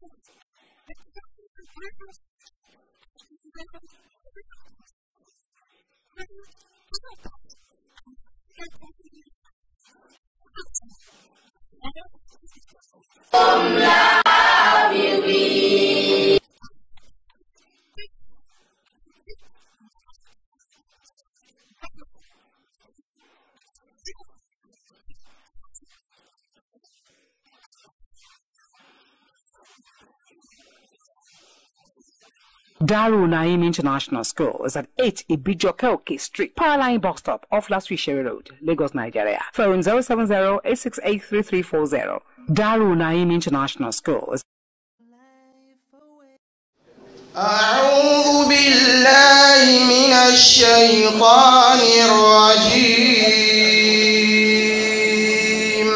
Thank you. Daru Naim International School is at 8 Ibijokoke Street, Powerline Box Stop, off Last Sherry Road, Lagos, Nigeria. Phone 70 Daru Naim International School is... أعوذ بالله من الشيطان الرجيم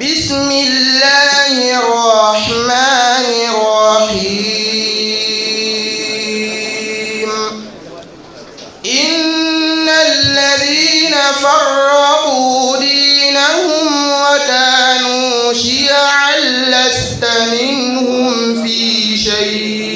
بسم الله الرحمن الرحيم فرقوا دينهم وكانوا شيعا لست منهم في شيء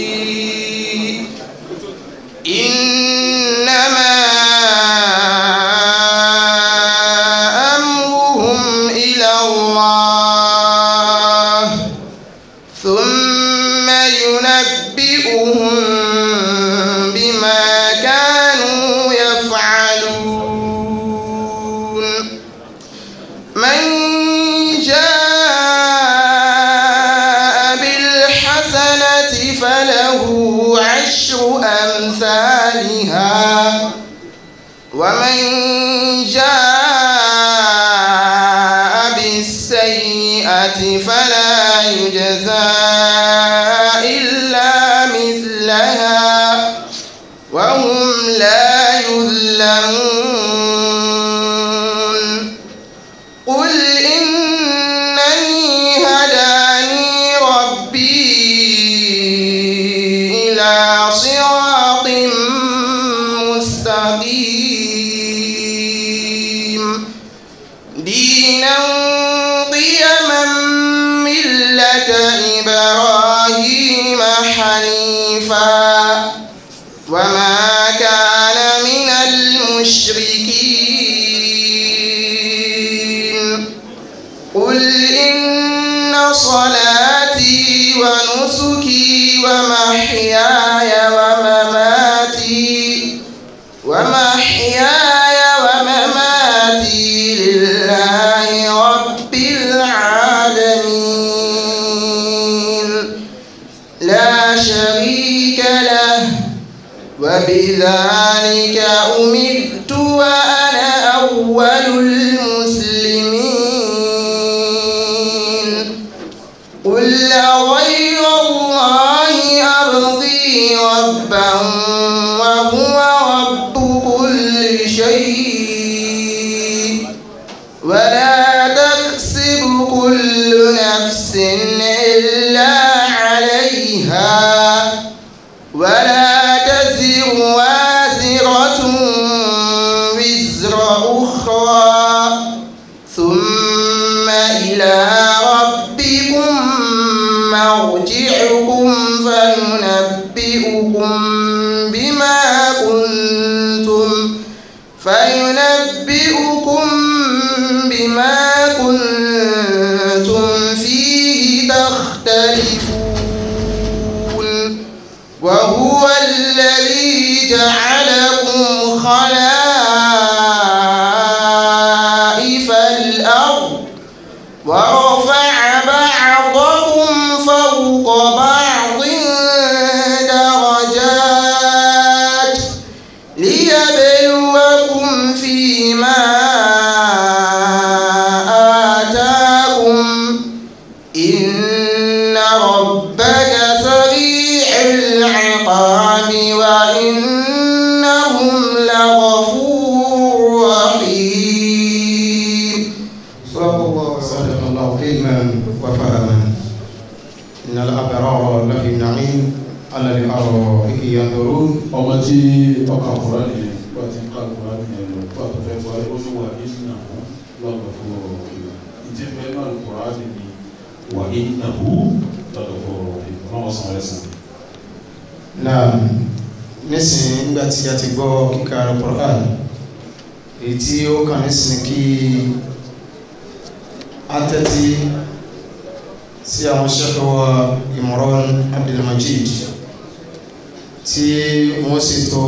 أمثالها ومن جاء بالسيئة فلا يجزى إلا مثلها وهم لا يظلمون إبراهيم حنيفا وما كان من المشركين قل إن صلاتي ونسكي ومحياي ومماتي وما بذلك أمرت وأنا أول المسلمين قل غير الله أرضي ربا وهو رب كل شيء ولا تكسب كل نفس إلا عليها مرجعكم فينبئكم بما كنتم فينبئكم بما كنتم فيه تختلفون وهو الذي جعلكم خلائف الأرض alẹ́ àrọ̀ ìyàtọ̀rọ̀ ọmọ tí ọkà kura nìyẹn wọ́n ti ń ká kura nìyẹn lọ wọ́n tó fẹ́ bọ́ ẹ ó ní wà nínú lọ́dọ̀ fún ìwà ìdí ẹgbẹ́ náà kura nìyẹn wà nínú lọ́dọ̀ fún ìwà náà wọ́n sàn ẹ̀ sàn. nísìnyí nígbà tí a ti gbọ́ kíkà Al-Qur'an èyí tí ó kàn nísìnyí kí a sí àwọn Sheikh wa Imran Abdul tí wọ́n ṣètò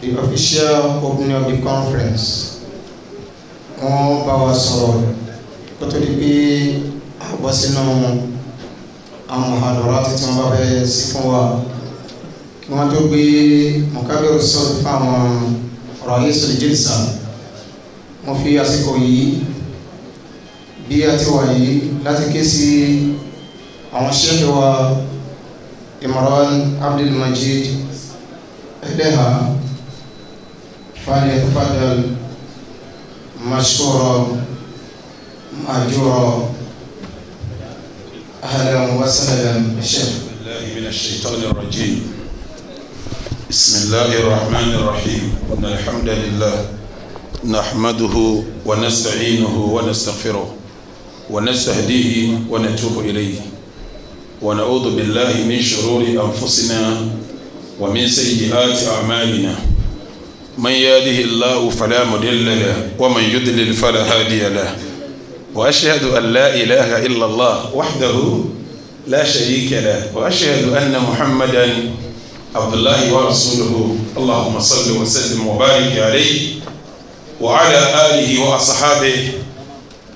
the official opening of the conference wọ́n bá wa sọ̀rọ̀ kó tó di pé àgbọ̀ sínú àwọn mọ̀hálọ́rọ́ àti tí wọ́n bá fẹ́ sí fún wa kí wọ́n tó gbé mọ̀kábẹ́rù sọ̀rọ̀ fún àwọn ọ̀rọ̀ ayé sọ̀rọ̀ jẹ́lísà wọ́n fi àsìkò yìí bí a ti wà yìí láti ké sí àwọn ṣẹ́fẹ̀ wa. إمران عبد المجيد إليها فليتفضل مشكورا مأجورا أهلا وسهلا الشيخ بالله من الشيطان الرجيم بسم الله الرحمن الرحيم إن الحمد لله نحمده ونستعينه ونستغفره ونستهديه ونتوب إليه ونعوذ بالله من شرور أنفسنا ومن سيئات أعمالنا من يهده الله فلا مضل له ومن يضلل فلا هادي له وأشهد أن لا إله إلا الله وحده لا شريك له وأشهد أن محمدا عبد الله ورسوله اللهم صل وسلم وبارك عليه وعلى آله وأصحابه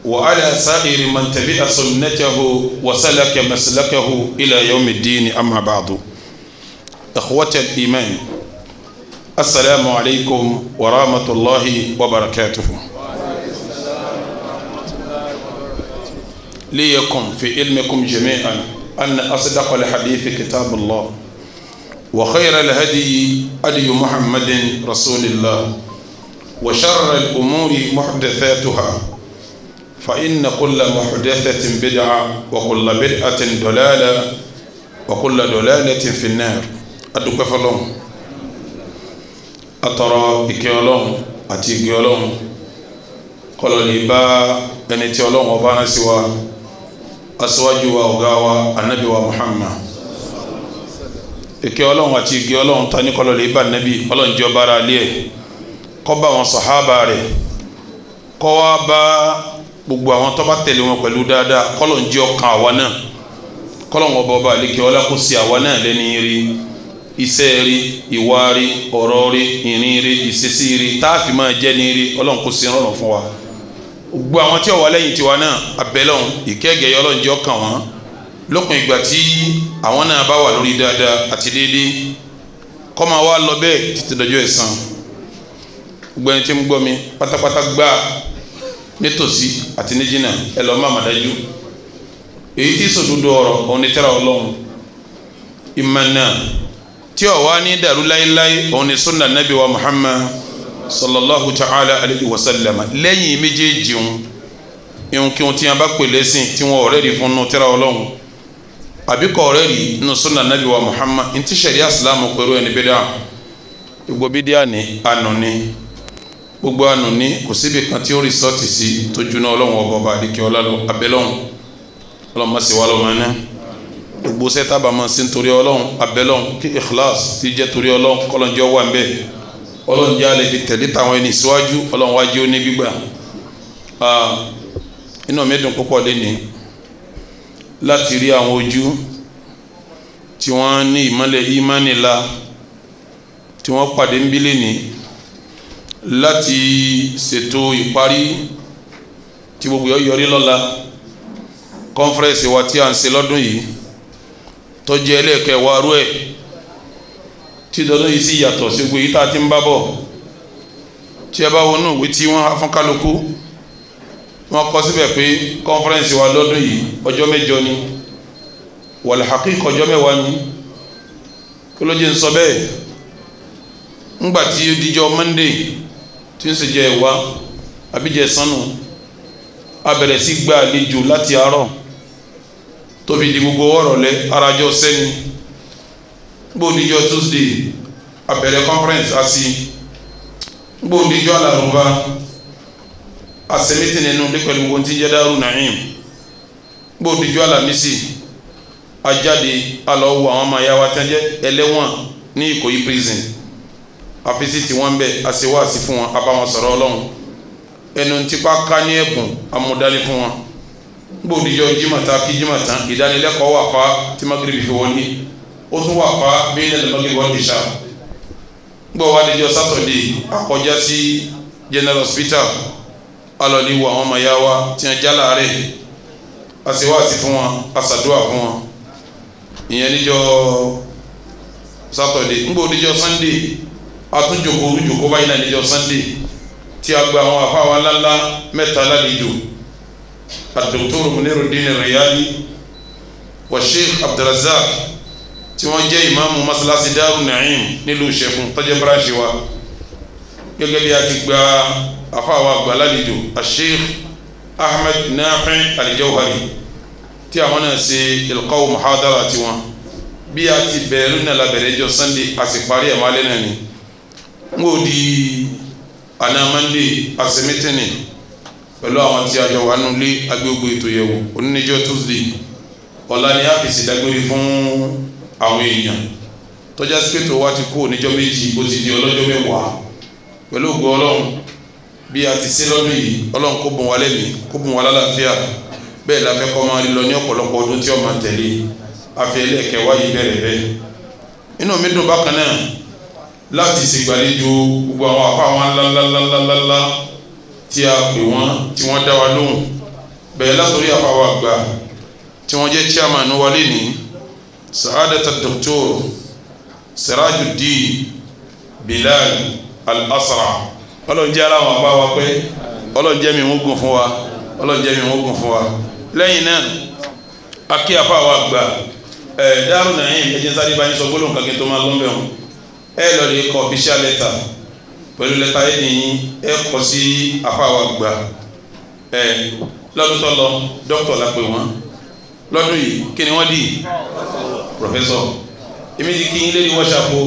وعلى سائر من تبع سنته وسلك مسلكه إلى يوم الدين أما بعد إخوة الإيمان السلام عليكم ورحمة الله وبركاته ليكم في علمكم جميعا أن أصدق الحديث كتاب الله وخير الهدي هدي محمد رسول الله وشر الأمور محدثاتها فإن كل محدثة بدعة وكل بدعة ضلالة وكل ضلالة في النار أدوك فلون أترى إكيولون أتيكيولون قالوا لي با أني تيولون وبانا سوا أسواجي وأغاوى النبي ومحمد ìkẹ́ ọlọ́run àti igi ọlọ́run tani kọlọ̀ lè bá nẹ́bí ọlọ́run jẹ́ ọba ara alẹ́ gbogbo àwọn tó bá tẹ̀lé wọn pẹ̀lú dáadáa kọ́lọ̀ ń jẹ́ ọkàn àwa náà kọ́lọ̀ wọn bọ́ bá àlékè ọlá kó sí àwa náà lẹ́ni rí iṣẹ́ rí ìwà rí ọ̀rọ̀ rí ìrìn rí ìṣesí rí táàfì máa jẹ́ ní rí ọlọ́run kó sí rọrùn fún wa gbogbo àwọn tí ó wà lẹ́yìn tiwa náà abẹ́lọ́hún ìkẹ́gẹ́ ọlọ́run jẹ́ ọkàn wọn lópin ìgbà tí àwọn náà bá wà lórí dáadáa àti déédéé kọ́ máa wá lọ bẹ́ẹ̀ títí dọjọ́ ẹ̀san gbogbo ẹni tí ń gbọ́ mi pátápátá gbáà nítòsí àti níjìnà ẹ lọ má màdájú èyí tí sòdodo ọ̀rọ̀ òun ni tẹ́ra ọlọ́run tí ó ní dàrú láéláé òun ni sunna nabi wa muhammad sallallahu ta'ala alayhi wa sallam lẹ́yìn méjèèjì òun ìhun kí wọn ti yàn bá pè lẹ́sìn tí wọn ọ̀rẹ́ rí fún nù tẹ́ra ọlọ́run àbí kọ̀ rí nù sunna nabi wa muhammad ntí sẹ̀ríà islam pẹ̀lú ẹni bídà gbogbo bídà ni ànú ni gbogbo àánú ní kò síbi kan tí ó rìsọ́ọ̀tì sí tó juná ọlọ́run ọba ọba àdìkẹ́ ọlọ́run abẹ́lọ́run ọlọ́run má sì wá lọ́mọ ẹ̀ná gbogbo sẹ́tà bá máa ń sin torí ọlọ́run abẹ́lọ́run kí ikhlas ti jẹ́ torí ọlọ́run kọ́lọ́njẹ́ wà ń bẹ̀ ọlọ́run jẹ́ àlejò tẹ̀lé táwọn ẹni síwájú ọlọ́run wájú ó ní gbígbà inú mi dùn púpọ̀ lénìí láti rí àwọn ojú tí wọ́n ní ìmọ́lẹ̀ ìmánìlá tí wọ́n pàdé ń bí lénìí láti ṣètò ìparí tí gbogbo yọ yọrí lọ́la kọ́nfẹ́rẹ́nsì wa tí a ń ṣe lọ́dún yìí tó jẹ́ ẹlẹ́ẹ̀kẹwàá rú ẹ̀ tí dọdún yìí sì yàtọ̀ sí gbogbo yìí tá a ti ń bá bọ̀ tí ẹ bá wọnú ìwé tí wọ́n á fún kálukú wọ́n kọ síbẹ̀ pé kọ́nfẹ́rẹ́nsì wa lọ́dún yìí ọjọ́ mẹ́jọ ni wàlàhàkì kọjọ́ mẹ́wàá ni kí ló jẹ́ ń sọ bẹ́ẹ̀ ńgbà tí ó dijọ́ Monday tí ń sì jẹ ìwá àbíjẹ sánú a bẹ̀rẹ̀ sí gba àlejò láti àárọ̀ tó di gbogbo ọ̀rọ̀ lẹ arajọ sẹ́ni gbòdìjọ Tuesday a conference àti gbòdìjọ alàrúbá asẹ̀mítì nínú ní pẹ̀lú gbogbo tí ń jẹ́ Daaru Naim gbòdìjọ alamisi ajáde alọ́wọ́ àwọn ọmọ ayáwa tẹ́jẹ́ ẹlẹ́wọ̀n ní Ìkòyí prison. àfisí tí wọ́n ń bẹ̀ fún wọn abáwọn sọ̀rọ̀ ọlọ́run ẹnu tipa ká ní ẹ̀bùn amúdání fún wọn gbòdìjọ jimata kí jimata ìdánilẹ́kọ̀ọ́ wà fa tí ó tún fa ní ti sá gbọ́ wa dìjọ sátọ̀dé àkọjá sí general hospital alọ́ni àwọn ọmọ ya wa tí wọ́n já fún wọn fún wọn ìyẹn níjọ gbòdìjọ àtúnjòkó orújòkó báyìí náà níjọ́ Sunday tí a gba àwọn afáwa ńláńlá mẹ́ta lálejò àdókòtòrò Muniruddin Riyali wa Sheikh Abdulrazak tí wọ́n jẹ́ ìmáàmù masalasi Daaru Naim nílùú Ìṣẹ̀fún tọ́jẹ́ bíráṣì wa gẹ́gẹ́ bí a ti gba afáwa àgbà lálejò Sheikh Ahmed Nafi Al-Jawhari tí àwọn náà ṣe ilqaw muhadara tiwọn bí a ti bẹ̀rù náà la bẹ̀rẹ̀ jọ Sunday a sì parí ẹ̀ máa lẹ́nà ni n di àná mande asẹmẹtẹni pẹ̀lú àwọn tí a jọ wà nulẹ agbègbè ètò yẹ̀wò oníníjọ tuesday ọ̀la ni a fèsì dágbére fún àwọn èèyàn tọ́já sípètò wa ti kó oníjọ méjì ó ti di ọlọ́jọ́ mẹ́wàá pẹ̀lú ògo ọlọ́run bí a ti ṣe lọ́dún yìí ọlọ́run kó bùn wá lẹ́mìí kó bùn wá lálàáfíà bẹ́ẹ̀ la fẹ́ kọ́ máa lọ ní ọ̀pọ̀lọpọ̀ ọdún tí ó máa tẹ̀lé àfi wáyé bẹ̀rẹ̀ bẹ́ẹ̀ inú mi dùn bákan náà láti ṣègbàlejò gbogbo àwọn àfa wọn ńláńláńláńláńlá tí a pè wọ́n tí wọ́n dá wa lóhùn bẹ̀rẹ̀ látọ̀rí àfa wa àgbà tí wọ́n jẹ́ chairman wa lénìí sa'adata doctor sirajuddin bilal al-asra ọlọ́njẹ́ aláwọ̀ àfa wa pé ọlọ́njẹ́ mi ń gùn fún wa ọlọ́njẹ́ mi ń gùn fún wa lẹ́yìn náà akí àfa wa àgbà ẹ̀ eh, Daaru Naim ẹ̀jẹ̀ sáré bá yín sọ gbólóhùn kankan tó máa lọ́nbẹ̀rún ẹ lọ lè kọ official letter pẹ̀lú lẹ́tà yìí nìyí ẹ kọ sí afáwa gbà ẹ lọ́dún tó lọ dókítà la pè wọ́n lọ́dún yìí kí ni wọ́n di professor èmi ti kí yín lé ní workshop o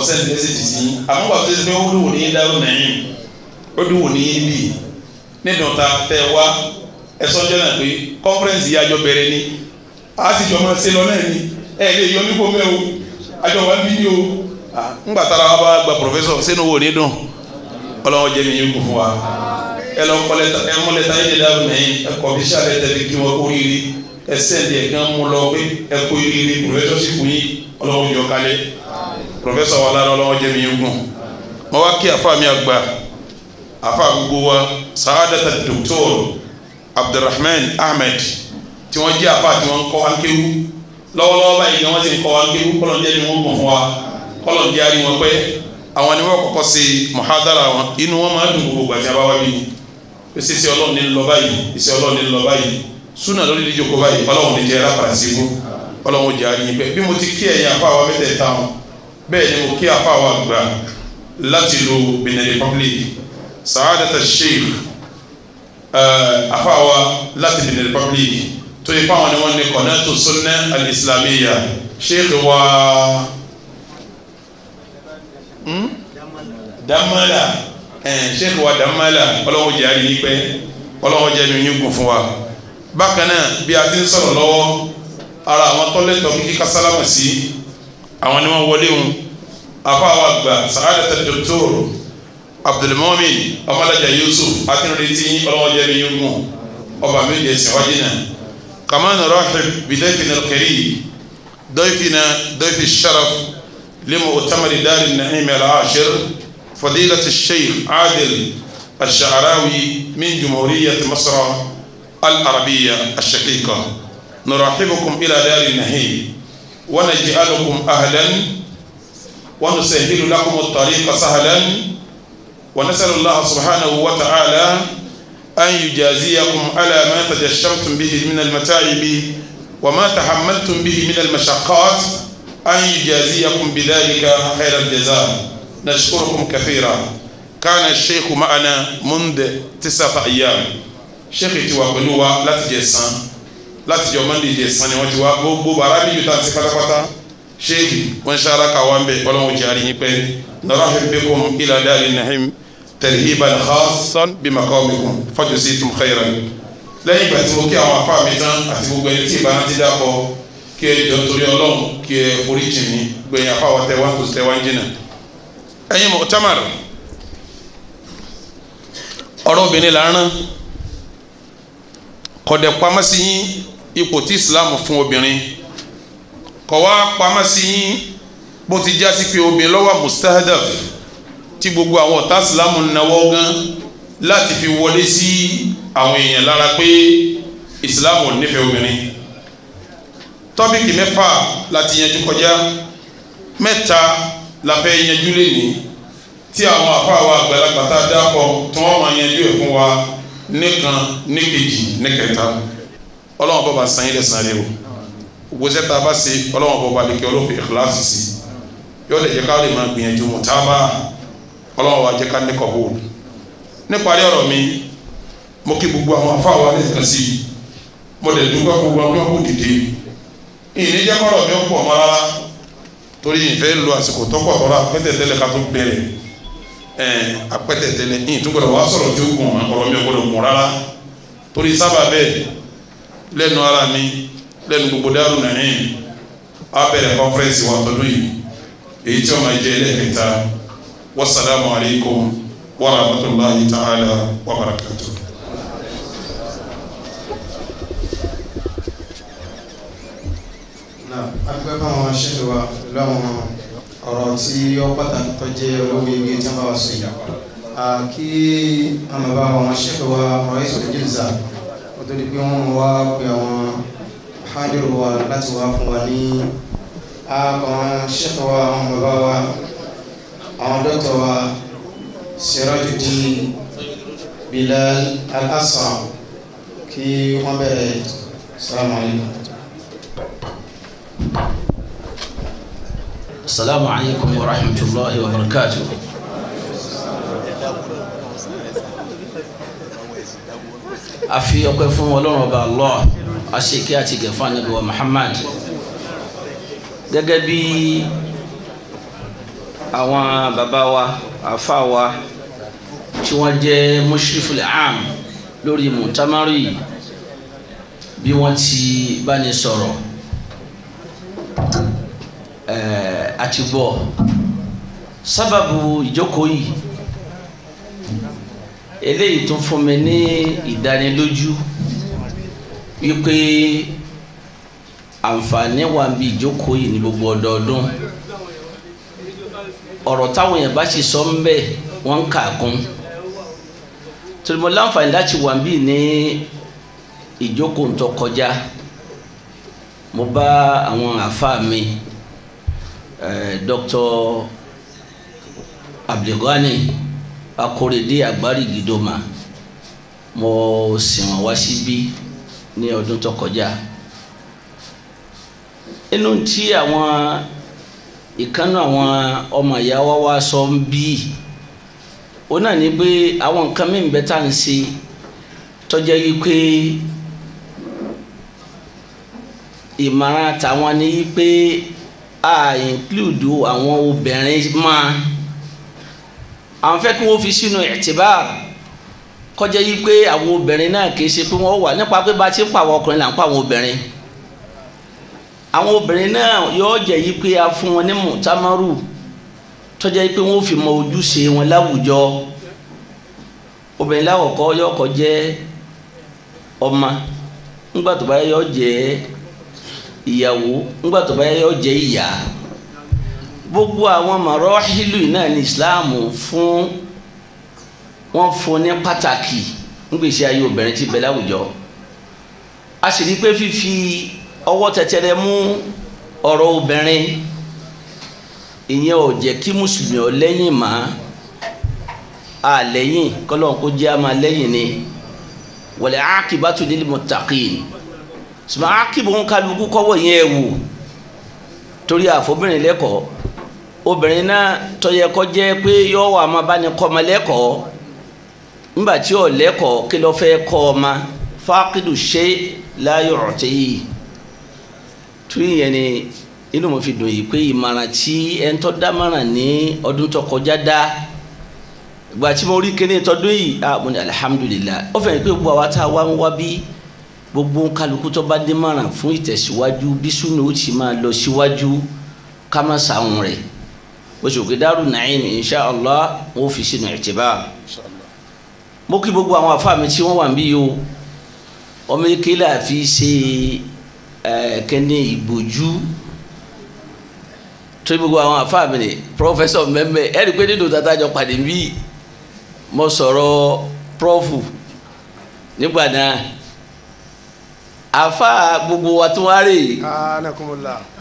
ọ̀sẹ̀ ní ẹsẹ̀ ti sìn àmọ́ wà tó ti fi wọ́n dùn ní dáró nàìjíríà ó dùn ní bí nínú ta tẹ wá ẹ sọ́jọ́ náà pé conference yìí àjọ ni a sì jọ máa ṣe lọ náà ni ẹ lè yọ nípò mẹ́ o bí ni o ńgbà tára wa bá gba professor sínú wo ní dùn ọlọ́wọ́ jẹ́ mi yín kú fún wa ẹ lọ kọ́ lẹ́tà ẹ mú lẹ́tà yín lẹ́tà mẹ́yìn ẹ kọ́ bí sáré tẹ̀lé kí wọ́n kó rírì ẹ sẹ́ndì ẹ̀ gán mú lọ pé ẹ kó rírì professorship yín ọlọ́wọ́ yọ kalẹ̀ professor wa lára ọlọ́wọ́ jẹ́ mi yín kú mo wá kí àfa mi àgbà àfa gbogbo wa sàádàtà dr abdulrahman ahmed tí wọ́n jẹ́ àfa tí wọ́n ń kọ́ ankéwu lọ́wọ́lọ́wọ́ báyìí ni wọ́n sì ń kọ́ ankéwu kọ́lọ́njẹ́ ni wọ́n gbọ̀n fún wa kọ́lọ̀ ń di ari wọn pé àwọn ni wọ́n kọ́kọ́ ṣe mọ̀hádàrà wọn inú wọn máa dùn gbogbo àti abáwá bí ni pé ṣíṣe ọlọ́run ní lọ báyìí ṣíṣe ọlọ́run ní lọ báyìí súnà lórí ìdíje kó báyìí ọlọ́run ní jẹ́ rápàdà sí ibú ọlọ́run jẹ́ ari pé bí mo ti kí ẹ̀yin afáwa mẹ́tẹ̀ẹ̀ta wọn bẹ́ẹ̀ ni mo kí afáwa gbà láti lu Benin Republic Saadata Sheikh afáwa láti Benin Republic tó yẹ fáwọn ni wọ́n ní kọ́nẹ́tò sunna al-islamiyya Sheikh wa damala sheikh wa damala ọlọ́wọ́ jẹ́ àrí nípẹ́ ọlọ́wọ́ jẹ́ nínú yín fún wa bákan náà bí a ti ń sọ̀rọ̀ lọ́wọ́ ara àwọn tọ́lẹ̀tọ̀ kíkí kásálámù sí àwọn ni wọ́n wọlé wọn afáwọn àgbà sàádàtà dọ́kítọ́rù abdulmumin ọmọlájà yusuf akínrètí ọlọ́wọ́ jẹ́ nínú yín ọba mi jẹ sèwájú náà kàmáà nà rọ́ọ̀hìn bìdẹ́fìn kẹrì dọ́ìfìn náà dọ́ìfìn sharaf. لمؤتمر دار النعيم العاشر فضيلة الشيخ عادل الشعراوي من جمهورية مصر العربية الشقيقة نرحبكم إلى دار النعيم ونجعلكم أهلا ونسهل لكم الطريق سهلا ونسأل الله سبحانه وتعالى أن يجازيكم على ما تجشمتم به من المتاعب وما تحملتم به من المشقات أن يجازيكم بذلك خير الجزاء نشكركم كثيرا كان الشيخ معنا منذ تسعة أيام sheikh ti wà pẹ̀lú wa láti jẹ san láti jọ mọ́ndé jẹ san ni wọ́n ti wá gbogbo ara bí ju tá a ti pátápátá sheikh wọn ṣáára ká wá ń bẹ ọlọ́run jẹ àríyìn pẹ́ narahu bikum ila dari nahim tarhiban khasan bi maqamikum fajusitum khairan lẹ́yìn ìgbà tí mo kí àwọn afá mi tán àti gbogbo ẹni tí ìbáná ti dá kọ́ kí ẹ jọ torí ọlọ́run kí ẹ forí jì mí gbẹ̀yìn afáwọ̀ tẹ wá tòsí tẹ wá ń jìnà ẹ̀yin mọ̀tàmàrà ọ̀rọ̀ obìnrin là ń rán yín ipò tí Islam fún obìnrin kọ̀ wá pamọ́ sí yín bó ti já sí pé obìnrin lọ́wọ́ mustahadaf tí gbogbo àwọn ọ̀tá Islam náwó gan láti fi wọlé sí àwọn èèyàn lára pé Islam ò nífẹ̀ẹ́ obìnrin tọ́bíkì mẹ́fà láti yanjú kọjá mẹ́ta la fẹ́ yanjú lénìí tí àwọn àfáà wa àgbàlagbà tá a dápọ̀ tí wọ́n máa yanjú ẹ̀ fún wa nìkan nìkejì nìkẹta ọlọ́wọ́n bọ̀ bá san yín lẹ́sàn-án rẹ o gbèsè tá a bá ṣe ọlọ́wọ́n bọ̀ bá lè kí ọlọ́fẹ́ ìkìláàsì sí yóò lè jẹ́ ká lè máa gbìyànjú mọ̀tábà ọlọ́wọ́n wa jẹ́ ká ní kọ̀ọ̀bù níparí ọ̀rọ̀ mi mo kí gbogbo àwọn àfáà wa lẹ́sàn sí mo lè dúpẹ́ gbogbo àwọn ọmọ òdìdí ìní jẹ́ kọ́rọ̀ mi ó pọ̀ mọ́ rárá torí ìfẹ́ lo àsìkò tọ́pọ̀ tọ́ra àpẹ́tẹ̀tẹ́lẹ̀ ká tó bẹ̀rẹ̀ ẹ̀ àpẹ́tẹ̀tẹ́lẹ̀ ìyìn tó gbọdọ̀ wá sọ̀rọ̀ tí ó gùn ọ̀rọ̀ mi ò gbọdọ̀ gùn rárá torí sábà bẹ́ẹ̀ lẹ́nu ara mi lẹ́nu gbogbo dárò nàìjíríà á bẹ̀rẹ̀ kọ́nfẹ́rẹ́nsì wa tọdún yìí èyí tí wọ́n máa jẹ́ ẹlẹ́kẹta wasalaamualeykum wa rahmatulahi ta'ala wa akpẹ́ fún àwọn aṣẹ́ni wa lọ́wọ́n ọ̀rọ̀ tí ó pàtàkì tó jẹ́ olówó igi tí wọ́n bá wa sọ yìí kí àmàbà àwọn aṣẹ́ni wa ọ̀rọ̀ ìṣòro jìnnìza ó tó di pé wọ́n wá pe àwọn hádìrò wa láti wá fún wa ní àwọn aṣẹ́ni wa àwọn bàbá wa àwọn dọ́tọ̀ wa Sirajuddin Bilal Al-Asram kí wọ́n bẹ̀rẹ̀ salamu alaykum. السلام عليكم ورحمة الله وبركاته a fi ọpẹ́ fún Ọlọ́run ọba Allah a ṣe ìkẹ́ àti ìgẹ̀ fún Ànábì wa Muhammad gẹ́gẹ́ bí àwọn bàbá wa àfa wa tí wọ́n jẹ́ mushriful am lórí mutamari bí wọ́n ti bá ní sọ̀rọ̀ ẹ̀ẹ́ àti gbọ́ sábàbù ìjókòó yìí eléyìí tún fún mi ní ìdánilójú wípé àǹfààní wà ń bí ìjókòó yìí ní gbogbo ọdọọdún ọ̀rọ̀ táwọn yẹn bá sì sọ ń bẹ̀ wọ́n ń kà kún torí láǹfààní láti wà ń bí ní ìjókòó tó kọjá mo bá àwọn àfa mi eh, Dr. Abdulgani Akorede Agbarigidoma mo sì wọn wá síbí ní ọdún tó kọjá inú tí àwọn ìkànnì àwọn ọmọ ìyá wa wá sọ ń bí ó náà ní pé àwọn nǹkan mí bẹ tá à ń ṣe tọjá yìí pé ìmọ̀ràn tàwọn ni yìí pé a include àwọn obìnrin máa àwọn fẹ́ kí wọ́n fi sínú ẹ̀tìbá kọjá yìí pé àwọn obìnrin náà kì í ṣe pé wọ́n wà nípa pé bá ti ń pa àwọn ọkùnrin là ń pa àwọn obìnrin àwọn obìnrin náà yóò jẹ́ yìí pé a fún wọn ní mùtámárù tọ́jà yìí pé wọ́n fi mọ ojúṣe wọn láwùjọ obìnrin láwọ̀kọ́ yọ̀ọ̀kọ́ jẹ́ ọmọ ńgbà tó bá yọ̀ jẹ́ ìyàwó ńgbà tó bá yẹ yọ jẹ ìyá gbogbo àwọn mọ̀rọ́hìlù náà ní islam fún wọn fún ní pàtàkì ńgbèsè ayé obìnrin ti bẹ a sì rí pé fífi ọwọ́ tẹ̀tẹ̀rẹ̀ mú ọ̀rọ̀ obìnrin ọ lẹ́yìn mọ́ a lẹ́yìn kọ́lọ́n kó jẹ́ a máa lẹ́yìn ni ṣùgbọ́n akíbo ń kálukú kọ́wọ́ yẹn wò torí àfọbìnrin lẹ́kọ̀ọ́ obìnrin náà tọ́yẹ kọ́ jẹ́ pé yọ wà bá ní kọ́mọ lẹ́kọ̀ọ́ nígbà tí ò lẹ́kọ̀ọ́ kí ló fẹ́ kọ́ ṣe láyọ̀ ọ̀tẹ́ yìí torí ni inú mo fi dùn yìí pé tí ẹ̀ ń tọ́ ní ọdún tó kọjá dá ìgbà tí ah mo ní alihamudulilayi ó fẹ́ràn pé gbogbo àwa tá gbogbo kálukú tó bá dé mọ̀ràn fún ìtẹ̀síwájú bí súnà ó ti máa lọ síwájú ká má sàrùn rẹ̀ oṣù Daaru Naim insha Allah wọ́n fi sínú ìtìbá mo kí gbogbo àwọn àfáà mi tí wọ́n wà níbí yìí o ọmọ eke là ṣe kẹ́ni ìgbòjú tó gbogbo àwọn àfáà ni pọfẹsọ mẹ́mẹ́ ẹ pé nínú tata jọ pàdé bíi mo sọ̀rọ̀ prọ́fù nígbà náà àfa gbogbo wa tún wá rè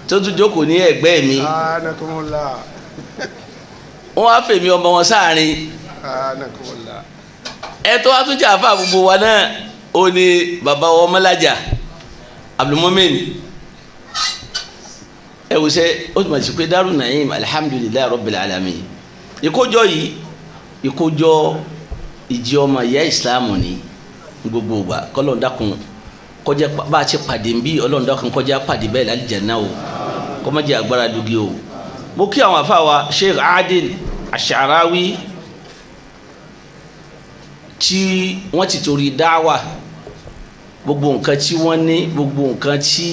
tó tún jókòó ní ẹ̀gbẹ́ mi wọ́n á fèmí ọmọ wọn sáàrin ẹ̀tọ́ wa tún jẹ́ àfa gbogbo wa náà ó ní bàbá wa ọmọlájà abdulmumin ẹ wò sẹ ó tún bá ti pé Daaru Naim alihamudulilayi rabbil alamin ìkójọ yìí ìkójọ ìjì ọmọ ìyá ìsìlámù ni gbogbo wa kọlọ̀ ń dákun kọjá bá a ṣe pàdé ń bí ọlọ́run dákun kọjá pàdé bẹ́ẹ̀ lálìjáná o kọ́mọ́jẹ agbára dugi o mo kí àwọn afa wa Sheikh Adil Asharawi tí wọ́n ti torí dáwà gbogbo nǹkan tí wọ́n ní gbogbo nǹkan tí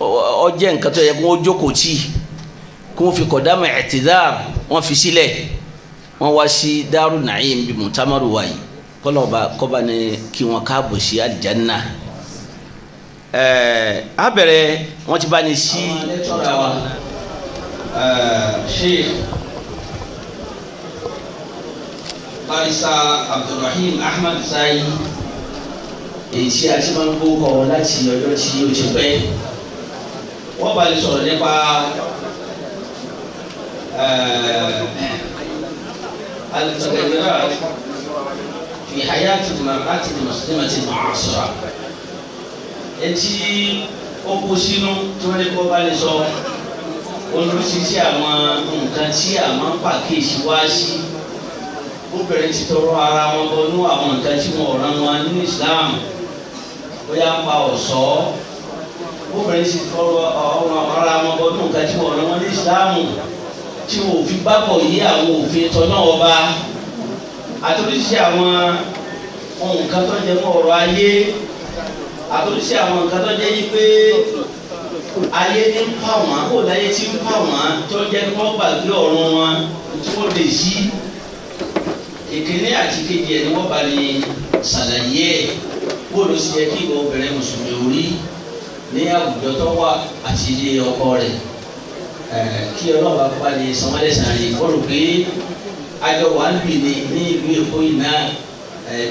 ó jẹ́ nǹkan tó yẹ kó jókòó tì kó fi kọ̀dámà ẹ̀tìdáàr wọ́n fi sílẹ̀ wọ́n wá sí Daaru Naim bíi mutamaru wa yìí kọ́lọ́ba kọ́ba ni kí wọ́n káàbọ̀ sí àlìjáná ẹẹ eh, a bẹ̀rẹ̀ wọn ti bá ní sí. Eh, sheikh barisa abdulrahim ahmed zayi èyí tí a ti máa ń kó láti ọjọ́ tí o ti pẹ́ wọ́n bá lè sọ̀rọ̀ nípa eh, alìtọ̀gẹ̀dẹ̀rẹ̀ fi hayati ma'ati muslimatin ma'asura etí ó kú sínú tí wọ́n lè kó bá lè sọ olùsísí àwọn nǹkan tí àwọn pàkíyèsí wá sí obìnrin ti tọrọ ara wọn bọnú àwọn nǹkan tí wọn ọ̀ràn wọn nínú Islam bóyá ń pa ọ̀ṣọ́ obìnrin ti tọrọ ara wọn bọnú nǹkan tí wọn ọ̀ràn wọn nínú Islam tí wọn ò fi gbàgbọ́ yí àwọn òfin tọ́ náà ọba àtúntò sí àwọn nǹkan tó jẹ mọ́ ọ̀rọ̀ ayé àtúnṣe àwọn nǹkan tó jẹ́ yí pé ayé ti ń pa wọ́n kó láyé ti ń pa wọ́n tó jẹ́ kí wọ́n gbàgbé ọ̀run wọn tí wọ́n lè yí ìkíní àti kejì ẹ̀ ni wọ́n bá ní ṣàlàyé ẹ̀ bóòlù sì yẹ kí ìwọ obìnrin mùsùlùmí orí ní àwùjọ tó wà àti ilé ọkọ rẹ̀ kí ọlọ́wà bá ní sanwó-ẹ̀sán rẹ̀ bọ́ọ̀lù pé àjọ wà ń bì ní ìlú Èkó yìí náà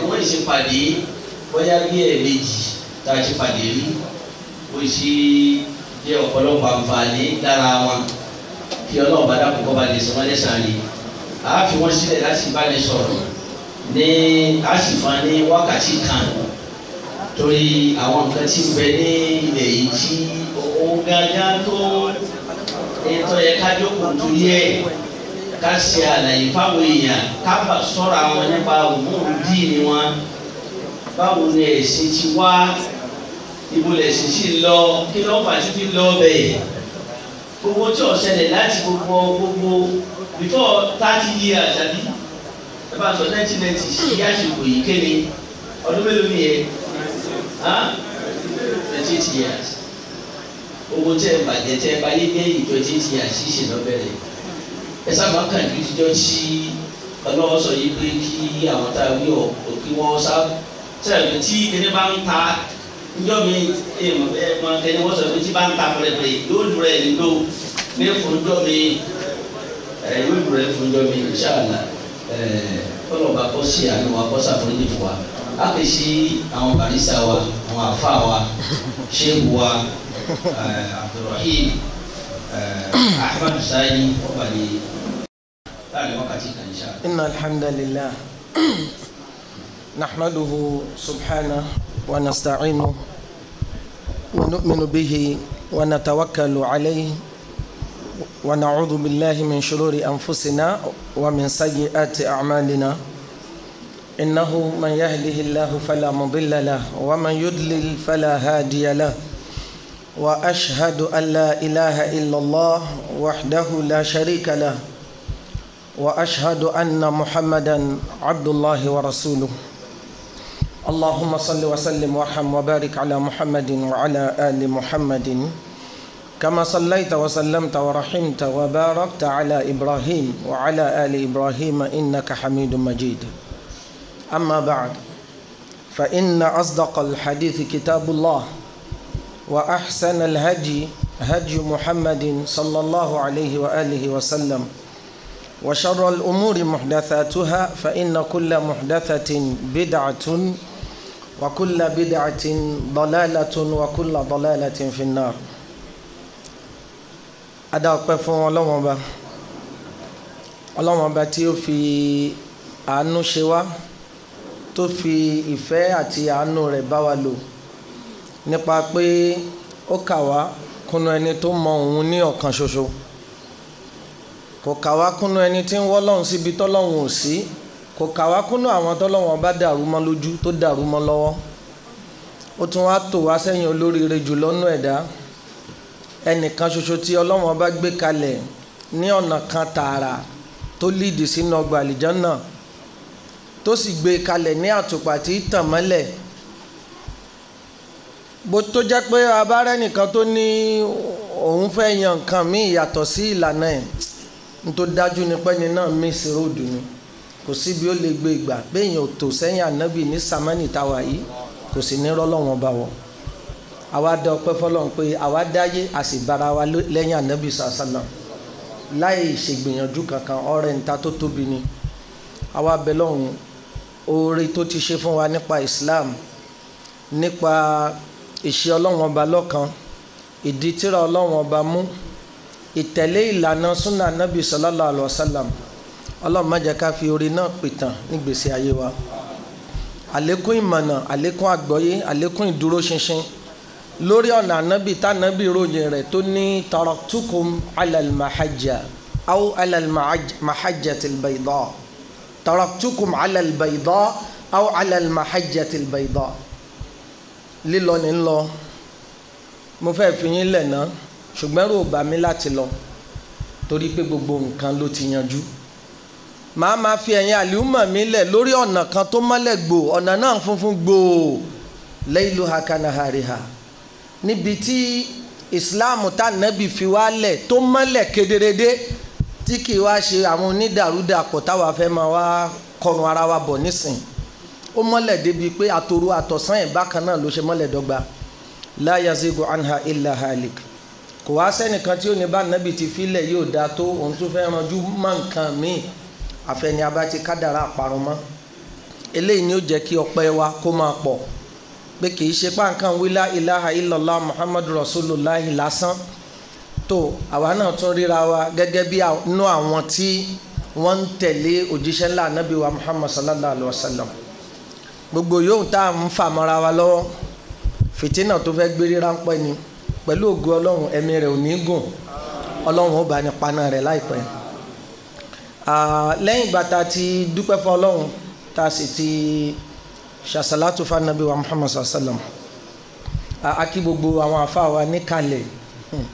wọ́n sì pàdé bóyá bí ẹ̀ méjì tá a ṣe pàdé rí ó ṣe jẹ́ ọ̀pọ̀lọpọ̀ àǹfààní lára wọn kí ọlọ́ọ̀bá dàpọ̀ kọ́ ba lè sọ wọ́n lẹ́sàn-án rí a fi wọ́n sílẹ̀ láti bá lè sọ̀rọ̀ ní a sì fún ní wákàtí kan torí àwọn nǹkan tí bẹ ní ilẹ̀ yìí tí ó gángan tó ètò yẹ ká jókòó torí ẹ̀ ká ṣe àlàyé fáwọn èèyàn ká bà sọ́ra wọn nípa òmùrù ni wọn báwo ni ẹ̀sìn ti wá ìbúlẹ̀ ṣìṣì lọ kí ló fà títí lọ bẹ́ẹ̀ gbogbo tí ó ṣẹlẹ̀ láti gbogbo gbogbo before thirty years àbí ẹ sọ nineteen ninety sí àsìkò yìí kéde ọdún mélòó ni yẹ twenty eight years owó tẹ ẹ bàjẹ́ tẹ ẹ báyé lẹ́yìn twenty eight years ṣìṣì lọ bẹ̀rẹ̀ ẹ sábà kàn ní ìjọ tí ọlọ́wọ́ sọ yìí pé kí àwọn tá a wí ọ̀ kí wọ́n sá sẹ́yìn tí kíní bá ń ta njọ́ mi ẹ mọ kẹ́ni wọ́n sọ pé tí bá ń ta pẹ̀lẹ́pẹ̀lẹ́ yóò lu rẹ̀ nílò ní fúnjọ́ mi ẹ yóò lu rẹ̀ fúnjọ́ mi ìṣàlà ẹ kọlọ̀ba kọ́ sí àánú wa kọ́ sàfúrẹ́jì fún wa a kì í sí barisa wa àwọn afa wa sehu wa abdulrahim ahmed sani ọba ni láàrin kan ìṣàlà. inna alhamdulillah. نحمده سبحانه ونستعينه ونؤمن به ونتوكل عليه ونعوذ بالله من شرور أنفسنا ومن سيئات أعمالنا إنه من يهده الله فلا مضل له ومن يضلل فلا هادي له وأشهد أن لا إله إلا الله وحده لا شريك له وأشهد أن محمدا عبد الله ورسوله اللهم صل وسلم وارحم وبارك على محمد وعلى آل محمد كما صليت وسلمت ورحمت وباركت على إبراهيم وعلى آل إبراهيم إنك حميد مجيد أما بعد فإن أصدق الحديث كتاب الله وأحسن الهدي هدي محمد صلى الله عليه وآله وسلم وشر الأمور محدثاتها فإن كل محدثة بدعة وكل بدعة ضلالة وكل ضلالة في النار adáwọ̀pẹ́ fún ọlọ́wọ́n ọba ọlọ́wọ́n ọba tí ó fi àánú ṣe wá tó fi ìfẹ́ àti àánú rẹ̀ bá wa lò nípa pé ó kà wá kúnú ẹni tó mọ òun ní ọ̀kan ṣoṣo kò kà wá kúnú ẹni tí ń wọ́ lọ́hùn síbi tọ́lọ́hùn ò sí. Si kò kàwá kúnú àwọn tọ́lọ́wọ́n bá dàrú mọ́ lójú tó dàrú mọ́ lọ́wọ́ ó tún wá tò wá sẹ́yìn olóríire jù lọ́nú ẹ̀dá ẹnìkan ṣoṣo tí ọlọ́wọ́n bá gbé kalẹ̀ ní ọ̀nà kan tààrà tó lídì sínú ọgbà àlìjánà tó sì gbé kalẹ̀ ní àtùpà tí í tàn mọ́lẹ̀ bó tó jẹ́ pé abárẹ́ nìkan tó ní òun fẹ́ yan nǹkan míì yàtọ̀ sí ìlànà ẹ̀ ń tó dájú ni pẹ́ni náà mí sí ni kò sí bí ó lè gbé ìgbà béèyàn ò tò sẹ́yìn ànábì ní samani táwa yìí kò sì ní rọ́lọ́wọ́n bá wọ̀ àwa dá ọpẹ́ fọlọ́run pé àwa dáyé a sì bára wa lẹ́yìn ànábì sàṣàlà láì ṣègbìyànjú kankan ọrẹ níta tó tóbi ni àwa bẹ lọ́hùn oore tó ti ṣe fún wa nípa Islam nípa ìṣe ọlọ́wọ́n ọba lọ́kan ìdí tíra ọlọ́wọ́n ọba mú ìtẹ̀lé ìlànà súnà ànábì sàlálà àlùwàsálàmù ọlọ́run má jẹ́ ká fi oore náà pìtàn nígbèsè ayé wa àlékún ìmọ̀nà àlékún àgbọ́yé àlékún ìdúróṣinṣin lórí ọ̀nà ànábì tánábì ròyìn rẹ̀ tó ní taraktukum alal mahajja aw alal mahajja tilbaidọ́ taraktukum alal baidọ́ aw alal mahajja tilbaidọ́ lílọ ní lọ mo fẹ́ fi yín lẹ̀ ná ṣùgbọ́n rò bá mi láti lọ torí pé gbogbo nǹkan ló ti yanjú màá máa fi ẹ̀yin àlùmọ̀ mi lẹ̀ lórí ọ̀nà kan tó mọ́lẹ̀ gbò ọ̀nà náà funfun gbò lẹ́yìnlú hakana hariha níbi tí islam tànàbì fi wá lẹ̀ tó mọ́lẹ̀ kederede tí kì í wá ṣe àwọn onídàrúdàpọ̀ táwa fẹ́ máa wá kọrun ara wa bọ̀ nísìn ó mọ́lẹ̀ débi pé àtòru àtọ̀sán ẹ̀ bákan náà ló ṣe mọ́lẹ̀ dọ́gba la yazigu anha illa halik kò wá sẹ́nìkan tí ó ní bá nàbì ti filẹ̀ yóò dáa tó òun tún fẹ́ ranjú mọ́ nǹkan míì àfẹni abáti kádàrá àparun mọ́ eléyìí ni ó jẹ́ kí ọpẹ́ wa kó máa pọ̀ pé kì í ṣe páǹkan wílá ilaha illallah muhammadu rasulullah lásán tó àwa náà tún ríra wa gẹ́gẹ́ bí inú àwọn tí wọ́n ń tẹ̀lé òjíṣẹ́ ńlá anábì wa muhammad sallallahu alayhi wa sallam gbogbo yóò tá à ń fà mọ́ra wa lọ́wọ́ fìtínà tó fẹ́ gbérí ráńpẹ́ ni pẹ̀lú ògo ọlọ́run ẹ̀mí rẹ̀ ò ní gùn ọlọ́run ó bá ní paná rẹ̀ láìpẹ́ lẹ́yìn ìgbà tá a ti dúpẹ́ fún ọlọ́run tá a sì ti ṣàṣàlátù fún anabi wa muhammad sallam akí gbogbo àwọn àfáà wa níkàlẹ̀ hmm.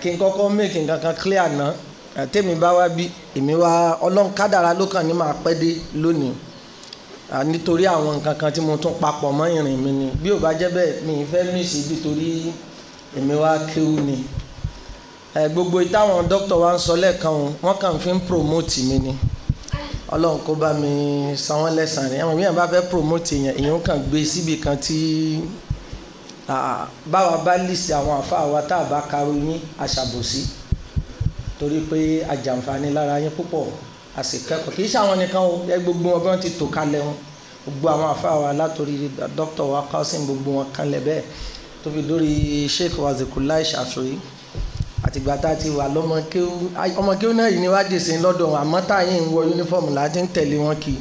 kí n kọ́kọ́ mẹ́kì kankan clear náà tẹ́mi bá wá bí èmi wá ọlọ́run kádàrá ló kàn ní máa pẹ́ dé lónìí nítorí àwọn nǹkan kan tí mo tún papọ̀ mọ́ ìrìn mi ni bí ò bá jẹ́ bẹ́ẹ̀ mi ì fẹ́ mí sí ibi torí èmi wá kéwú ni ẹ eh, gbogbo ìtàwọn dókítà wa ń sọ lẹ́ẹ̀kan o wọ́n kàn fi ń promote mi ni ọlọ́run kó bá mi san wọ́n lẹ́sàn ni àwọn mìíràn bá fẹ́ promote èèyàn èèyàn kàn gbé síbi kan tí báwa bá lìsì àwọn àfáà wa tá a bá karo yín aṣàbòsí torí pé àjàǹfààní lára yín púpọ̀ a sì kẹ́kọ̀ọ́ kì í ṣàwọn nìkan o ẹ gbogbo wọn bí wọ́n ti tò kalẹ̀ wọn gbogbo àwọn àfáà wa látòrí dókítà wa Qasim gbogbo wọn kalẹ̀ bẹ́ẹ̀ tó fi dórí Sheikh Wazikulai Shafii àtìgbà tá a ti wà lọ́mọ kéwú ọmọ kéwú náà yìí ni wá dèsè lọ́dọ̀ wọn àmọ́ tá a yìí ń wọ yúnífọ́ọ̀mù láti ń tẹ̀lé wọn kì í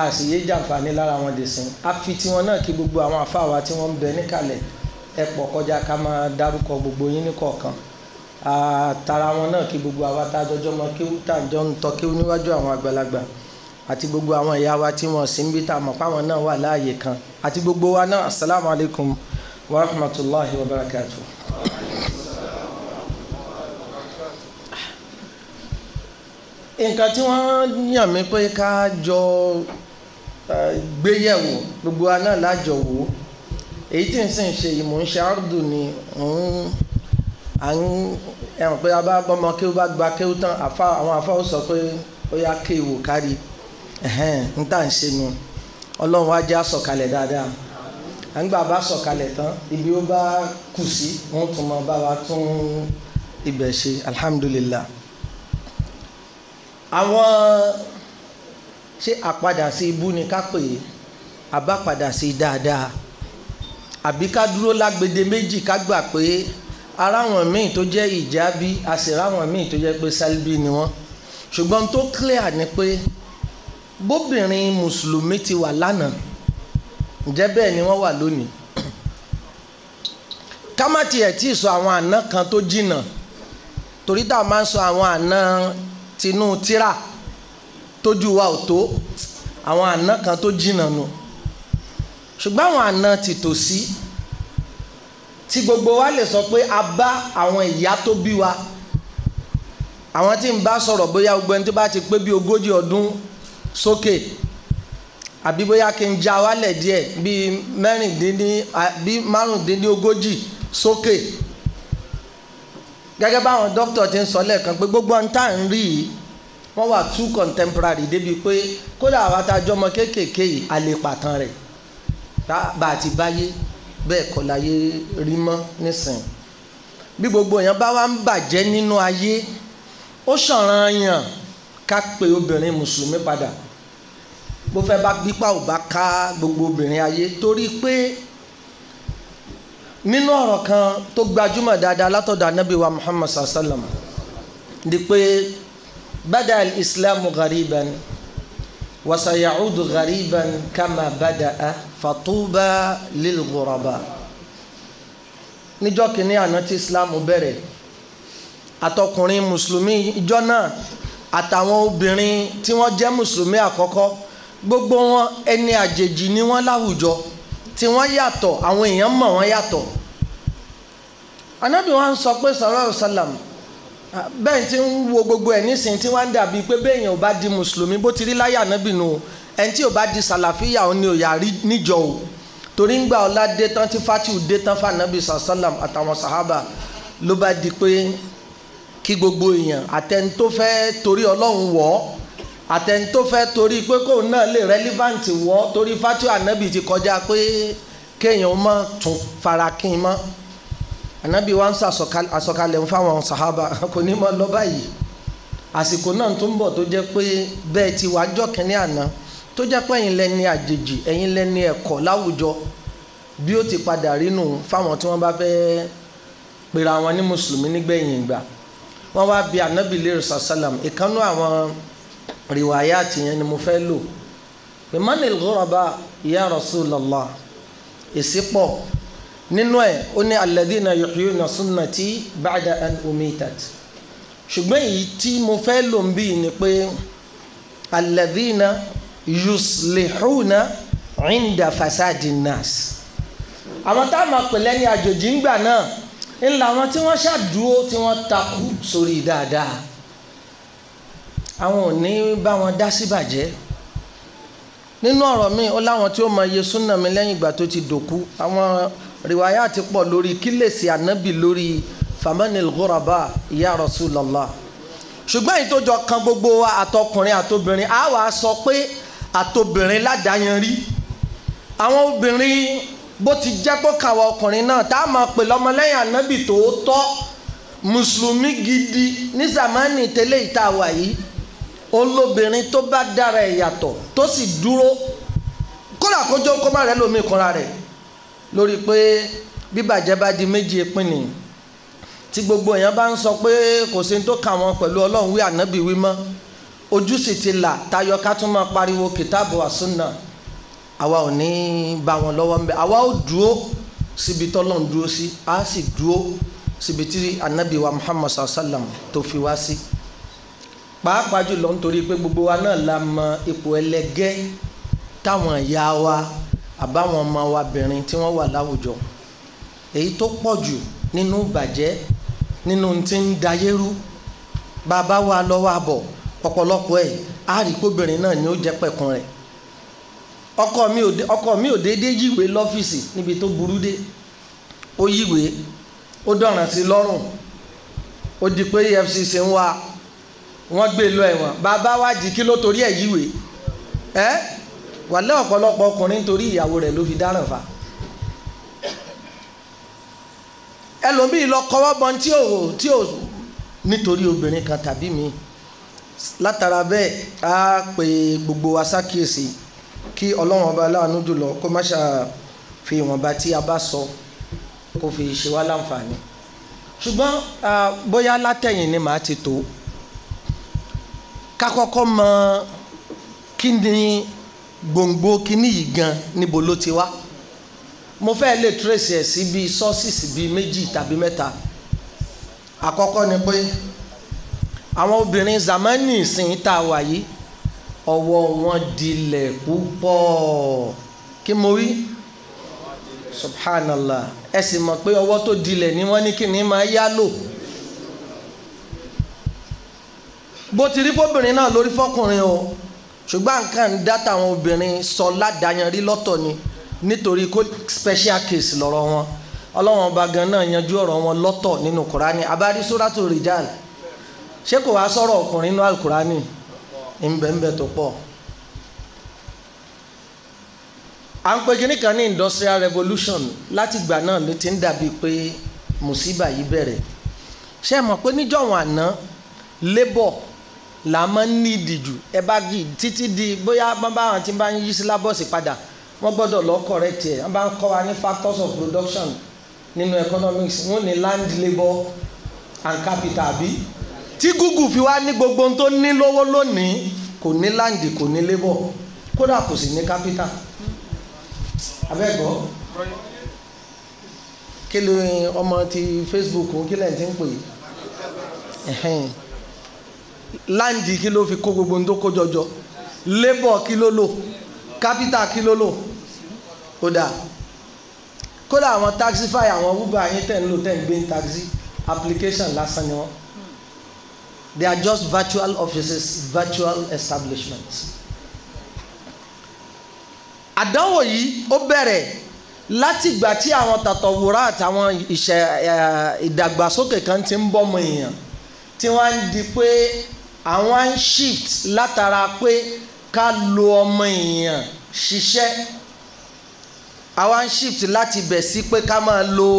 a sì yé jàǹfààní lára wọn dèsè a fi tiwọn náà kí gbogbo àwọn afáwa tí wọ́n ń bẹ níkàlẹ̀ ẹ pọ̀ kọjá ká máa dárúkọ gbogbo yín ní kọ̀ọ̀kan tara wọn náà kí gbogbo àwa tá a jọjọ́ mọ kéwú tá a jọ ń tọ́ kéwú níwájú àwọn àgbàlagbà àti gbogbo àwọn ìyá wa tí wọ́n sì ń bí tá a mọ̀ páwọn náà wà láàyè kan àti gbogbo wa náà asalaamualeykum wa rahmatulahi wa barakatuh. nǹkan tí wọ́n yàn mí pé ká jọ gbéyẹ̀wò gbogbo aná lájọ wò ó èyí tí n sì ń ṣe yìí mò ń ṣe àrùdù ni à ń ẹ̀rùn pé a bá bọ́mọ kí ó bá gba kí ó tán àwọn afáwọ́ sọ pé ó yá kí ìwò kárí n tà ń ṣe nu ọlọ́run wá àsọ̀kalẹ̀ dáadáa à ń gbà bá sọ̀kalẹ̀ tán ibi ó bá kù sí wọ́n tún mọ bá wa tún ibẹ̀ ṣe alhamdulillah àwọn ṣé àpadà sí ibú ni ká pè é àbápadà sí dáadáa àbí ká dúró lágbede méjì ká gbà pé aráwọn míì tó jẹ́ ìjábí a sì ráwọn míì tó jẹ́ pé sálíbí ni wọ́n ṣùgbọ́n tó clear ni pé bóbìnrin mùsùlùmí ti wà lánàá ǹjẹ́ bẹ́ẹ̀ ni wọ́n wà lónìí ká má tiẹ̀ tí ì sọ àwọn àna kan tó jìnnà torí tá máa ń sọ àwọn àna tinú tíra tójú wa ò tó àwọn àna kan tó jìnnà nù ṣùgbọ́n àwọn àna ti tòsí tí gbogbo wa lè sọ pé a bá àwọn ìyá tó bí wa àwọn tí ń bá sọ̀rọ̀ bóyá gbogbo ẹni tó bá ti pé bí ogójì ọdún sókè àbí bóyá kí n já wálẹ̀ díẹ̀ bíi mẹ́rìndínlẹ́ bíi márùndínlógójì sókè. So gẹ́gẹ́ báwọn dókítà ti ń sọ lẹ́ẹ̀kan pé gbogbo ohun tá à ń rí yìí wọ́n wà too contemporary débi pé kódà àwọn atajọ́ ọmọ kéékèèké yìí a lè pàtàn rẹ̀ bá a ti báyé bẹ́ẹ̀ kọ́ láyé rí mọ́ nísìnyí bí gbogbo èèyàn bá wá ń bàjẹ́ nínú ayé ó ṣọ̀ràn yàn ká pe obìnrin mùsùlùmí padà bó fẹ́ bá gbípa ò bá ká gbogbo obìnrin ayé torí pé nínú ọ̀rọ̀ kan tó gbajúmọ̀ dáadáa látọ̀dọ̀ anábì wa muhammad sallam di pé bada al-islamu ghariban wasayacudu ghariban kama bada'a fatuba lilghuraba níjọ́ kìíní àná tí islam bẹ̀rẹ̀ àtọkùnrin mùsùlùmí ìjọ náà àtàwọn obìnrin tí wọ́n jẹ́ mùsùlùmí àkọ́kọ́ gbogbo wọn ẹni àjèjì ni wọ́n láwùjọ tí wọ́n yàtọ̀ àwọn èèyàn mọ̀ wọ́n yàtọ̀ anábì wọn sọ pé sọlọ́rọ̀ sálàm bẹ́ẹ̀ tí ń wo gbogbo ẹ̀ nísìnyí tí wọ́n ń dàbí pé béèyàn ò bá di mùsùlùmí bó ti rí láyé anábì nù ẹni tí ò bá di sàlàfíà òun ni ò yà rí níjọ o torí ń gba ọlá dé tán tí fatiu dé tán fànàbì sàlám àtàwọn sàhábà ló bá di pé kí gbogbo èèyàn àtẹni fẹ́ torí ọlọ́run wọ̀ ọ́ àtẹ̀ntó fẹ́ torí pé kóun náà lè relevant wọ́ torí fatia anabi ti kọjá pé kéèyàn mọ̀ tún fara kín mọ́ anabi wa ń sọ àsọkalẹ̀ ń fáwọn sàhábà kò ní mọ̀ lọ báyìí àsìkò náà tó ń bọ̀ tó jẹ́ pé bẹ́ẹ̀ ti wá jọ́ kínní àná tó jẹ́ pé ẹ̀yin lẹ́ni àjèjì ẹ̀yin lẹ́ni ẹ̀kọ́ láwùjọ bí ó ti padà rínú fáwọn tí wọ́n bá fẹ́ pera wọn ní mùsùlùmí nígbẹ̀yìn ìgbà wọ́n wá bi anabi lérò sàlám ìkànnú àwọn riwayat yẹn ni mo fẹ́ lò bimani al-ghuraba ya rasulallah èsì pọ̀ nínú ẹ̀ ó ní alladhina yuhyuna sunnati ba'da an umitat ṣùgbọ́n èyí tí mo fẹ́ lò ń bí ni pé alladhina yuslihuna inda fasadi nas àwọn tá a máa pè lẹ́ni àjòjì ńgbà náà ńlá àwọn tí wọ́n ṣàdúró tí wọ́n takú sórí dáadáa àwọn ò ní bá wọn dá sí bàjẹ́ nínú ọ̀rọ̀ mi ó láwọn tí ó mọ iye súnà mi lẹ́yìn ìgbà tó ti dòkú àwọn rìwáyà ti pọ̀ lórí kílèsì ànábì lórí famanil ghuraba ya Rasulullah ṣùgbọ́n èyí tó jọ kan gbogbo wa àtọkùnrin àtobìnrin a wàá sọ pé àtobìnrin ládàáyanrí àwọn obìnrin bó ti jẹ́ pé kàwa ọkùnrin náà tá a máa pè lọ́mọlẹ́yìn ànábì tòótọ́ mùsùlùmí gidi ní zamani tẹ́lẹ̀ ìta wà yìí olóbìnrin tó bá dára ẹ̀ yàtọ̀ tó sì dúró kódà kójó kó má rẹ̀ lómi kanra rẹ̀ lórí pé bíbàjẹ́ bá di méjì pín ni tí gbogbo èèyàn bá ń sọ pé kò sí tó kà wọ́n pẹ̀lú ọlọ́run wí ànábì wí mọ́ ojú sì ti là tayọ ká tún máa pariwo kìtàbù àsúnà àwa ò ní bá wọn lọ́wọ́ ń bẹ àwa ò dúró síbi tọ́lọ́run dúró sí a sì dúró síbi tí ànábì wa Muhammad sallam tó fi wá sí. Si pàápàá jùlọ nítorí pé gbogbo wa náà la mọ ipò ẹlẹgẹ́ táwọn ìyá wa àbáwọn ọmọ wa bìnrin tí wọ́n wà láwùjọ èyí tó pọ̀ jù nínú ìbàjẹ́ nínú tí ń dayérú bàbá wa lọ́wọ́ àbọ̀ ọ̀pọ̀lọpọ̀ ẹ̀ àríkóbìnrin náà ni ó jẹ́ pẹ̀kun rẹ̀ ọkọ mi ò ọkọ mi ò déédéé yíwèé lọ́fíìsì níbi tó burú dé ó yíwèé ó dọ̀ràn sí lọ́rùn ó di pé EFCC ń wá a wọ́n gbé lọ ẹ̀wọ̀n bàbá wa jì kí ló torí ẹ̀ yíwèé ẹ́ wàlẹ́ ọ̀pọ̀lọpọ̀ ọkùnrin torí ìyàwó rẹ̀ ló fi dáràn fa ẹlòmíì lọ kọ́wọ́ bọ́n tí ò tí ò nítorí obìnrin kan tàbí mi látara bẹ́ẹ̀ á pe gbogbo wa sákìyèsí kí ọlọ́run ọba aláàánú jùlọ kó má ṣáà fi ìwọ̀nba tí a bá sọ kó fi ṣe wá láǹfààní ṣùgbọ́n bóyá látẹ̀yìn ni màá ti tó kakọ́kọ́ mọ kí ni gbòǹgbò kíní yìí gan níbo ló ti wá mo fẹ́ lè trace ẹ̀ sí bíi sọ́ọ̀sìsì bíi méjì tàbí mẹ́ta àkọ́kọ́ ni pé àwọn obìnrin zamani ìsìn tá a wà yìí ọwọ́ wọn dilẹ̀ púpọ̀ kí mo wí subhanallah ẹ sì mọ̀ pé ọwọ́ tó dilẹ̀ ni wọ́n ní kí ni máa yá bó ti rí fóbìnrin náà lórí fọkùnrin o ṣùgbọ́n nǹkan ń dá táwọn obìnrin sọ ládàáyanrí lọ́tọ̀ ni nítorí kó special case lọ́rọ̀ wọn ọlọ́wọ́n ọba gan náà yanjú ọ̀rọ̀ wọn lọ́tọ̀ nínú kùránì abárí sóràtò rìjàl ṣé kò wá sọ̀rọ̀ ọkùnrin nínú alukùránì ńbẹ̀ńbẹ̀ tó pọ̀ à ń pe kinní kan ní industrial revolution láti ìgbà náà ló ti ń dàbí pé mùsíbà yìí bẹ̀rẹ̀ ṣé ẹ mọ̀ pé níjọ́ wọn àná labour là máa ń ní ìdìjú ẹ bá gì títí di bóyá wọ́n bá àwọn tí wọ́n bá ń yí sílábọ̀sì padà wọ́n gbọ́dọ̀ lọ correct ẹ̀ wọ́n bá ń kọ́ wa ní factors of production nínú economics wọ́n ní land labour and capital bí tí Google fi wá ní gbogbo ohun tó ní lówó lónìí kò ní land kò ní labour kódà kò sì ní capital abẹ́gbọ́ kí ló ọmọ ti Facebook kí lẹ́yìn tí ń pè é láǹdì kí ló fi kó gbogbo ohun tó kó jọjọ lébọ̀ kí ló lò kápítà kí ló lò kódà kódà àwọn taxify àwọn uber yín tẹ̀ ń lò tẹ̀ ń gbé taxi application lásán ni wọ́n they are just virtual offices virtual establishments. àdánwò yìí ó bẹ̀rẹ̀ látìgbà tí àwọn tàtọ̀wúrà àtàwọn ìdàgbàsókè kan ti ń bọ́ mọ èèyàn tí wọ́n á di pé àwọn á ń shift látara pé ká lo ọmọ èèyàn ṣiṣẹ́ àwa ń shift láti bẹ̀ sí pé ká máa lo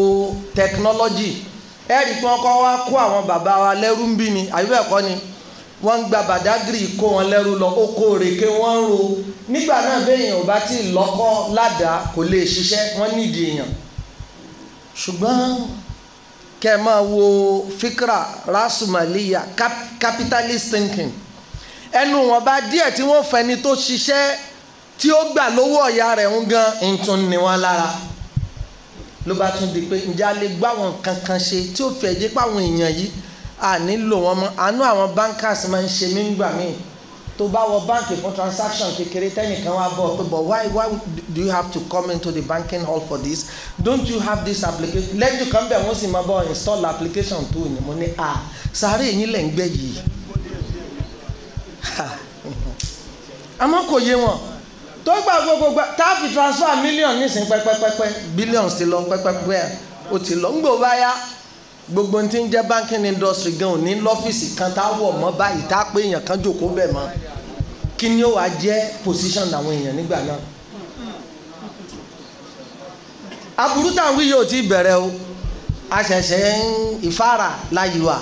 technology ẹ rí i pé wọ́n kọ́ wá kó àwọn bàbá wa lẹ́rú ń bí ni àbí bẹ́ẹ̀ kọ́ ni wọ́n ń gba bàdágìrì kó wọn lẹ́rú lọ oko òrèké wọ́n ń ro nígbà náà béèyàn ò bá tí lọ́kọ́ ládàá kò lè ṣiṣẹ́ wọ́n nídìí èèyàn ṣùgbọ́n kẹ́ máa wo fikra rasumaliya cap capitalist thinking ẹnu wọn bá díẹ̀ tí wọ́n fẹ́ni tó ṣiṣẹ́ tí ó gbà lówó ọ̀yà rẹ̀ ń gan ntún ni wọ́n lára ló bá tún di pé ǹjẹ́ a lè gbá àwọn kankan ṣe tí ó fẹ́ jẹ́ pé àwọn èèyàn yìí à nílò wọn mọ́ àánú àwọn bankers máa ń ṣe mí nígbà míì tó bá wọ báǹkì fún transaction kékeré tẹ́nìkan wá bọ̀ tó bọ̀ why why do you have to come into the banking hall for this don't you have this application lẹ́jọ́ kan bẹ̀ wọ́n sì máa bọ̀ install application tó ní mo ní à sáré yín lẹ̀ ń gbẹ́ yìí àmọ́ kò yé wọn tó gbà gbogbo gbà tá a transfer million nísìnyí pẹ́pẹ́pẹ́pẹ́ billion ti lọ pẹ́pẹ́pẹ́ o ti lọ ń gbò báyà gbogbo ní ti ń jẹ́ banking industry gan ò ní lọ́fíìsì kan tá a wọ̀ mọ́ báyìí tá a pé èèyàn kan jòkó bẹ̀ mọ́ kí ni ó wàá jẹ́ position àwọn èèyàn nígbà náà aburú táwọn wí yóò ti bẹ̀rẹ̀ o a ṣẹ̀ṣẹ̀ ń ìfara láyé wa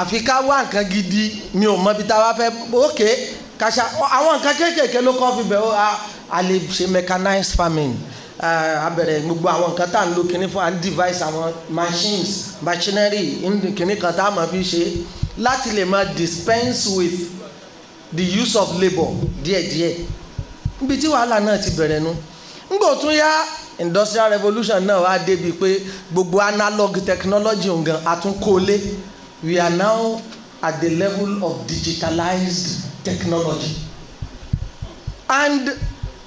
àfi ká wá nǹkan gidi mi ò mọ ibi tá a wá fẹ́ ókè kàṣà àwọn nǹkan kéékèèké ló kọ́ fi bẹ̀ ó a lè ṣe mechanized farming abẹ̀rẹ̀ gbogbo àwọn nǹkan tá à ń lo kinní fún à device àwọn machines machinery kinní kan tá a máa fi ṣe láti lè máa dispense with the use of labour díẹ̀díẹ̀ níbi tí wàhálà náà ti bẹ̀rẹ̀ nu ńgbò tún yá industrial revolution náà wá débi pé gbogbo analog technology ngan àtúnkólé we are now at the level of digitalized technology and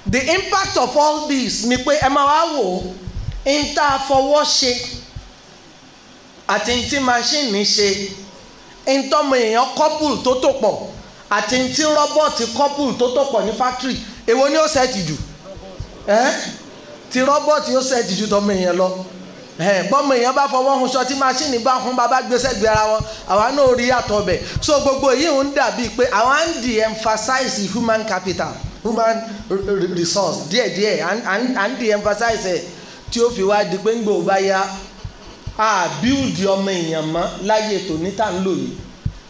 the impact of all this ni pé ẹ máa wá wò ń tá a fọwọ́ ṣe àti ń machine ṣe ń tọ́mọ èèyàn couple tó tò pọ̀ àti ti rọ́bọ̀tì couple tó tọ̀pọ̀ ní factory èwo ni ó sẹ́ẹ̀tì jù ti rọ́bọ̀tì ó sẹ́ẹ̀tì jù tọmọ èèyàn lọ bọ́mọ èèyàn bá fọwọ́ hun sọ tí máṣíìnì bá hun bàbá gbèsè gbé ara wọn àwa náà rí àtọ̀ bẹ̀ so gbogbo yìí ń dàbí pé àwa ń de-emphasize human capital human resource díẹ̀díẹ̀ à ń de-emphasize ẹ̀ tí ó fi wá di pé ń gbòó bá yá a build ọmọ èèyàn mọ́ láyé tòní tá ń lò yìí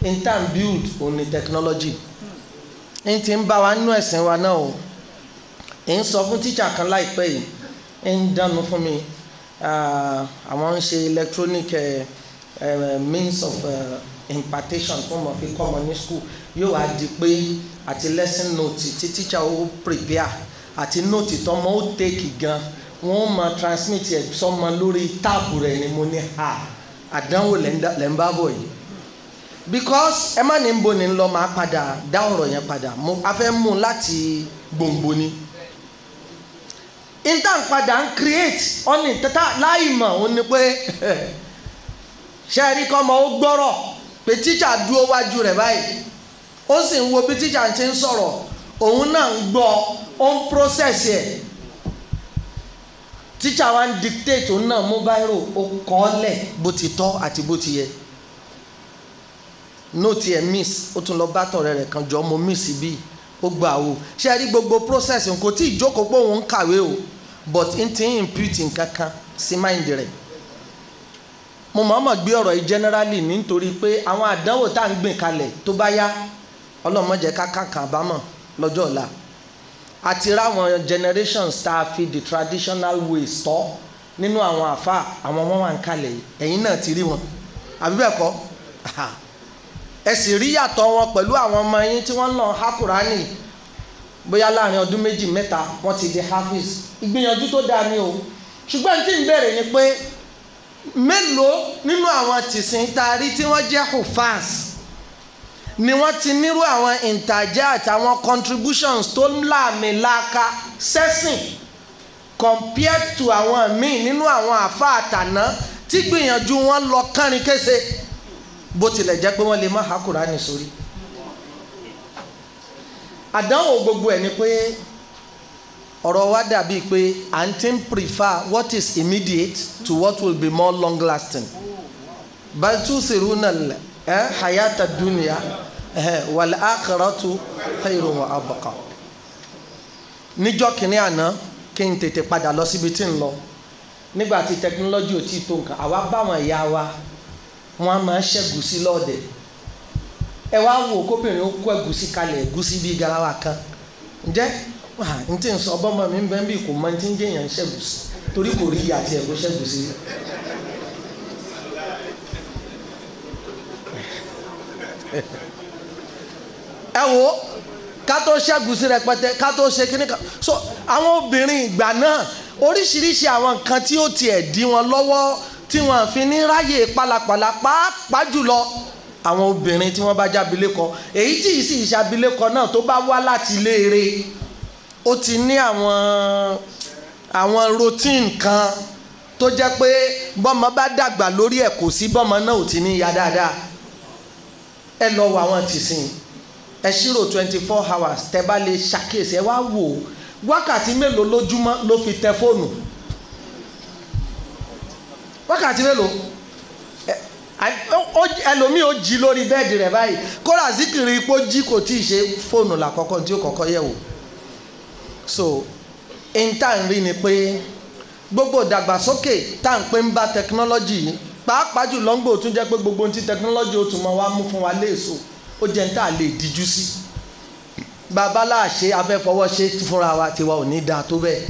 In intern build òun ni technology n ti ń bá wa nínú ẹ̀sìn wa náà o n sọ fún tíṣà kan láìpẹ́ yìí ń dánu fún mi àwọn ń ṣe electronic means of impartation fún ọmọ fi kọ́ ọmọ ní school yóò wá di pé àti lesson note tí tíṣà ó prepare àti note tọmọ ó take gan wọ́n máa transmit ẹ̀ sọmọ lórí táàbù rẹ̀ ni mo ní ha àdánwò lẹ́ ń bá bọ̀ yìí because ẹ má ní bo ni lọ máa padà dá ọ̀rọ̀ yẹn padà mo a fẹ́ mú un láti gbòǹgbò ni intan padà ń create ọ̀nì tata láì mọ̀ ó ni pé ṣẹ́ẹ̀rí kọ́ ọmọ ó gbọ́rọ̀ pé tíjà dúró wájú rẹ̀ báyìí ó sì ń wo bí tíjà ti ń sọ̀rọ̀ òun náà ń gbọ́ ó ń process ẹ̀ wa ń dictate òun náà mobile ó ti tọ́ àti bó ti yẹ. nóòtì ẹ̀ miss ó tún lọ bá tọ̀rẹ́ rẹ̀ kan jọ mo miss bí ó gbà wò ṣé ẹ rí gbogbo process kò tí ì jókòó pé òun ń kàwé o but n ti ń impute nǹkan kan sí mind rẹ̀ mo mọ̀ọ́mọ̀ gbé ọ̀rọ̀ yìí generally nítorí pé àwọn àdánwò tá à ń gbìn kalẹ̀ tó bá yá ọlọ́mọdé kákàkà àbámọ̀ lọ́jọ́ ọ̀la àti ráwọn generations tá a fi the traditional way sọ nínú àwọn àfa àwọn wọn wà ń kalẹ̀ yìí ẹ̀yin náà ti rí wọn àbí bẹ́ẹ̀ kọ́ ẹ sì rí yàtọ̀ wọn pẹ̀lú àwọn ọmọ yín tí wọ́n lọ ha Kùránì bóyá láàrin ọdún méjì mẹ́ta wọ́n ti di hafiz ìgbìyànjú tó dáa ni o ṣùgbọ́n tí ń bẹ̀rẹ̀ ni pé mélòó nínú àwọn tìsín taari tí wọ́n jẹ́ hufas ni wọ́n ti nírú àwọn ìtajà àtàwọn contributions tó láàmìlaka sẹ́sìn compared to àwọn míì nínú àwọn àfa àtàná tí gbìyànjú wọn lọ kánrin kése bó tilẹ̀ jẹ́ pé wọ́n lè má ha kúránì sórí àdánwò gbogbo ẹ̀ ni pé ọ̀rọ̀ wa dàbí pé à ń ti prefer what is immediate to what will be more long lasting bal tusiruna eh, hayata dunya eh, wal akhiratu khayrun wa abqa níjọ́ kìíní àná kí n tètè padà lọ síbi tí ń lọ nígbà tí technology ò tí tó nǹkan àwa báwọn ìyá wa. wọn a máa ṣẹ́gùsí lọ́ọ̀dẹ̀ ẹ wá wò kóbìnrin ó kó ẹ̀gúsí kalẹ̀ ẹ̀gúsí bíi garawa kan ǹjẹ́ n tí ń sọ ọbọ̀mọ mi ń bẹ́ ń bì kò mọ tí ń jẹ́ èèyàn ṣẹ́gùsí torí kò rí ìyá tiẹ̀ kó ẹ wo ká tó ká tó ṣe kíní kan so àwọn obìnrin ìgbà náà oríṣiríṣi àwọn nǹkan tí ó tiẹ̀ di wọn lọ́wọ́ tí wọ́n fi ní ráyè pálapàla pàápàá jùlọ àwọn obìnrin tí wọ́n bá jábílékọ èyí tí ìsì ìṣàbílékọ náà tó bá wá láti léèrè ó ti ní àwọn àwọn routine kan tó jẹ́ pé bọ́mọ bá dàgbà lórí ẹ̀ kò sí bọ́mọ náà ò ti ní ya dáadáa ẹ lọ wọ àwọn tìsín ẹ ṣírò twenty four hours tẹ bá lè ṣàkíyèsí ẹ wá wò wákàtí mélòó lójúmọ́ ló fi tẹ fóònù wákàtí mélòó ẹlòmíì ó jí lórí bẹ́ẹ̀dì rẹ̀ báyìí kóra zikiri ipò jí kò tí ì ṣe fóònù làkọ́kọ́ tí ó kọ́kọ́ yẹ̀ wò so intanri ni pé gbogbo ìdàgbàsókè tá à ń pè ń bá tẹkinọ́lọ́jì yìí pàápàá jù lọ́ngbò tún jẹ́ pé gbogbo ti tẹkinọ́lọ́jì ó tún mọ wá mú fún wa léèso ó jẹ́ ń tà lè díjú sí babaláàṣe afẹ́fọwọ́ṣe fúnra wa tiwa ò ní dáa tó bẹ́ẹ̀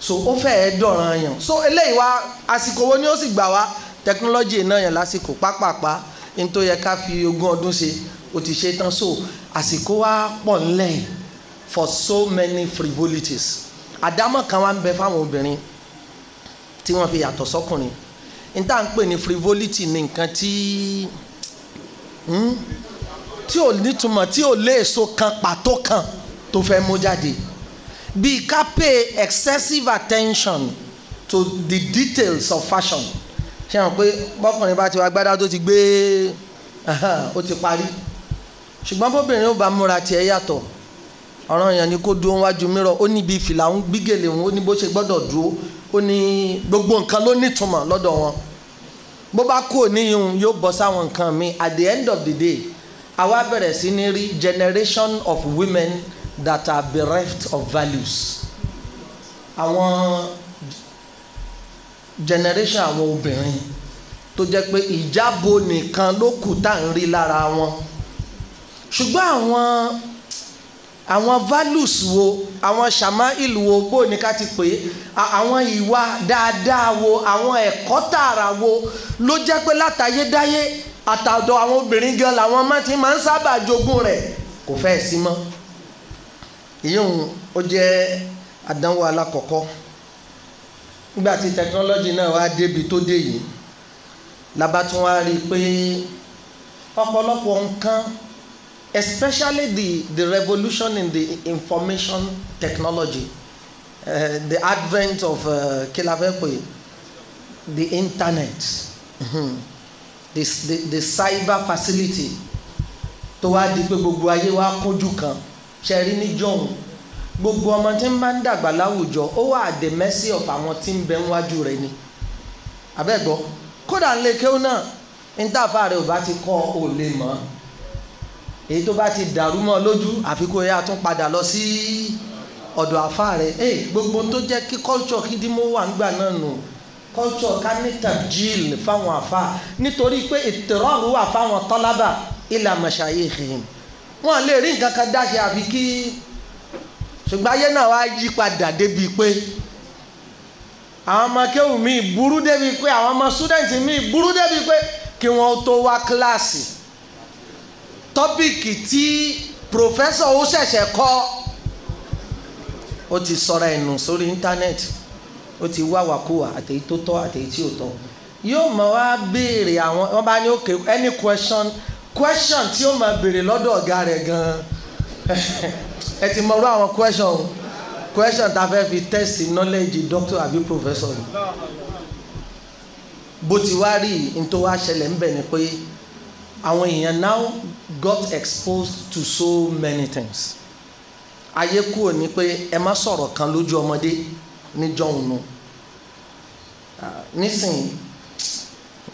so ó fẹ́ẹ́ dọ̀ràn yàn so eléyìí wá àsìkò wo ni ó sì gbà wá tẹkinọ́lọ́jì náà yàn lásìkò pápápá ní tó yẹ ká fi ogún ọdún ṣe ó ti ṣe tán so àsìkò wá pọ̀ ńlẹ̀ for so many frivolities àdámọ̀ kan wá ń bẹ fáwọn obìnrin tí wọ́n fi yàtọ̀ sọ́kùnrin n tá à ń pè ní frivolity ní nǹkan tí hmm, tí ò nítumọ̀ tí ò lé èso kan pàtó kan tó fẹ́ mú jáde. Be ká pay excessive attention to the details of fashion ṣe hàn pé bọ́kùnrin bá ti wá gbádá tó ti gbé ó ti parí ṣùgbọ́n bóbìnrin ó bá múra tiẹ̀ yàtọ̀ ọ̀ràn yẹn ni kó dúró wájú mìíràn ó ní ibi fìlà ń gbígèlè ń ó ní bó ṣe gbọ́dọ̀ dúró ó ní gbogbo nǹkan ló nítumọ̀ lọ́dọ̀ wọn bó bá kú níyìn yóò bọ́ sáwọn nǹkan mi at the end of the day àwa bẹ̀rẹ̀ sí ní rí generation of women that are bereft of values àwọn generation àwọn obìnrin tó jẹ́ pé ìjábo nìkan ló kù tá à ń rí lára wọn ṣùgbọ́n àwọn àwọn values wo àwọn shama'il wo bó ní ká ti pè é àwọn ìwà dáadáa wo àwọn ẹ̀kọ́ tààrà wo ló jẹ́ pé látayédáyé àtàdọ̀ àwọn obìnrin gan làwọn máa ti máa ń sábà jogún rẹ̀ kò fẹ́ẹ̀ sí mọ́ ìyóhùn ó jẹ́ àdánwò alákọ̀ọ́kọ́ nígbà tí tẹkinọ́lọ́jì náà wá débi tó dé yìí labá tún wá rí i pé ọ̀pọ̀lọpọ̀ nǹkan especially the the revolution in the information technology uh, the advent of eh, kí la fẹ́ pè the internet mm-hmm. the, the the cyber facility tó wá di pé gbogbo ayé wá kójú kan ṣẹ̀rí níjọ́hun gbogbo ọmọ tí ń bá ń dàgbà láwùjọ ó wà at the mercy of àwọn tí ń bẹ níwájú rẹ̀ ni àbẹ́gbọ́ kódà ń lè kéwù náà ntàfà rẹ̀ ò bá ti kọ́ ò lè mọ̀ èyí tó bá ti dàrú mọ́ lójú àfi kó yá tún padà lọ sí ọ̀dọ̀ àfà rẹ̀ ẹ gbogbo tó jẹ́ kí culture kídímọ́ wà ń náà nù culture ká ní fáwọn àfà nítorí pé ìtẹ̀rọ̀rù wà fáwọn tọ́lábà ìlà mashayikh wọn lè rí nǹkan kan dá ṣe àfi kí ṣùgbọ́n ayé náà wá yí padà débi pé àwọn ọmọ kéwù mi burú débi pé àwọn ọmọ súdẹ̀ǹtì mi burú débi pé kí wọ́n tó wá kíláàsì tọ́pìkì tí pòfẹ́sọ̀ ó ṣẹ̀ṣẹ̀ kọ́ ó ti sọ̀rọ̀ ẹ̀nù sórí íńtánẹ́ẹ̀tì ó ti wá wàkúwà àtèyí tó tọ́ àtèyí tí ò tọ́ yóò mọ̀ wá béèrè àwọn wọ́n bá ní òkè any question question tí ó máa béèrè lọ́dọ̀ ọ̀gá rẹ̀ gan-an ẹ ti mọ̀rú àwọn question question tá a fẹ́ fi test knowledge doctor àbí professor ni bó ti wá rí nítorí wá ṣẹlẹ̀ ń bẹ̀ ni pé àwọn èèyàn now got exposed to so many things ayé kúrò ní pé ẹ má sọ̀rọ̀ kan lójú ọmọdé níjọ́ òun nù ah, nísìnyí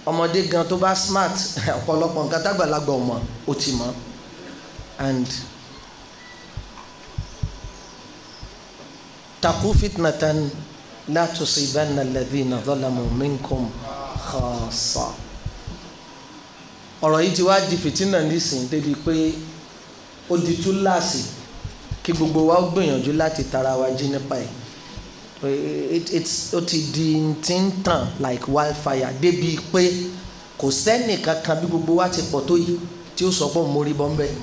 ọmọdé gan tó bá smart ọ̀pọ̀lọpọ̀ nǹkan tágbàlagbà ọmọ ò ti mọ̀ and takú fitnatan la tusibanna alladhina zalamu minkum khassa ọ̀rọ̀ yìí ti wá di fìtínà nísìnyí débi pé ó di túláàsì kí gbogbo wa gbìyànjú láti tara wa jí nípa yìí Eh, it's ó ti di ti ń tàn like wildfire débi pé kò sẹ́nì kankan bí gbogbo wa ti pọ̀ tó yìí tí ó sọ pé òun mórí bọ́ ń bẹ́ẹ̀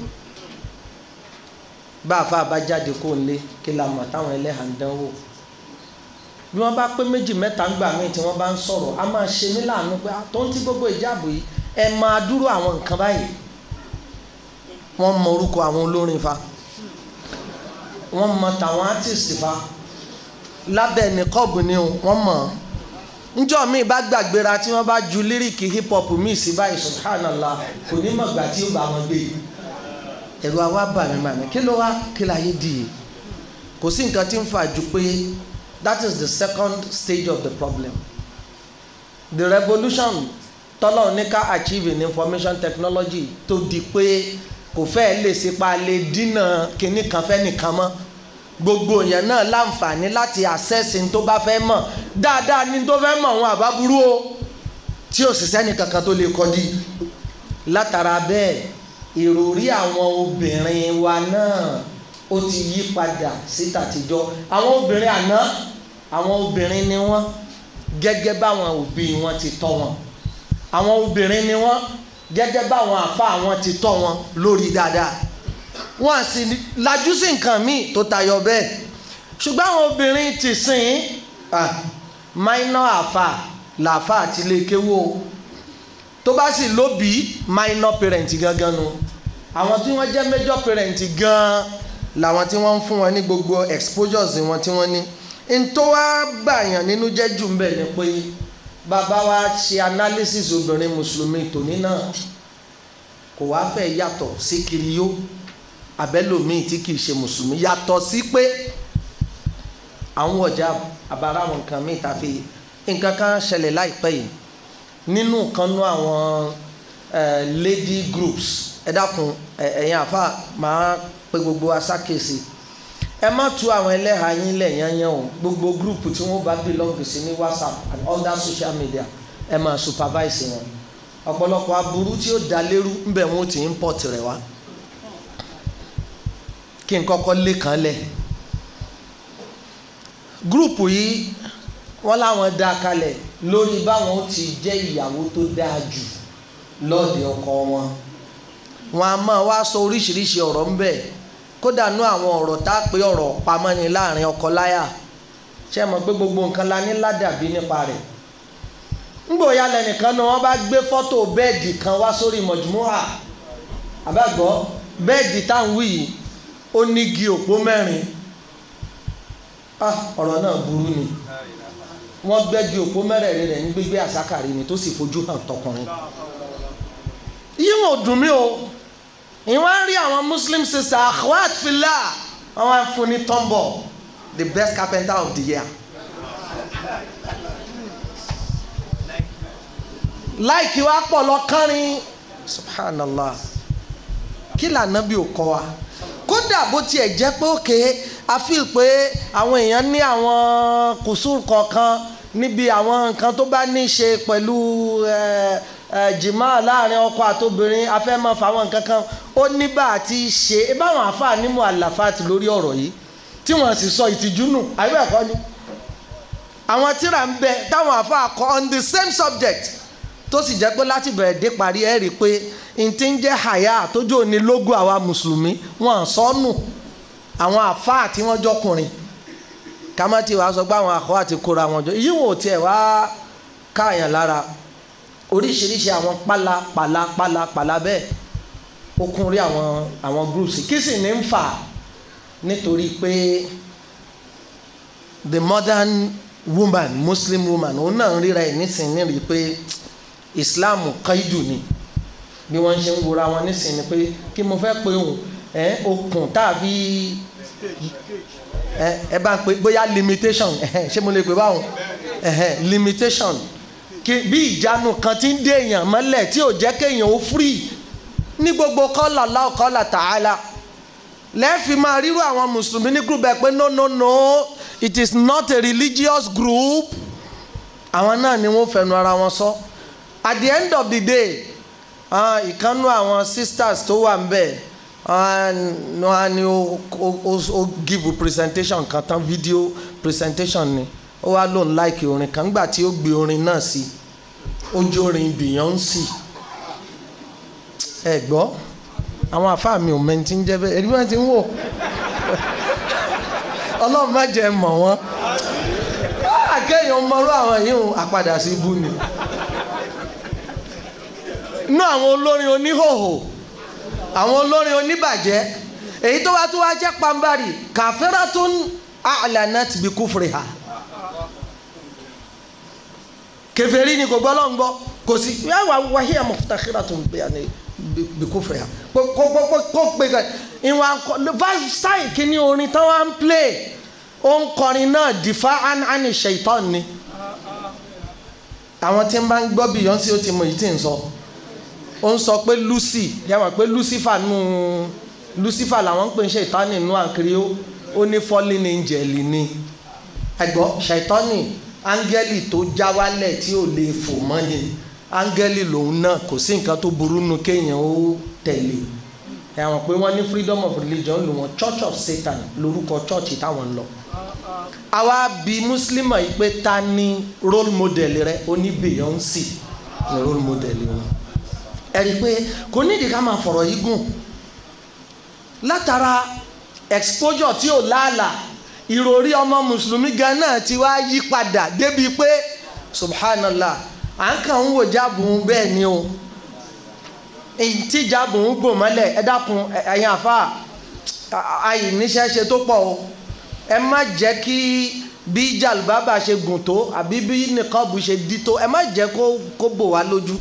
bá a fa àbájáde kó lé kí la mọ̀ táwọn ẹlẹ́hà ń dánwò bí wọ́n bá pé méjì mẹ́ta ń gbà mí tí wọ́n bá ń sọ̀rọ̀ a máa ṣe mí láàánú pé ah, tó ń ti gbogbo ìjáàbò yìí ẹ máa dúró àwọn nǹkan báyìí wọ́n mọ orúkọ àwọn olórin fa wọ́n mọ tàwọn artist fa lábẹ́ nìkọ́ọ̀bù ni wọ́n mọ̀ njọ́ mi bá gbàgbéra tí wọ́n bá ju líríkì hip hop mi sí báyìí subhanallah kò ní mọ̀ gbà tí ó bá wọn gbé ẹ̀rù àwa bà mí màmí kí ló wá kí láyé dì í kò sí nǹkan tí ń fà ju pé that is the second stage of the problem the revolution tọ́lọ́ ní ká achieve in information technology tó di pé kò fẹ́ẹ́ lè ṣe pa lè dínà kinní kan fẹ́ nìkan mọ́ gbogbo èèyàn náà láǹfààní láti àṣẹ́sì tó bá fẹ́ mọ̀ dáadáa ni tó fẹ́ mọ̀ òun àbábúrú o tí ò sì sẹ́ni kankan tó lè kọdí látara bẹ́ẹ̀ ìròrí àwọn obìnrin wa náà ó ti yí padà sí tàtijọ́ àwọn obìnrin àná àwọn obìnrin ni wọ́n gẹ́gẹ́ báwọn òbí wọn ti tọ́ wọn àwọn obìnrin ni wọ́n gẹ́gẹ́ báwọn àfa wọn ti tọ́ wọn lórí dáadáa wọn sì lajú sí nǹkan míì tó tayọ bẹ́ẹ̀ ṣùgbọ́n àwọn obìnrin ti sìn minor àfà làfà àti iléekéwò tó bá sì lóbìí minor parent gangan nu àwọn tí wọ́n jẹ́ major parent gan-an làwọn tí wọ́n ń fún wọn ní gbogbo exposures wọn tí wọ́n ní ntọ́ wa bàyàn nínú jẹ́ jù ń bẹ̀ ni pé bàbá wa ṣe analysis obìnrin mùsùlùmí tòní náà kò wá fẹ́ yàtọ̀ sí kiri yó abẹ́lòmíì tí kìí ṣe mùsùlùmí yàtọ̀ sí pé àwọn ọjà àbára àwọn nǹkan míì tàfi nǹkan kan ṣẹlẹ̀ láìpẹ́ yìí nínú kan àwọn lady groups ẹ dákun ẹ̀yin àfa máa pe gbogbo asákèsì ẹ má tú àwọn ẹlẹ́hà yín lẹ̀ yányán o gbogbo group tí wọ́n bá belong sí ní whatsapp and other social media ẹ máa supervise wọn ọ̀pọ̀lọpọ̀ aburú tí ó dá lérú ńbẹ̀ wọn ò ti import rẹ̀ wá kí n kọ́kọ́ lé kan lẹ̀ gúrùpù yìí wọ́n láwọn dá a kalẹ̀ lórí báwọn ti jẹ́ ìyàwó tó dáa jù lọ́ọ̀dẹ̀ ọkọ wọn wọn a máa wá sọ oríṣiríṣi ọ̀rọ̀ ń bẹ̀ kódà nú àwọn ọ̀rọ̀ tá a pé ọ̀rọ̀ pamọ́ ni láàrin ọkọ láyà ṣe mọ̀ pé gbogbo nǹkan la ní ládàbí nípa rẹ̀ ngbòòyà lẹ́nìkan náà wọ́n bá gbé fọ́tò bẹ́ẹ̀dì kan wá sórí mọ̀júmọ́à àbẹ́gbọ́ bẹ́ẹ̀dì táwọn wí yìí ó ní igi òpó mẹ́rin ah ọ̀rọ̀ náà burú ni wọ́n gbẹ́gi òpó mẹ́rẹ̀ẹ̀rin rẹ̀ ń gbégbé àsákàrí ni tó sì fojú hàn tọkùnrin yíwọ̀n dùn mí o ìwọ́n rí àwọn muslim sister akhwat fila àwọn afuni tọ́ḿbọ̀ the best carpenter of the year láìkí wá pọ̀ lọ kánrin subhanallah kí lànà bí ò kọ́ wa kódà bó tiẹ̀ jẹ́ pé òkè a feel pé àwọn èèyàn ní àwọn kùsùn kọ̀ọ̀kan níbi àwọn nǹkan tó bá ní í ṣe pẹ̀lú jìmá láàrin ọkọ àtobìnrin afẹ́mọ́ fáwọn nǹkan kan ó ní bá a ti ṣe é báwọn àáfàá nímọ̀ àlàfáàtì lórí ọ̀rọ̀ yìí tí wọ́n sì sọ ìtìjú nù àbí bẹ́ẹ̀ kọ́ ni àwọn tíra ń bẹ táwọn àáfàá kọ on the same subject tó sì jẹ́ pé láti bẹ̀rẹ̀ dé parí ẹ̀ rí i pé ntí ń jẹ́ haya àtọ́jú òní lógo àwa mùsùlùmí wọn sọ́nù àwọn àfáà tí wọ́n jọkùnrin kámátì wàá sọ pé àwọn àkọ́ àti kóra wọn jọ yíwò tiẹ̀ wá káàyàn lára oríṣiríṣi àwọn pálá pálá pálá pálá bẹ́ẹ̀ ó kún rí àwọn àwọn groups kí sì ní ń fà nítorí pé the modern woman muslim woman òun náà ń ríra ẹ̀ nísìnyí rí i pé islam kaidu ni bí wọ́n ṣe ń wora wọn nísìnyí ni pé kí mo fẹ́ pe òun ẹ okùn tá a ẹ bá pe bóyá limitation ṣé mo lè pè báwọn limitation bí ìjánu kan ti ń dé èèyàn mọ́lẹ̀ tí ò jẹ́ kéèyàn ó free ní gbogbo kọ́là láò kọ́là tààlà lẹ́ẹ̀fì máa ríru àwọn mùsùlùmí ní group ẹ̀ pé no no no it is not a religious group àwọn náà ni wọ́n fẹnu ara wọn sọ at the end of the day Ah, ìkànnú àwọn sisters tó wà ń bẹ̀ wọ́n ní ó give presentation kan tán video presentation ni ó wá lóun like orin kan nígbà tí ó gbé orin náà sí ó jó orin Beyonce ẹ gbọ́ àwọn àfáà mi ò mẹ́ntí ń jẹ́ bẹ́ẹ̀ èmi máa ti ń wò ọlọ́run má jẹ́ mọ̀ wọ́n àkẹ́yìn ọmọ ọlọ́ àwọn yìí ń àpadà sí ibú ni inú àwọn olórin oníhòhò àwọn olórin oníbàjẹ́ èyí tó wá tó wá jẹ́ pàmbárì kàfẹ́rẹ́tún àlànàt bí kúfìrì ha kèfèrí ni kò gbọ́ lọ́n gbọ́ kò sí wà wáyé àmọ́ fúntakíratún bí kúfìrì ha kó pé ká ìwà vastai kìíní orin tán wá ń play ó ń kọrin náà dìfá ánì ṣèitán ni àwọn tí ń bá ń gbọ́ Beyonce ó ti mọ èyí tí ń sọ. So ó ń sọ pé lucy yàrá pé lucifer nù lucifer làwọn ń pè ń ṣe ìtọ́ni nù àǹkiri ó ó ní fallen angel ni ẹgbọ́ ṣàìtọ́nì áńgẹ́lì tó já wálẹ̀ tí ò lè fò mọ́ ni áńgẹ́lì lòun náà kò sí nǹkan tó burú nu kéèyàn ó tẹ̀lé ẹ̀wọ̀n pé wọ́n ní freedom of religion lò wọ́n church of satan lórúkọ church táwọn ń lọ. àwa bí mùsùlùmọ̀ yìí pé ta ni role model rẹ ó ní Beyonce ni role model wọn ẹ̀rí pé kò nídìí ká máa fọ̀rọ̀ yìí gùn látara exposure tí ò láàlà ìròrí ọmọ mùsùlùmí gan náà ti wá yí padà débi pé subhanallah à ń kàn ń wò jábùn bẹ́ẹ̀ ni o èyí tí jábùn ń gbò mọ́lẹ̀ ẹ dákun ẹ̀yin àfa àyè níṣẹ́ ṣe tó pọ̀ o ẹ má jẹ́ kí bí jàlùbábà ṣe gùn tó àbí bí nìkan bù ṣe dí tó ẹ má jẹ́ kó bò wá lójú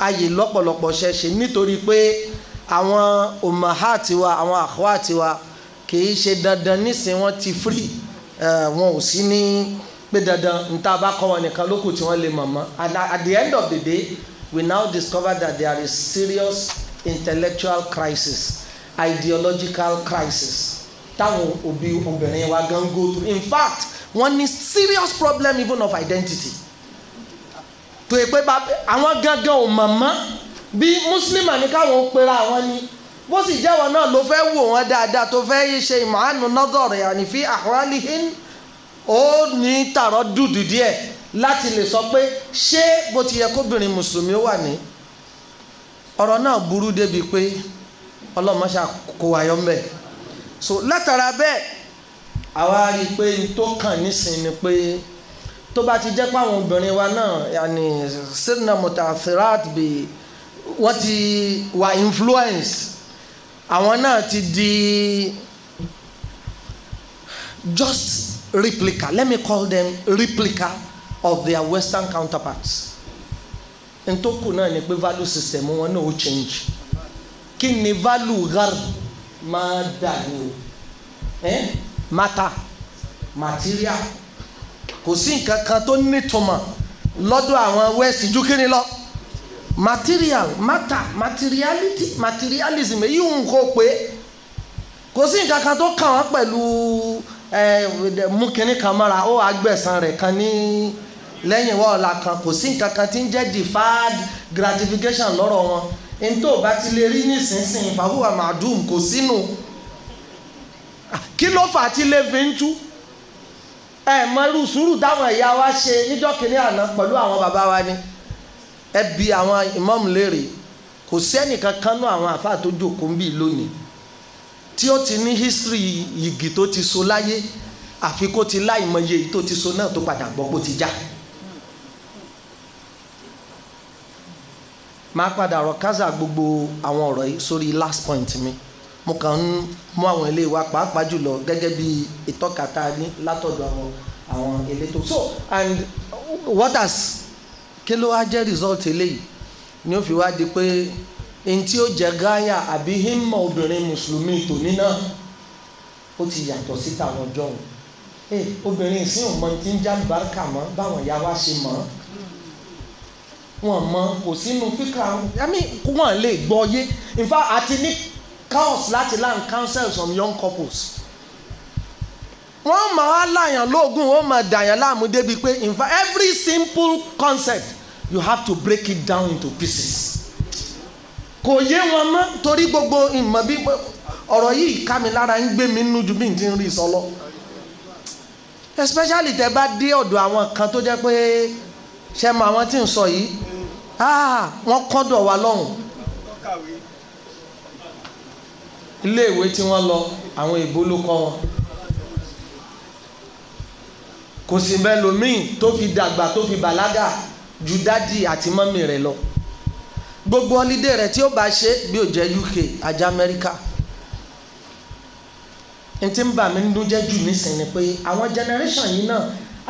ayè lọ́pọ̀lọpọ̀ ṣẹ̀ṣẹ̀ nítorí pé àwọn òmàhà tiwa àwọn àkọ́wà tiwa kìí ṣe dandan nísìnyí wọ́n ti free wọn ò sí ní pé dandan níta bá kọ́ wọn nìkan lókù tí wọ́n lè mọ̀mọ́ and at the end of the day we now discover that there is serious intellectual crisis ideological crisis táwọn òbí obìnrin wa gan go through in fact wọ́n ní serious problem even of identity tó yẹ pé àwọn gangan ò mọ̀ mọ́ bí mùsùlùmí ní káwọn ó pera àwọn ni bó sì jẹ́wọ́ náà ló fẹ́ wò wọ́n dáadáa tó fẹ́ yí ṣe ìmọ̀ánù nọ́dọ̀rẹ̀ ànífí àwálíhìn ó ní tààrọ́ dùdù díẹ̀ láti lè sọ pé ṣé bó ti yẹ kóbìnrin mùsùlùmí ó wà ní. ọ̀rọ̀ náà burú débi pé ọlọ́mọṣà kó ayọ́ mbẹ́ so látara bẹ́ẹ̀ àwa rí i pé n tó kàn nísìnyí ni pé tó bá ti jẹ́ páwọn obìnrin wa náà yàní sirna mutafirat bi wọ́n ti wà influence àwọn náà ti di just replica let me call them replica of their western counterparts ntoku náà ni pé value system wọn náà ó change kí ni value gharb máa dà ní o eh? matter material kò sí nǹkan kan tó nítumọ̀ lọ́dọ̀ àwọn west ju kíni lọ material matter materiality materialism èyí ń kó pé kò sí nǹkan kan tó kàn wọ́n pẹ̀lú mú kinní kan mọ́ra ó agbẹ̀san rẹ̀ kan ní lẹ́yìn wọ́ọ̀la kan kò sí nǹkan kan tí ń jẹ́ deferred gratification lọ́rọ̀ wọn n tó bá ti lè rí nísinsìnyí fàwùwà màdùm kò sínú kí ló fà á ti lè fi ń tú ẹ mọrú sùúrù táwọn ìyá wa ṣe níjọ́ kìnínní àná pẹ̀lú àwọn bàbá wa ni ẹ bi àwọn ìmáàmù léèrè kò sẹ́nìkan kan nú àwọn àfáà tó jókòó ń bì lónìí tí ó ti ní history yìgì tó ti so láyé àfi kó ti láìmọye èyí tó ti so náà tó padà gbọ́ kó ti já. máa padà rọ káza gbogbo àwọn ọ̀rọ̀ yìí sórí last point mi mo kàn ń mú àwọn ilé wa pàápàá jùlọ gẹ́gẹ́ bí ìtọ́ka ní látọ̀dọ̀ àwọn àwọn elétò so and what has kí ló wá jẹ́ result eléyìí ni ó fi wá di pé n tí ó jẹ gáyà àbí hímọ̀ obìnrin mùsùlùmí tòní náà ó ti yàtọ̀ sí tàwọn ọjọ́ òun ee obìnrin ìsìn ọmọ tí ń jálùbáríkà mọ báwọn ìyá wa ṣe mọ wọn mọ kò sínú fíkà wọn lè gbọ́ yé in fact àti ní chaos láti land counsel some young couples wọ́n máa láyàn lóògùn wọ́n máa dàyàn láàmú débi pé in fact every simple concept you have to break it down into pieces kò yé wọn mọ́ torí gbogbo ìmọ̀ bí ọ̀rọ̀ yìí ká mi lára ń gbé mi nínú ju bí n ti ń rí sọlọ especially tẹ bá dé ọ̀dọ̀ àwọn kan tó jẹ́ pé ṣe mọ àwọn tí ń sọ yìí ah, wọ́n kọ́dọ̀ wa lọ́hùn iléèwé tí wọ́n lọ àwọn èbó ló kọ́ wọn kò sì mẹ́lòmíì tó fi dàgbà tó fi bàlágà ju dádì àti mọ́mì rẹ̀ lọ gbogbo ọlídé rẹ̀ tí ó bá ṣe bí ó jẹ́ UK àjẹ́ Amẹ́ríkà n ti ń bà mí nínú jẹ́ jù nísìnyí pé àwọn generation yìí náà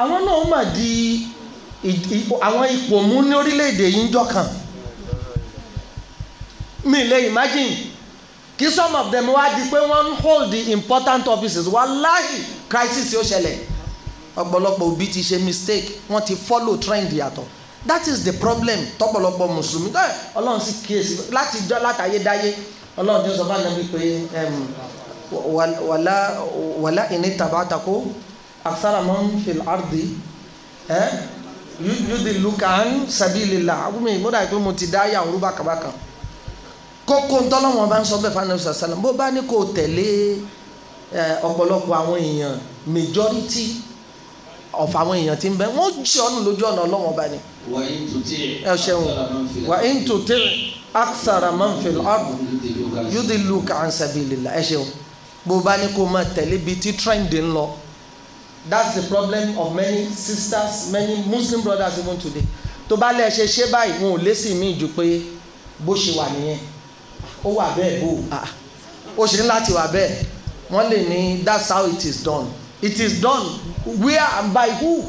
àwọn náà mà di àwọn ipò mú ní orílẹ̀-èdè yìí ń jọ kàn mi lè imagine kí some of them wá di pé wọ́n hold the important offices wàláhì crisis yóò ṣẹlẹ̀ ọ̀pọ̀lọpọ̀ òbí ti ṣe mistake wọ́n ti follow trend yàtọ̀ that is the problem tọ́pọ̀lọpọ̀ mùsùlùmí tọ́ ọlọ́run sì kíyèsí láti jọ́ látàyédáyé ọlọ́run ti sọ fáwọn ẹbí pé wàlá wàlá ìní tàbátàkó àkàràmọ́ fìl àrdì yúdìlú kàn sábìlì là àgùnmí mo dà pé mo ti dá yà òrùbá kàbákan kókó ntọ́lọ́wọ́n bá ń sọ bẹ́ẹ̀ fanabi sàlám bó bá ní kó tẹ̀lé ọ̀pọ̀lọpọ̀ àwọn èèyàn majority of àwọn èèyàn ti ń bẹ wọ́n jẹ́ ọ̀nà lójú ọ̀nà ọlọ́wọ́n bá ní. wà á ń tutì aksara manfil ard yudi luka ansabilila ẹ ṣeun bó bá ní kó máa tẹ̀lé bíi ti trend ń that's the problem of many sisters many muslim brothers even today tó bá lè ṣe ṣe báyìí wọn ò lé sí mi jù bó ṣe wà nìyẹn ó wà bẹ́ẹ̀ bò ah, ó ṣe ní láti wà bẹ́ẹ̀ wọ́n lè ní that's how it is done it is done where and by who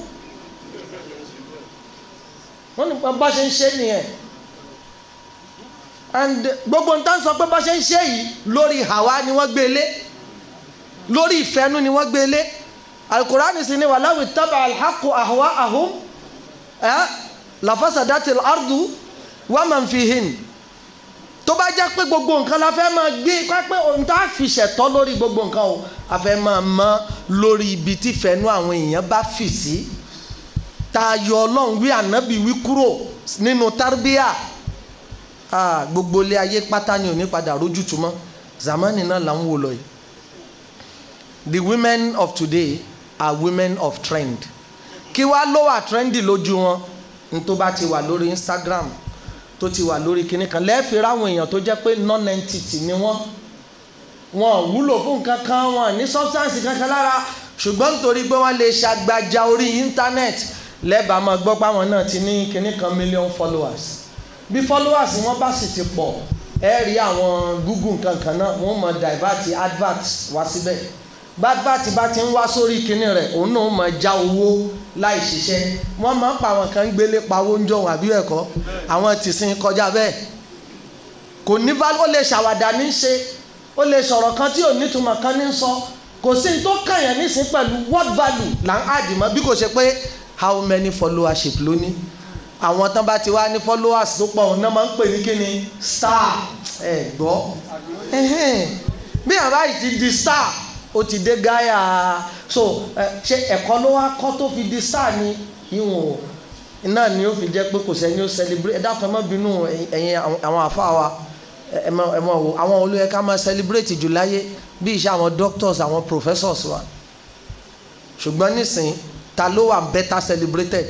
wọ́n ní bá ṣe ń ṣe nìyẹn and gbogbo n ta sọ pé bá ṣe ń ṣe yìí lórí hàwa ni wọ́n gbé lé lórí ìfẹ́nu ni wọ́n gbé lé alukurani sì ni wàláwì tábà alhaqu ahwa ahum ẹ eh, lafasadatil ardu wàmànfihin tó bá jẹ́ pé gbogbo nǹkan la fẹ́ máa gbé ká pé ohun tá fi ṣẹ̀tọ́ lórí gbogbo nǹkan o a fẹ́ máa mọ́ lórí ibi tí fẹ́nu àwọn èèyàn bá fì sí tá yọ ọlọ́run wí ànábì wí kúrò nínú tarbíà gbogbo ilé ayé pátá ni ò padà rójútu mọ́ zamani náà là ń wò lọ yìí the women of today are women of trend kí wàá ló wà trendy lójú wọn n tó bá ti wà lórí Instagram tó ti wà lórí kinní kan lẹ́ẹ̀fì ráwọn èèyàn tó jẹ́ pé non-entity ni wọ́n wọn wúlò fún nǹkan kan wọn ní substance kankan lára ṣùgbọ́n nítorí pé wọ́n lè ṣàgbàjà orí internet lẹ́bàá máa gbọ́ pé àwọn náà ti ní kinní kan million followers bí followers wọn bá sì ti pọ̀ ẹ rí àwọn google kankan náà wọ́n mọ̀ divert advert wá síbẹ̀. Si bàbá tí bá ti ń wá sórí kinní rẹ̀ òun náà máa já owó láì ṣiṣẹ́ wọ́n máa ń pa àwọn kan gbélé pawó ń jọ̀wọ́ àbí ẹ̀kọ́ àwọn tìsín kọjá bẹ́ẹ̀ kò ní value ó lè ṣàwàdà ní ṣe ó lè sọ̀rọ̀ kan tí ò nítumọ̀ kan ní sọ kò sí ní tó kàn yẹn pẹ̀lú what value là ń add mọ́ bí kò ṣe pé how many followership ló ní àwọn tán bá ti wá ní followers tó pọ̀ òun náà máa ń pè ní kíni star ẹ̀ gbọ́ bí àbá yìí ti di star ó ti dé gáyà so ṣe ẹ̀kọ́ ló wá kọ́ tó fi di sáà ni ìwọ̀n náà ni ó fi jẹ́ pé kò sẹ́ni ó celebrate ẹ dákun ẹ má bínú ẹ̀yin àwọn àfáà wa ẹ má ẹ má wò àwọn olóyè ká celebrate jù láyé bí iṣẹ́ àwọn doctors àwọn professors wa ṣùgbọ́n nísìnyí ta ló wà better celebrated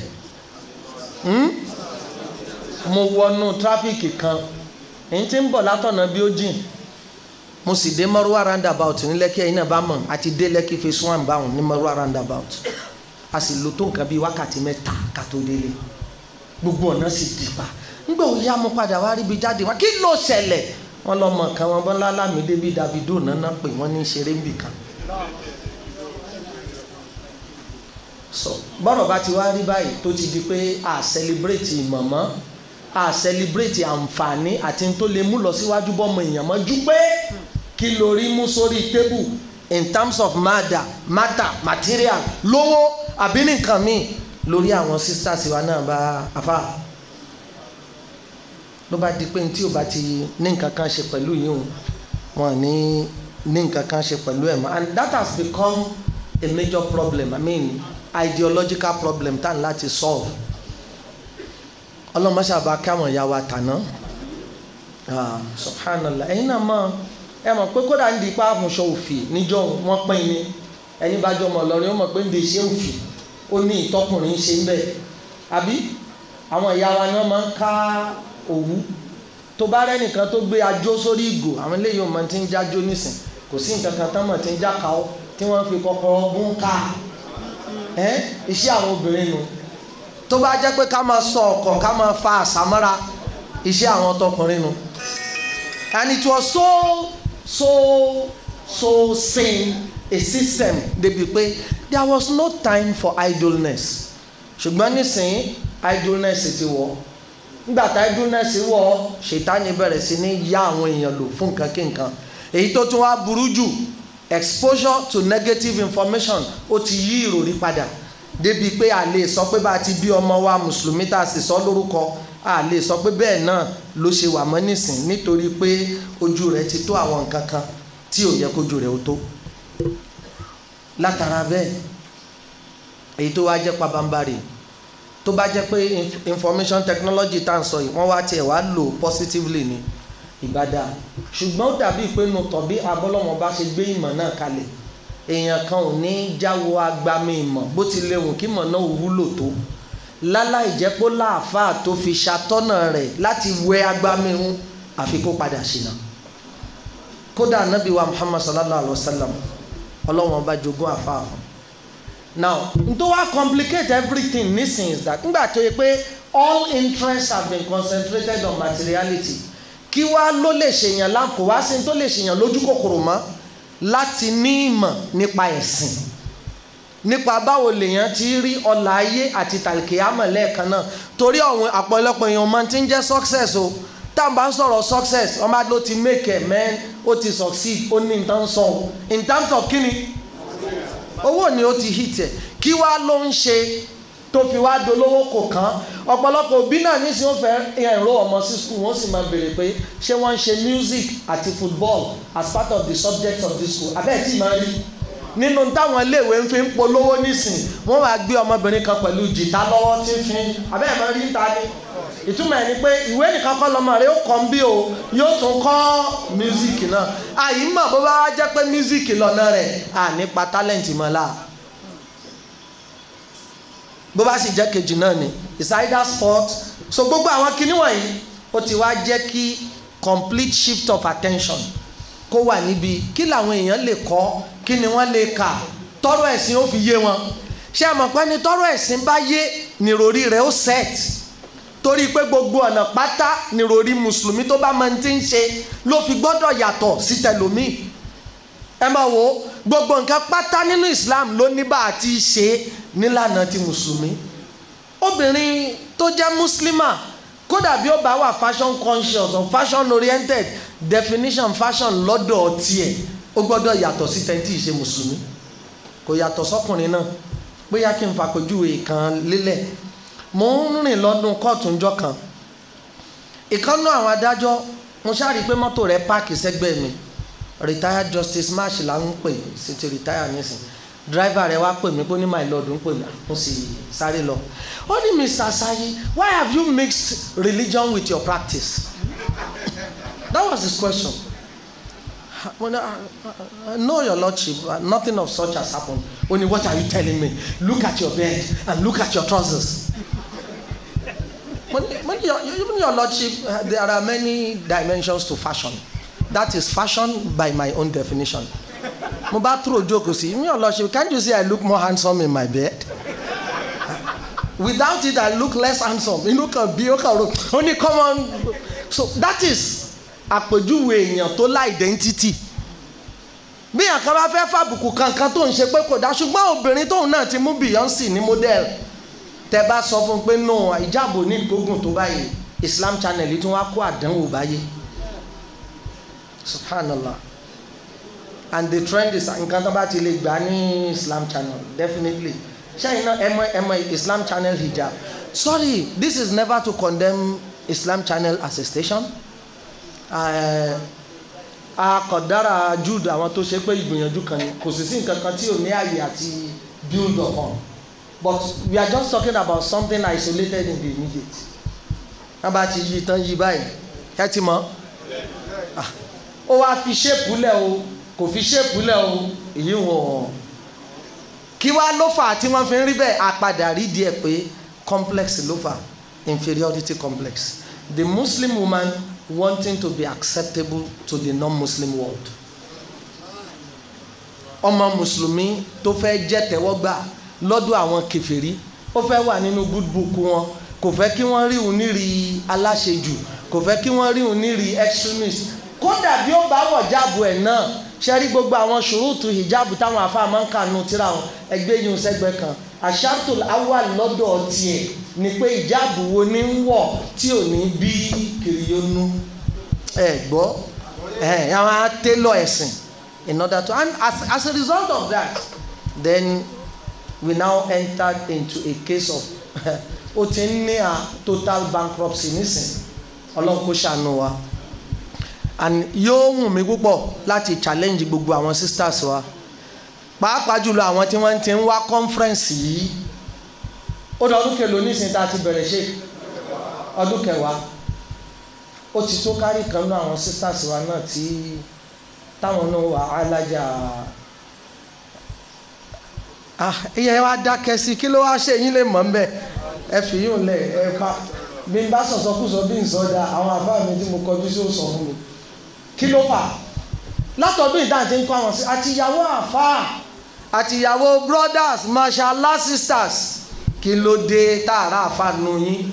hmm? mo wọnú trafik kan èyí ti ń bọ̀ látọ̀nà bí ó jìn mo sì dé mọ́rúwá roundabout ní lẹ́kí ẹ̀yin náà bá mọ̀ àti dé lẹ́kí phase one báwọn ní mọ́rúwá roundabout a sì lò tó nǹkan bíi wákàtí mẹ́ta ká tó délé gbogbo ọ̀nà sì dì pa nígbà wo yá mo padà wá ríbi jáde wá kí ló ṣẹlẹ̀ wọ́n lọ mọ̀ kan wọn bọ́ lálámi débi Davido nana pé wọ́n ní ṣeré ń bì kan. sọ bọ́rọ̀ bá ti wá rí báyìí tó ti di pé a celebrate mọ̀mọ́ a celebrate àǹfààní àti tó lè mú lọ síwájú bọ́mọ èèyàn mọ́ ju pé. Hmm kí lo rí mú sórí tébù in terms of matter matter material lówó àbí nǹkan míì lórí àwọn sisters wa náà bá afa ló bá di pé tí o bá ti ní nǹkan kan ṣe pẹ̀lú yìí o wọn ní ní nǹkan kan ṣe pẹ̀lú ẹ̀ mọ́ and that has become a major problem i mean ideological problem tá n láti solve ọlọ́mọṣàbá kí àwọn ìyá wa tàná ah, subhanallah ẹ̀yin náà mọ̀ ẹ mọ̀ pé kódà ń di ipá àmúṣọ òfì níjọ́ wọn pín ní ẹni bá jọmọ lọrin ó mọ̀ pé ń de ṣé òfì ó ní ìtọkùnrin ṣe ń bẹ̀ àbí àwọn ìyá wa ni wọ́n máa ń ká òwú tó bá rẹ́nìkan tó gbé ajó sórí ìgò àwọn eléyìí ò mọ̀ ti ń jájó nísìn kò sí nǹkan kan tán mọ̀ ti ń jáka ó tí wọ́n fi kọ́kọ́rọ́ gún ká ẹ́ iṣẹ́ àwọn obìnrin nu tó bá jẹ́ pé ká máa sọ ọ̀kọ̀ ká máa fa àṣà iṣẹ́ àwọn tọkùnrin nu and it was so so so sin a system débi pé there was no time for idleness ṣùgbọ́n nísìnyí idleness ti wọ̀ nígbà tá idleness wọ̀ ṣètánì bẹ̀rẹ̀ sí ní yá àwọn èèyàn lò fún nǹkan kí nǹkan èyí tó tún wá burú jù exposure to negative information ó ti yí ìròrí padà débi pé a lè sọ pé bá a ti bí ọmọ wa mùsùlùmí tá a sì sọ lórúkọ a lè sọ pé bẹ́ẹ̀ náà ló ṣe wà mọ́ nísìn nítorí pé ojú rẹ̀ ti tó àwọn nǹkan kan tí ò yẹ kójú rẹ̀ ó tó látara bẹ́ẹ̀ èyí tó wá jẹ́ pabambarì tó bá jẹ́ pé information technology tá à ń sọ yìí wọ́n wá tiẹ̀ wá lò positively ni ìbádá ṣùgbọ́n ó dàbí pé nu tọ̀bí abọ́lọ́mọ bá ṣe gbé ìmọ̀ náà kalẹ̀ èèyàn kan ò ní jáwọ́ agbami ìmọ̀ bó ti léwu kí ìmọ̀ náà wúlò tó láláì jẹ́ pé láàfáà tó fi ṣàtọ́nà rẹ̀ láti wẹ agbámihun àfi kó padà ṣìnà kódà anabi wa muhammad sallallahu alaihi wa sallam ọlọ́wọ́n bá jogún àfáà fún now n tó complicate everything nísìnyí is that ngbà tó yẹ pé all interests have been concentrated on materiality kí wá ló lè ṣèyàn láǹkó wá sí tó lè ṣèyàn lójú kòkòrò mọ́ láti ní ìmọ̀ nípa ẹ̀sìn. E nípa báwo lèèyàn ti rí ọlà ayé àti tàlìkìyàmọ̀ lẹ́ẹ̀kan náà torí àwọn àpọ̀lọpọ̀ èèyàn máa ti ń jẹ́ success o tá à bá ń sọ̀rọ̀ success ọmọ adó ti make it man ó ti succeed ó ní nǹkan sọ o in terms of kíni owó ni ó ti hit ẹ̀ kí wá ló ń ṣe tó fi wá dolówó kò kán ọ̀pọ̀lọpọ̀ òbí náà ní sí wọ́n fẹ́ ẹ̀rọ ọmọ sí school wọ́n sì máa béèrè pé ṣé wọ́n ń ṣe music àti football as part of the subject of the school abẹ́ẹ̀ tí máa rí nínú táwọn iléèwé ń fi ń polówó nísìn wọ́n wá gbé ọmọbìnrin kan pẹ̀lú jìtá lọ́wọ́ tí ń fi abẹ́rẹ́ máa rí ta ni ìtumọ̀ ẹ̀ ni pé ìwé nìkan kọ́ lọ́mọ rẹ̀ ó kọ́ bí o yóò tún kọ́ mísíkì náà àyè mọ̀ bó bá wá jẹ́ pé mísíkì lọ́nà rẹ̀ à nípa tálẹ̀ǹtì mọ́ la bó bá sì jẹ́ kejì náà ni it's either sport so gbogbo àwọn kinní wọ̀nyí ó ti wá jẹ́ kí complete shift of attention kó wà níbi kí làwọn èèyàn lè kọ́ kí ni wọ́n lè kà tọ́rọ̀ ẹ̀sìn ó fi yé wọn ṣé àmọ̀ pé ní tọ́rọ̀ ẹ̀sìn bá yé nìròrí rẹ̀ ó set torí pé gbogbo ọ̀nà pátá nìròrí mùsùlùmí tó bá máa ti ń ṣe ló fi gbọ́dọ̀ yàtọ̀ sí tẹlòmíì ẹ máa wò ó gbogbo nǹkan pátá nínú Islam ló ní bá a ti ṣe nílànà ti mùsùlùmí obìnrin tó jẹ́ mùsùlùmá kódà bí ó bá wà fashion conscious or fashion oriented definition fashion lọ́dọ̀ tiẹ̀ ó gbọ́dọ̀ yàtọ̀ sí tẹ́ntì ìṣe mùsùlùmí kò yàtọ̀ sọ́kùnrin náà bóyá kí n fàpèjúwe kan lélẹ̀ mò ń rìn lọ́dún kóòtù ńjọ́ kan ìkànnú àwọn adájọ́ mo ṣáàrí pé mọ́tò rẹ̀ páàkì sẹ́gbẹ̀ẹ́ mi retired justice march là ń pè sí ti retire nísìn driver rẹ̀ wá pè mí pé ní my lord ń pè mí mo sì sáré lọ ó ní mr sayi why have you mixed religion with your practice that was his question. When I, I know your lordship, uh, nothing of such has happened. Only what are you telling me? Look at your bed and look at your trousers. when, when your, even your lordship, uh, there are many dimensions to fashion. That is fashion by my own definition. mo bá throw joke See, your lordship can't you see I look more handsome in my bed without it I look less handsome You look, bí ó kàn ro ó ní so that is àpèjúwe èèyàn tó lá identity bí èèyàn kan bá fẹ́ fàbùkù kankan tó ń ṣe pé kò dá ṣùgbọ́n obìnrin tóun náà ti mú Beyoncé ní model tẹ́ bá sọ fún un pé no ìjáàbò ní ìgbógun tó báyìí Islam Channel tí wọ́n á kó àdánwò báyìí subhanallah and the trend is nǹkan tó bá ti lè gbà ní Islam Channel definitely ṣẹ́yìn náà ẹ mọ Islam Channel hijab sorry this is never to condemn Islam Channel as a station. Eh, akọ̀dára jude àwọn tó ṣe pé ìgbìyànjú kan ni kò sì sí nǹkan kan tí ò ní àyè àti build upon but we are just talking about something isolated in the immediate wọ́n bá ti yí tán yí báyìí ẹ ti mọ̀ ah, ó wá fi ṣépù lẹ̀ o kò fi ṣépù lẹ̀ o èyí wọ̀n kí wá ló fà á tí wọ́n fi ń rí bẹ́ẹ̀ àpadà rí díẹ̀ pé complex ló fà inferiority complex the muslim woman wanting to be acceptable to the non-muslim world ọmọ mùsùlùmí tó fẹ́ jẹ́ tẹ́wọ́gbà lọ́dọ̀ àwọn kèfèrí ó fẹ́ wà nínú good book wọn kò fẹ́ kí wọ́n rí òun níri aláṣejù kò fẹ́ kí wọ́n rí òun níri extremist kódà bí ó bá wọ̀ jáàbù ẹ̀ náà ṣẹ́rí gbogbo àwọn ṣòrútù hijabu táwọn afáàmọ́ ń kà tíra ẹgbẹ́ yìí kan àṣàtò awà lọ́dọ̀ tiẹ̀ ni pé ìjáàbù wo ni ń wọ̀ tí ò ní bí kiriyónú ẹ gbọ́ ẹ àwọn atélọ̀ ẹ̀sìn in order to and as, as a result of that then we now entered into a case of ó ti ń ní a total bankruptcy nísìn ọlọ́run kó ṣàánú wa and yóò wù mí púpọ̀ láti challenge gbogbo àwọn sisters wa pàápàá jùlọ àwọn tí wọ́n ti ń wá conference yìí ó dá ọdún kẹlò nísìnyí tá a ti bẹ̀rẹ̀ ṣe ọdún kẹwàá ó ti tó kárí kan náà àwọn sisters wa náà tí táwọn náà wà alájà ah, ìyẹn wa dákẹ́ sí kí ló wá ṣe yín lè mọ̀ ń bẹ̀ ẹ fi yín lẹ̀ ẹ pa bí n bá sọ̀sọ́kùsọ bí n sọ̀dà àwọn àbá mi tí mo kọjú sí òsàn fún mi kí ló fà látọ̀dún ìdáǹtí ń kọ́ àwọn sí àtìyàwó àfáà àtìyàwó brothers mashallah sisters kí ló dé tààrà àfààní yín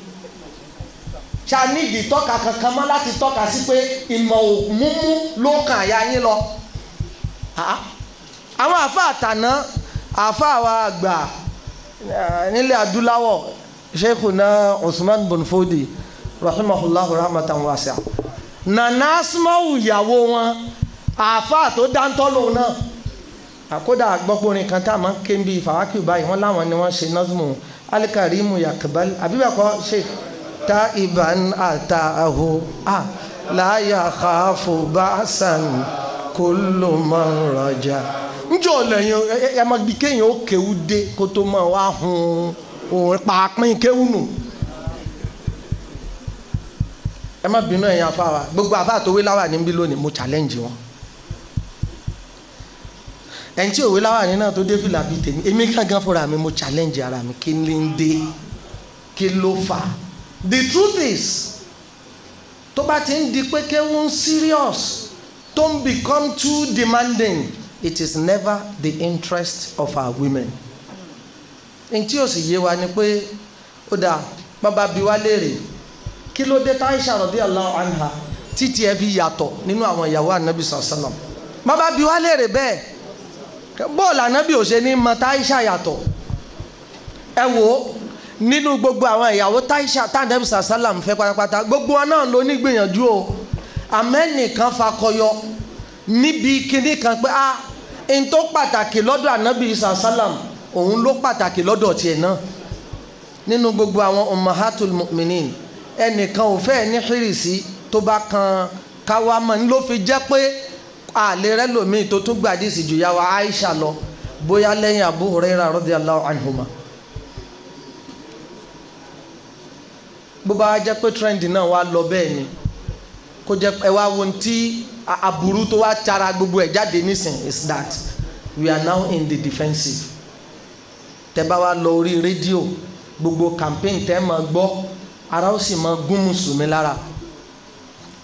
ṣàníìdì tọ́ka kankan mọ́ láti tọ́ka sí pé ìmọ̀ òmùmú ló kàn àyà yín lọ àwọn àfa àtàná àfa àwa àgbà eh, nílẹ̀ adúláwọ̀ sheikhuna usman bonfodi rahimahullahu rahmatan wasi'a nana asmau ìyàwó wọn àfa tó dáńtọ́ lòun náà àkódà gbọ́pọ̀ orin kan tá a máa ń ké bíi fàwákì báyìí wọ́n láwọn ni wọ́n ṣe nọ́ọ̀sì mọ́ alikarimu yakbal abibakọ sheikh taiban ataahu a la yakhafu ba'san kullu man raja njọ lẹ́yìn ẹmọbi kéèyàn ó kéwú dé kó tó máa wá hun òun pàápín kéwú nù ẹ má bínú ẹ̀yin afáwa gbogbo afáàtòwé láwà níbí lónìí mo challenge wọn ẹni tí òwe láwà ní náà tó dé fìlà bíi tèmi èmi gángan fúnra mi mo challenge ara mi kí ni ń dé kí ló fà á the truth is tó bá ti ń di pé kéwù serious tó ń become too demanding it is never the interest of our women n tí ó sì yé wa ni pé ó dáa bàbá bi wá léèrè kí ló dé táyísà radiyallahu anha títí ẹ fi yàtọ̀ nínú àwọn ìyàwó ànábì sallallahu bàbá bi wá léèrè bẹ́ẹ̀ bọ́ọ̀lù ànábì ò ṣe ní mọ táìṣà yàtọ̀ ẹ wò ó nínú gbogbo àwọn ìyàwó táìṣà tàǹdẹ́bì sàṣálàm fẹ́ pátápátá gbogbo wọn náà ló ní gbìyànjú o àmẹ́nìkan fakọyọ níbi kinní kan pé a ah, n tó pàtàkì lọ́dọ̀ ànábì sàṣálàm òun ló pàtàkì lọ́dọ̀ tiẹ̀ náà nínú gbogbo àwọn ummahatul mu'minin ẹnìkan ò fẹ́ ní hírìsì tó bá kan káwa mọ̀ ń ló fi jẹ́ pé àlè rẹ lòmíì tó tún gbàdísì ju yàwá Aisha lọ bóyá lẹ́yìn Abu Huraira radiyallahu anhuma. bó bá jẹ́ pé trend náà wá lọ bẹ́ẹ̀ ni kó jẹ́ ẹ wá wo ti aburú tó wá tara gbogbo ẹ̀ jáde nísìn is that we are now in the defensive tẹ́ bá wá lọ orí rédíò gbogbo campaign tẹ́ máa gbọ́ ara ó sì máa gún mùsùlùmí lára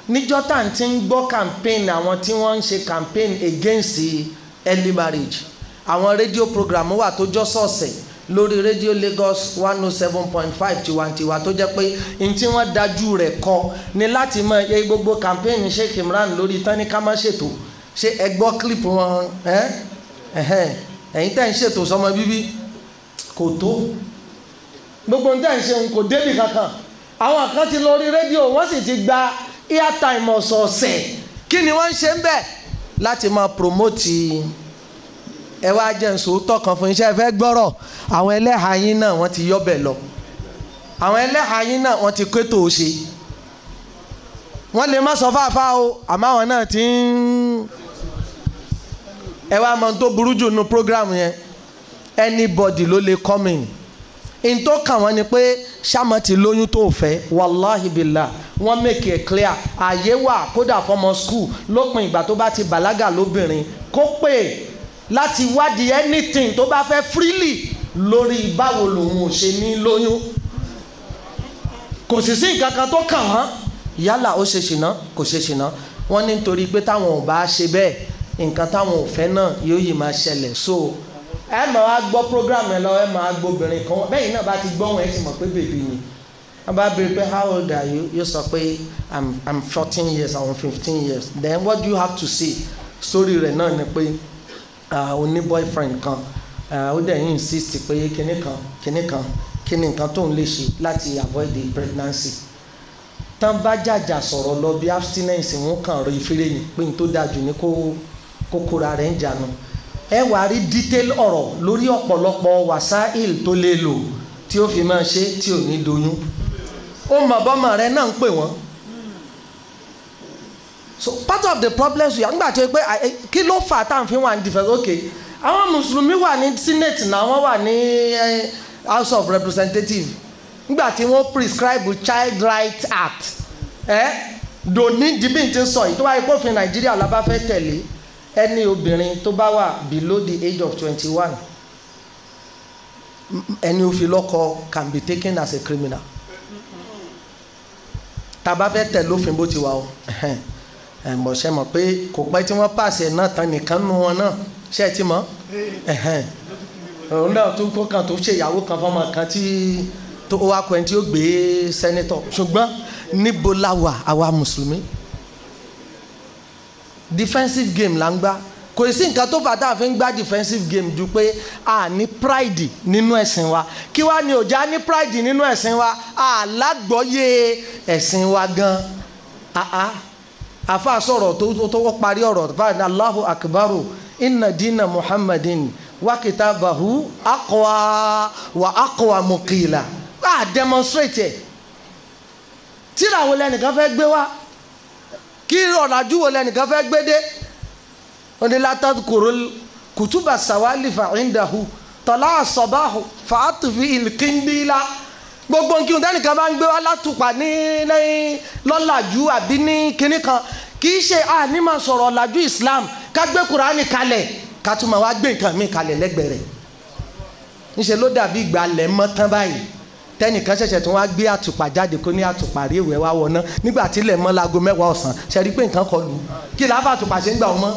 níjọ́ tá à ń ti ń gbọ́ campaign àwọn tí wọ́n ń ṣe campaign against early marriage àwọn rédíò program wà tó jọ́ sọ̀ọ̀sẹ̀ lórí rédíò Lagos one oh seven point five tiwantiwa tó jẹ́ pé n tí wọ́n dájú rẹ̀ kọ ni láti mọ iye gbogbo campaign Sheikh Imran lórí tani ká má ṣètò ṣe ẹ clip wọn ẹ ẹ̀yin tẹ́ ń ṣètò sọmọ bíbí kò tó gbogbo ń tẹ́ ń ṣe kò débì kankan àwọn kan ti lọ rí rédíò wọ́n sì ti gba airtime ọ̀sọ̀ọ̀sẹ̀ kí ni wọ́n ń ṣe ń bẹ̀ láti máa promote ẹ wá jẹ́ nsòótọ́ kan fún iṣẹ́ fẹ́ gbọ́rọ̀ àwọn ẹlẹ́hàá yín náà wọ́n ti yọ́bẹ̀ lọ àwọn ẹlẹ́hàá yín náà wọ́n ti kétò ṣe wọ́n lè má sọ fáfá o àmọ́ àwọn náà ti ń ẹ wá tó burú jù nínú program yẹn anybody ló lè coming? ntọ́ kàn wọ́n ni pé sàmà ti lóyún tó fẹ́ wàláhi bìlà wọ́n make it clear àyè wà kódà fọmọ skul lópin ìgbà tó bá ti bàlágà lóbìnrin kó pè láti wádìí anything tó bá fẹ́ freely lórí báwo lòun ò ṣe ní lóyún kò sì sí nǹkan kan tó kàn wọ́n yálà ó ṣe ṣìnà kò ṣe ṣìnà wọ́n ní nítorí pé táwọn ò bá ṣe bẹ́ẹ̀ nǹkan táwọn ò fẹ́ náà yóò yìí máa ṣẹlẹ̀ so ẹ máa wá gbọ́ program yẹn lọ ẹ máa gbóbìnrin kan bẹ́ẹ̀ náà bá ti gbọ́ wọn ẹ ti mọ̀ pé bèbí ni wọ́n bá béèrè pé how old are you you sọ pé i'm i'm fourteen years i'm fifteen years then what do you have to say story rẹ̀ náà ni pé o ní boyfriend kan ó dẹ̀ yín insist pé kinní kan kinní kan kí ni nǹkan tó ń lè ṣe láti avoid the pregnancy tán bá jàjà sọ̀rọ̀ lọ bí abstinence wọn kàn rí fílẹ̀ ní pé n tó dájú ni kó kókóra rẹ̀ ń jànú. No ẹ wàá rí detail ọ̀rọ̀ lórí ọ̀pọ̀lọpọ̀ wàsáìl tó lè lò tí ó fi máa ṣe tí ò ní doyún ó mọ bọ́mọ rẹ náà ń pè wọ́n so part of the problems we are nígbà tó yẹ pé kí ló fà tá à ń fi wà ní defence okay àwọn mùsùlùmí wà ní senate náà wọ́n wà ní house of representatives ngba ti wọ́n prescribe child right act ẹ̀ dòní dìbìntì sọ yìí tó wáyé kófin nàìjíríà la bá fẹ́ tẹ̀lé ẹni obìnrin tó bá wà below the age of twenty one ẹni ó lọ́kọ can be taken as a criminal tàbá fẹ́ tẹ̀ lófin bó ti wà o ẹ̀mọ̀ ṣe mọ̀ pé kò pẹ́ tí wọ́n pàṣẹ náà tán nìkan nu wọn náà ṣe ti mọ̀ òun náà tó kó kan tó ṣe ìyàwó kan fọmọ kan tí tó wá kọ ẹni tí ó gbé sẹ́nitọ̀ ṣùgbọ́n níbo la wà àwa mùsùlùmí defensive game là ń gbá kò sí nǹkan tó fà tá a fi ń gbá defensive game ju pé a ní pride nínú ẹ̀sìn wa kí wá ní òjá ní pride nínú ẹ̀sìn wa a lágbọ́yé ẹ̀sìn wa gan àfa sọ̀rọ̀ tó parí ọ̀rọ̀ fáwọn Allahu akbaru inna dina muhammadin wa kitabahu aqwa wa aqwa muqila a demonstrate ẹ̀ tíra wo lẹ́nìkan fẹ́ gbé wá kí ọ̀làjú wo lẹ́nìkan fẹ́ gbé dé wọ́n ní látà kúrò kùtùbà sàwálì fàáhìndàhù tọ́lá àsọ̀báhù fàátùfì ìlkíndìlá gbogbo nkí wọn tẹ́nìkan bá ń gbé wá látùpà ní lọ́làjú àbí ní kinní kan kì í ṣe àní máa sọ̀rọ̀ ọ̀làjú Islam ká gbé Kùránì kalẹ̀ ká tún máa wá gbé nǹkan míì kalẹ̀ lẹ́gbẹ̀ẹ́ níṣẹ́ ló dàbí ìgbà lẹ́mọ́ báyìí tẹnìkan ṣẹ̀ṣẹ̀ tó wá gbé àtùpà jáde kó ní àtùpà rí ìwẹ̀ wá wọná nígbà tí ilẹ̀ mọ́ láago mẹ́wàá ọ̀sán ṣe pé nǹkan kọ lù ú kí láfa àtùpà ṣe ń gbà ọmọ.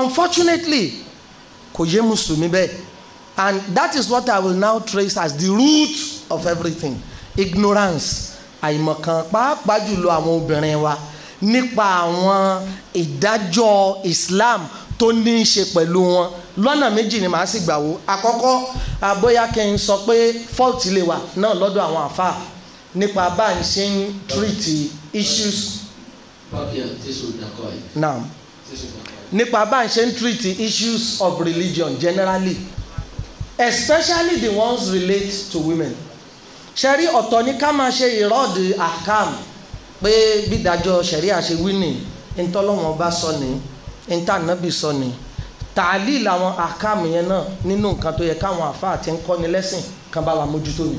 unfortunately kò yé mùsùlùmí bẹ́ẹ̀ and that is what I will now trace as the root of everything ignorance àìmọ̀kan pàápàá jùlọ àwọn obìnrin wa nípa àwọn ìdájọ́ Islam tó ní í ṣe pẹ̀lú wọn lọ́nà méjì ni màá sì gbà wò àkọ́kọ́ àbóyá kí n sọ pé fault lè wà náà lọ́dọ̀ àwọn àfa nípa bá ṣe ń treat issues. now nípa bá ń ṣe ń treat issues of religion generally especially the ones relate to women ṣẹ́rí ọ̀tọ̀ ni ká máa ṣe ìrọ́ọ̀dì àkàm pé bí ìdájọ́ ṣẹ̀ríà ṣe wí nì ntọ́lọ́wọ́n bá sọ nìyí níta nàbì sọ ni tààlì làwọn àkàmù yẹn náà nínú nǹkan tó yẹ káwọn àfáà ti ń kọ́ni lẹ́sìn kan bá wa mójútó ni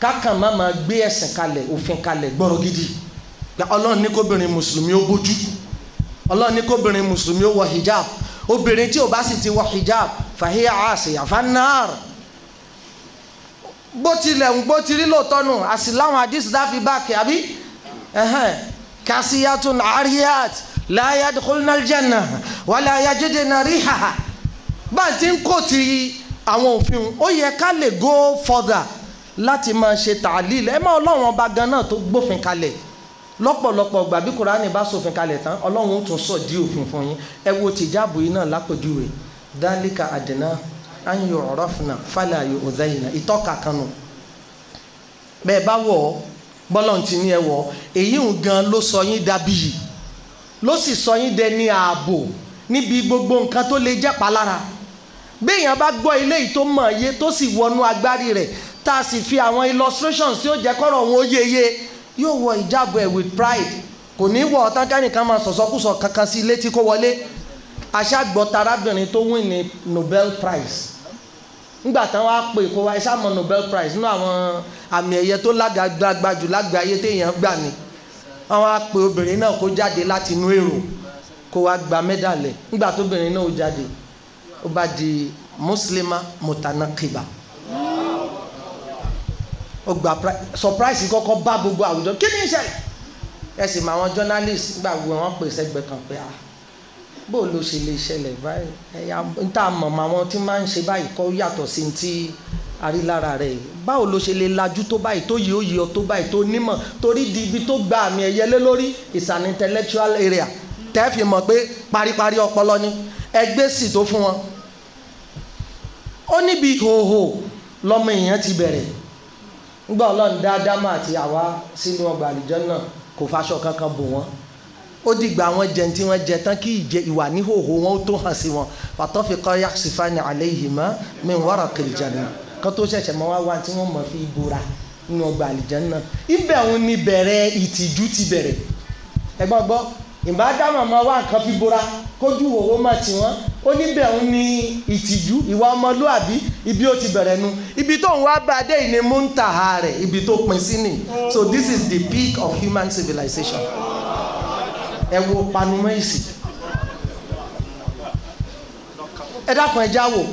kákan má máa gbé ẹ̀sìn kalẹ̀ òfin kalẹ̀ gbọ́rọ̀ gidi ọlọ́run ní kóbìnrin mùsùlùmí ó bójú ọlọ́run ní kóbìnrin mùsùlùmí ó wọ hijab obìnrin tí o bá sì ti wọ hijab fàhíyà àṣeyà fanáàr bó tilẹ̀ ń gbó tirí lóòótọ́ nù àsìláwọn àdìsí dáfi báàkì àbí kásíyàtún àríyàt la yadkhulna aljanna wala yajidna rihaha bá a ti ń kó ti àwọn òfin ó yẹ ká lè go further láti máa ṣe tàlíl ẹ máa ọlọ́run ọba gan náà tó gbófin kalẹ̀ lọ́pọ̀lọpọ̀ ìgbà bí kuraani bá sòfin kalẹ̀ tán ọlọ́run ó tún sọ di òfin fún yín ẹ wo tìjáàbù yìí náà lápèjúwe dálíkà àdínà ayò ọ̀rọ̀fìnà fàlà ayò ọ̀dẹ́yìnà ìtọ́ka kanu bẹ́ẹ̀ bá wọ̀ bọ́lọ̀ ẹ wọ̀ èyí ń gan ló sọ yín dàbí ló sì sọ yín dẹni ààbò níbi gbogbo nǹkan tó lè jẹ́pà lára béèyàn bá gbọ́ ilé yìí tó mọ̀ iye tó sì wọnú agbárí rẹ̀ tá a sì fi àwọn illustrations tí ó jẹ́ kọ́rọ̀ òun ó yeye yóò wọ ìjábọ̀ ẹ̀ with pride kò ní wọ ọ̀tán kánìkan máa sọ̀sọ́kùsọ kankan sí ilé tí kò wọlé aṣágbọ́ta arábìnrin tó win ní Nobel Prize ngbà táwọn á pè kó wa ẹ sáà mọ Nobel Prize nínú àwọn àmì ẹ̀yẹ tó lágbàgbà jù lágbàáyé téèyàn gbà ni àwọn á pe obìnrin náà kó jáde láti inú èrò kó wá gba mẹ́dàlẹ̀ nígbà tó obìnrin náà ó jáde ó bá di mùsùlùmá mùtànàkìbà ó gba surprise kọ́kọ́ bá gbogbo àwùjọ kí ni ìṣẹ̀lẹ̀ ẹ sì mọ àwọn journalist gbà gbogbo wọn pè sẹ́gbẹ̀ẹ́ kan pé ah bó ló ṣe lè ṣẹlẹ̀ báyìí ẹ̀yà ń tà mọ̀ mọ́ àwọn tí máa ń ṣe báyìí kọ́ yàtọ̀ sí ti àrí lára rẹ̀ báwo ló ṣe lè lajú tó báyìí tó yìí ó yìí ọ tó báyìí tó nímọ̀ torí di ibi tó gba àmì ẹ̀yẹ lé lórí is an intellectual area tẹ́ fi mọ̀ pé paripari ọpọlọ ni ẹgbẹ́ sì tó fún wọn ó níbi ìhòòhò lọmọ èèyàn ti bẹ̀rẹ̀ ngbà ọlọ́run dá dámà àti àwa sínú ọgbà àlùjọ náà kò faṣọ kankan bò wọ́n ó dìgbà àwọn jẹun tí wọ́n jẹ tán kí ìjẹ ìwà níhòòhò wọn ó tó hàn sí wọn fàtọ́fikọ́ yàtìfáàní àlẹ́ yìí mọ́ mi wọ́rọ̀ kìlìjà náà kan tó ṣẹ̀ṣẹ̀ mọ́ wá wá tí wọ́n mọ̀ fi bora nínú ọgbà àlìjánná ibẹ̀ òun ni bẹ̀rẹ̀ ìtìjú ti bẹ̀rẹ̀ ẹ̀gbọ́n gbọ́ ìbá dá màmá wá nǹkan fi bora kójú òwò má tì wọ́n ó níbẹ̀ òun ni ìtìjú ìwà ọmọlúàbí ibi ó ti bẹ̀rẹ̀ nu ibi tó ń wá bá dé ìní múntàhà rẹ̀ ibi tó pin sí ni so this is the peak of human civilization ẹ wo panumọ́ ìsìn ẹ dákun ẹ jáwọ́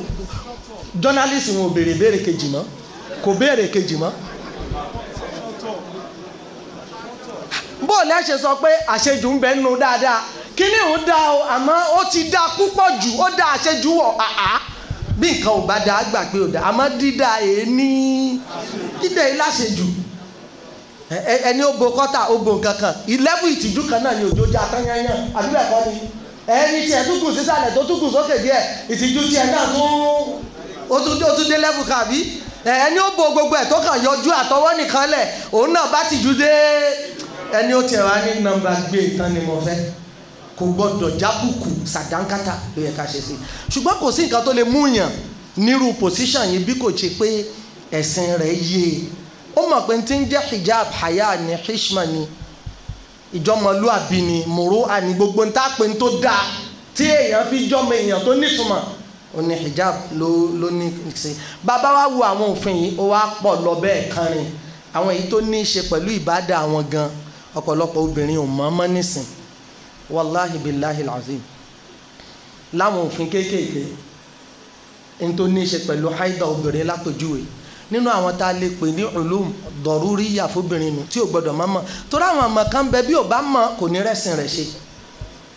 journalist wọn ò béèrè béèrè kejì mọ́ kò béèrè kejì mọ́. bó o lẹ́ ṣe sọ pé àṣejù ń bẹ nínú dáadáa kíní ò da o àmọ́ ó ti da púpọ̀ jù ó da àṣejù wọ̀ àá bí nǹkan ò bá da á gbà pé ò da àmọ́ dídá èé ní dídá èé láṣejù ẹni ó bo kọ́tà ó bo nǹkan kan ìlẹ́bù ìtìjú kan náà ni òjò já tán yányán àbí bẹ́ẹ̀ kọ́ ni ẹni tí ẹ̀ tún kù sísàlẹ̀ tó tún kù sókè díẹ̀ ìtìjú tí ẹ̀ náà tún ó tún dé level kan àbí ẹni ó bo gbogbo ẹ̀ tó kàn yọjú àtọwọ́ nìkan lẹ̀ òun náà bá ti ju dé ẹni ó tiẹ̀ wá ní nọ́mbà gbé ìtàn ni mo fẹ́ kò gbọ́dọ̀ jábùkù sàdánkátà ló yẹ ká ṣe sí ṣùgbọ́n kò sí nǹkan tó lè múyàn nírú pòsíṣàn yìí bí kò ṣe pé ẹ̀sìn rẹ̀ yé e ó mọ̀ pé ti ń jẹ́ hijab haya ni hishma ni ìjọmọlúàbí ni mòró àní gbogbo ń tá pé ń tó dáa tí èèyàn fi jọmọ èèyàn tó nítumọ̀ oní hijab ló ló ní sí bàbá wa wo àwọn òfin yìí ó wá pọ̀ lọ bẹ́ẹ̀ kan rìn àwọn èyí tó ní í ṣe pẹ̀lú ìbádà àwọn gan ọ̀pọ̀lọpọ̀ obìnrin ò mọ̀ mọ́ nísìn wàláhi bilahi lazim láwọn òfin kéékèèké n tó ní í ṣe pẹ̀lú haida obìnrin lápèjúwe nínú àwọn tá a lè pè ní ulum dọ̀rúrí yàfóbìnrin nù tí ò gbọ́dọ̀ mọ́ mọ́ torí àwọn ọmọ kan bẹ bí ò bá mọ̀ kò ní rẹ́sìn rẹ̀ ṣe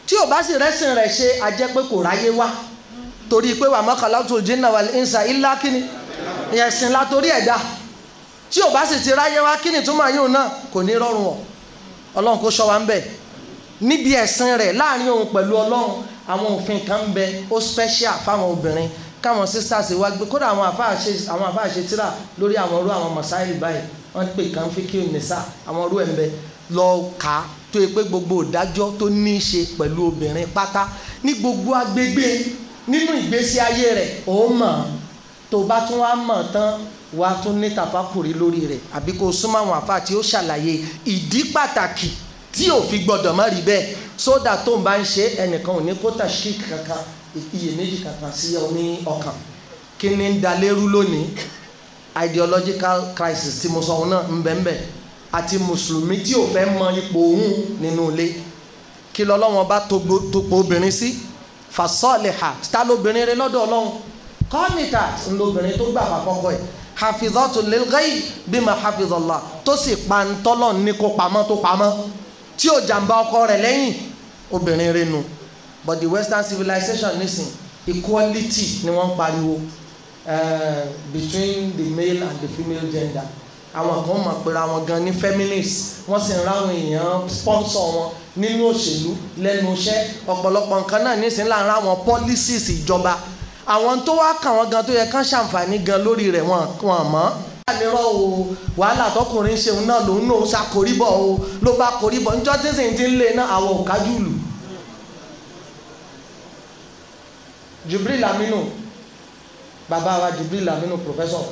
tí ò bá sì rẹ́sìn rẹ̀ ṣe a kò ráyé wá torí pé wàá mọ́kànlá tó jinna wal insa illa kíni ẹ̀sìn látorí ẹ̀dá tí ò bá sì ti ráyé wá kíni tó máa yóò náà kò ní rọrùn ọ ọlọ́run kò sọ wa ń bẹ̀ níbi ẹ̀sìn rẹ̀ láàrin òun pẹ̀lú ọlọ́run àwọn òfin kan ń bẹ ó special fáwọn obìnrin káwọn sisters wá gbé kódà àwọn àfáà ṣe tíra lórí àwọn orú àwọn mọ̀sáìlì báyìí wọ́n pè kàn fi kí nìsà àwọn orú ẹ̀ ń bẹ lọ kà á tó yẹ pé gbogbo ìdájọ́ ní gbogbo agbègbè nínú ìgbésí ayé rẹ̀ ó mọ̀ tó bá tún wá mọ̀ tán wá tún ní tàfàkùrì lórí rẹ̀ àbí kó súnmọ́ àwọn àfa tí ó ṣàlàyé ìdí pàtàkì tí ò fi gbọ́dọ̀ má rí bẹ́ẹ̀ sódà tó ń bá ń ṣe ẹnìkan ò ní kó tàṣík kankan iyèméjì kankan sí ọ ní ọkàn kí ni ń dalérú lónìí ideological crisis tí mo sọ òun náà ń bẹ ń bẹ àti mùsùlùmí tí ò fẹ́ mọ ipò òun nínú ilé kí lọ́lọ́wọ́n bá tòpò obìnrin sí. Si fasọ́ọ̀lìhà ta lóbìnrin rẹ lọ́dọ̀ ọlọ́run kọ́nìtà lóbìnrin tó gbà pàpọ̀kọ̀ ẹ̀ hafizọ́tù lilgayi bima hafizọ́lá tó sì pa ntọ́lọ̀ ní kó pamọ́ tó pamọ́ tí ò jàǹbá ọkọ rẹ̀ lẹ́yìn obìnrin rẹ nu but the western civilization nisin equality ni wọ́n pariwo eh, between the male and the female gender àwọn kan mọ̀ pé ra wọn gan ni feminist wọ́n sì ń ráwọn èèyàn sponsor wọn nínú òṣèlú lẹ́nu iṣẹ́ ọ̀pọ̀lọpọ̀ nǹkan náà nísìnyí láàrin àwọn policies ìjọba àwọn tó wá kà wọ́n gan tó yẹ kán ṣàǹfààní gan lórí rẹ̀ wọ́n wọ́n mọ́. ànírọ̀ o wàhálà tọkùnrin ṣeun náà lòun náà ṣàkórìbọ̀ o ló bá kórìbọ̀ níjọ́ tí sì ti ń lé náà àwọn òkájúlù. Jibril Aminu bàbá wa Jubril Aminu professor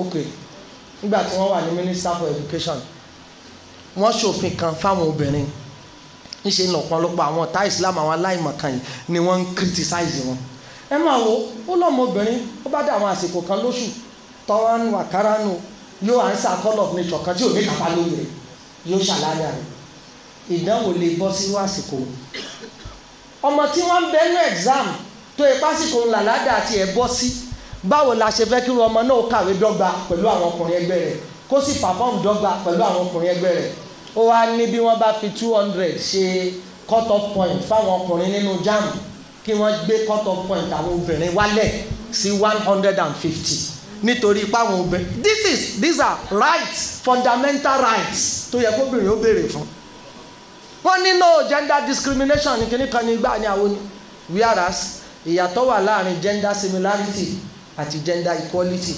ok nígbà tí wọ́n wà ní minister for education wọ́n ṣòfin kan fáwọn obìnrin níṣẹ́ ní ọ̀pọ̀lọpọ̀ àwọn ọ̀tá Islam àwọn aláìmọ̀kan yìí ni wọ́n ń criticize wọn. ẹ máa wo ó lọ́mọbìnrin ó bá dá àwọn àsìkò kan lóṣù tọ́wọ́n wàkáránù yóò answer call of nature kan tí ò ní kápá lórí rẹ̀ yóò ṣàlàyé rẹ̀ ìdánwò lè bọ́ sí wàsìkò ọmọ tí wọ́n ń bẹ ní exam tó ipásìkò ńlá ládàá àti ẹ̀ bọ́ sí báwo la ṣe fẹ́ kí ọmọ náà kàwé dọ́gba pẹ̀lú àwọn ọkùnrin ẹgbẹ́ rẹ̀ kó sì perform dọ́gba pẹ̀lú àwọn ọkùnrin ẹgbẹ́ rẹ̀ ó wá ní bí wọ́n bá fi two hundred ṣe cut off point fáwọn ọkùnrin nínú jam kí wọ́n gbé cut off point àwọn obìnrin wálẹ̀ sí one hundred and fifty nítorí páwọn obìnrin this is these are rights fundamental rights tó yẹ kóbìnrin ó béèrè fún wọ́n ní no gender discrimination ní kíní kan ní gbà ní àwọn whereas ìyàtọ̀ wà láàrin gender similarity àti gender equality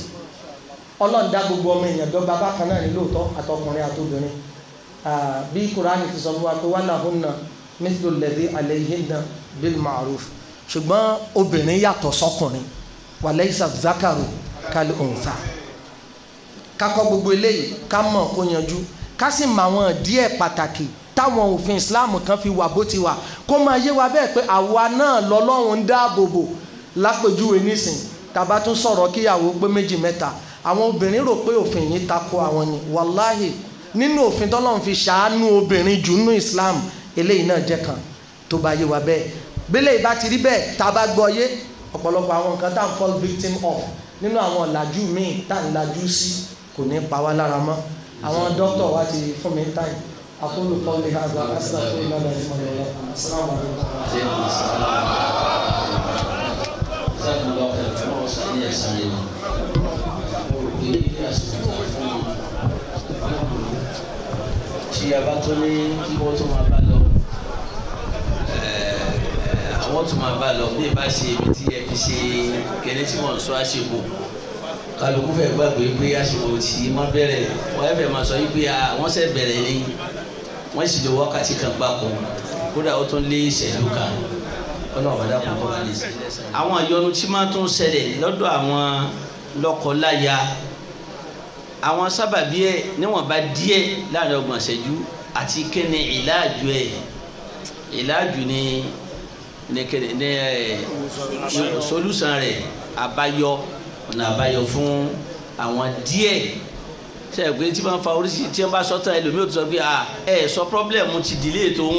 ọlọ́run dá gbogbo ọmọ èèyàn dọ́gba bákan náà ní lóòótọ́ àtọkùnrin àtobìnrin bí kuraani ti sọ fún wa pé walahunna mithlu alladhi alayhinna bil ma'ruf ṣùgbọ́n obìnrin yàtọ̀ sọkùnrin walaysa zakaru kal untha kakọ gbogbo eléyìí ká mọ̀ kó yanjú ká sì mọ àwọn díẹ̀ pàtàkì táwọn òfin Islam kan fi wà bó ti wà kó máa yé wa bẹ́ẹ̀ pé àwa náà lọ́lọ́run ń lápèjúwe nísìn tàbá tún sọ̀rọ̀ kíyàwó pé méjì mẹ́ta àwọn obìnrin rò pé òfin yìí tako àwọn ni wàláhì nínú òfin tọ́lọ́run fi ṣàánú obìnrin jù nínú Islam eléyìí náà jẹ́ kan tó bá yé wa bẹ́ẹ̀ bílẹ̀ ìbá ti rí bẹ́ẹ̀ tá a bá gbọ́ yé ọ̀pọ̀lọpọ̀ àwọn nǹkan tá à ń fall victim of nínú àwọn ọ̀làjú míì tá à ń lajú sí kò ní pa wá lára mọ́ àwọn dókítà wa ti fún mi táyì akóló pọ́lì àgbà asàfù ìlànà ìmọ̀ ìlọ asalaamu alaykum tí a bá tún ní kí wọ́n tún máa bá lọ eh, àwọn tún máa bá lọ bí ẹ bá ṣe ibi tí ẹ fi ṣe kẹ́ni tí wọ́n ń sọ àṣepò kálukú fẹ́ gbàgbé pé àṣepò tí wọ́n bẹ̀rẹ̀ wọ́n fẹ́ máa sọ wípé àwọn ṣẹ̀ bẹ̀rẹ̀ ni wọ́n sì lò wákàtí kan gbáko kódà ó tún lé ìṣẹ́jú kan ọlọ́run bá dákun kọ́ bá lè ṣe. àwọn àyọnu tí máa tún ṣẹlẹ̀ lọ́dọ̀ àwọn lọ́kọ-láya àwọn sábàbí ẹ níwọ̀nba díẹ̀ láàrin ọgbọ̀n ṣẹ́jú àti kíni ìlàjú ẹ ìlàjú ni ní kíni ní ẹ solúsàn rẹ àbáyọ ọ̀nà àbáyọ fún àwọn díẹ̀ ṣe é pé tí wọ́n fa oríṣi tí wọ́n bá sọ tán ẹlòmíì ò ti sọ pé à ẹ sọ pọ́blẹ́mù ti dìlé tòun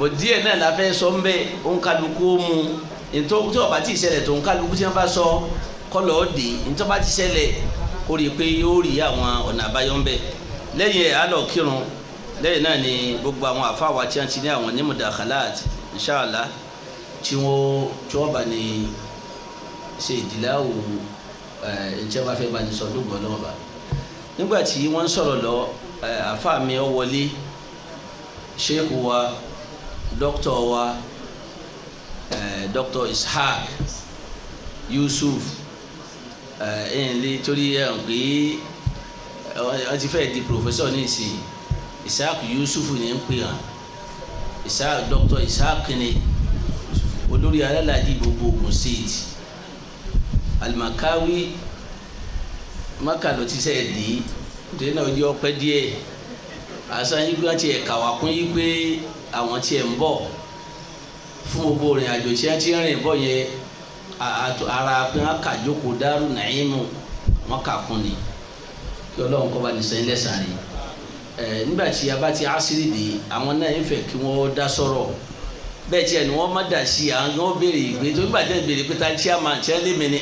bò díẹ̀ náà la fẹ́ sọ ń bẹ́ òǹkàlùkù ó mu ntọ́ tí ọba ti ṣẹlẹ̀ tòun kàlùkù tí wọ́n bá sọ kọ́lọ́ ọ̀dẹ̀ ntọ́ bá ti ṣẹlẹ̀ kó rí i pé yóò rí àwọn ọ̀nà àbáyọ ń bẹ lẹ́yìn ẹ̀ á lọ kírun lẹ́yìn náà ni gbogbo àwọn àfáwà tí wọ́n ti ní àwọn onímọ̀dàkàlát inṣàlá tí wọ́n tí wọ́n bá ní ṣe ìdíláwò ẹ̀ ǹjẹ́ wàá fẹ́ bá ní sọ lóògùn ọlọ́wọ́ nígbà tí wọ́n sọ̀rọ̀ lọ àfa mi ọ wọlé sheikh wa dókítà wa dókítà Ishaq Yusuf ẹ ẹ lé torí ẹ eh, hàn pé eh, wọ́n ti fẹ́ di professor ní ìsìn Isaac Yusuf ní ń pè hàn Isaac Dr. Isaac ni olórí alálàájì gbogbo Ogun State alimakawi maka ló ti sẹ́ẹ̀ dé nítorí náà ọjọ́ pẹ́ díẹ̀ asan yìí gbọ́n tiẹ̀ kà wá kún yìí pé àwọn tiẹ̀ ń bọ̀ fún gbogbo ìrìn àjò tí wọ́n ti rìn bọ̀ yẹn ara pé wọn kà jókòó dárú nàìmù wọn kà kún ni kí ọlọ́run kọ́ bá ní sẹ́yìn lẹ́sàn-án rẹ̀ ẹ̀ nígbà tí a bá ti ásírì dé àwọn náà ń fẹ́ kí wọ́n dá sọ̀rọ̀ bẹ́ẹ̀ tiẹ̀ ni wọ́n má dà sí àwọn ni wọ́n béèrè ìgbé tó nígbà tí wọ́n béèrè pé ta chairman tiẹ̀ lé mi ni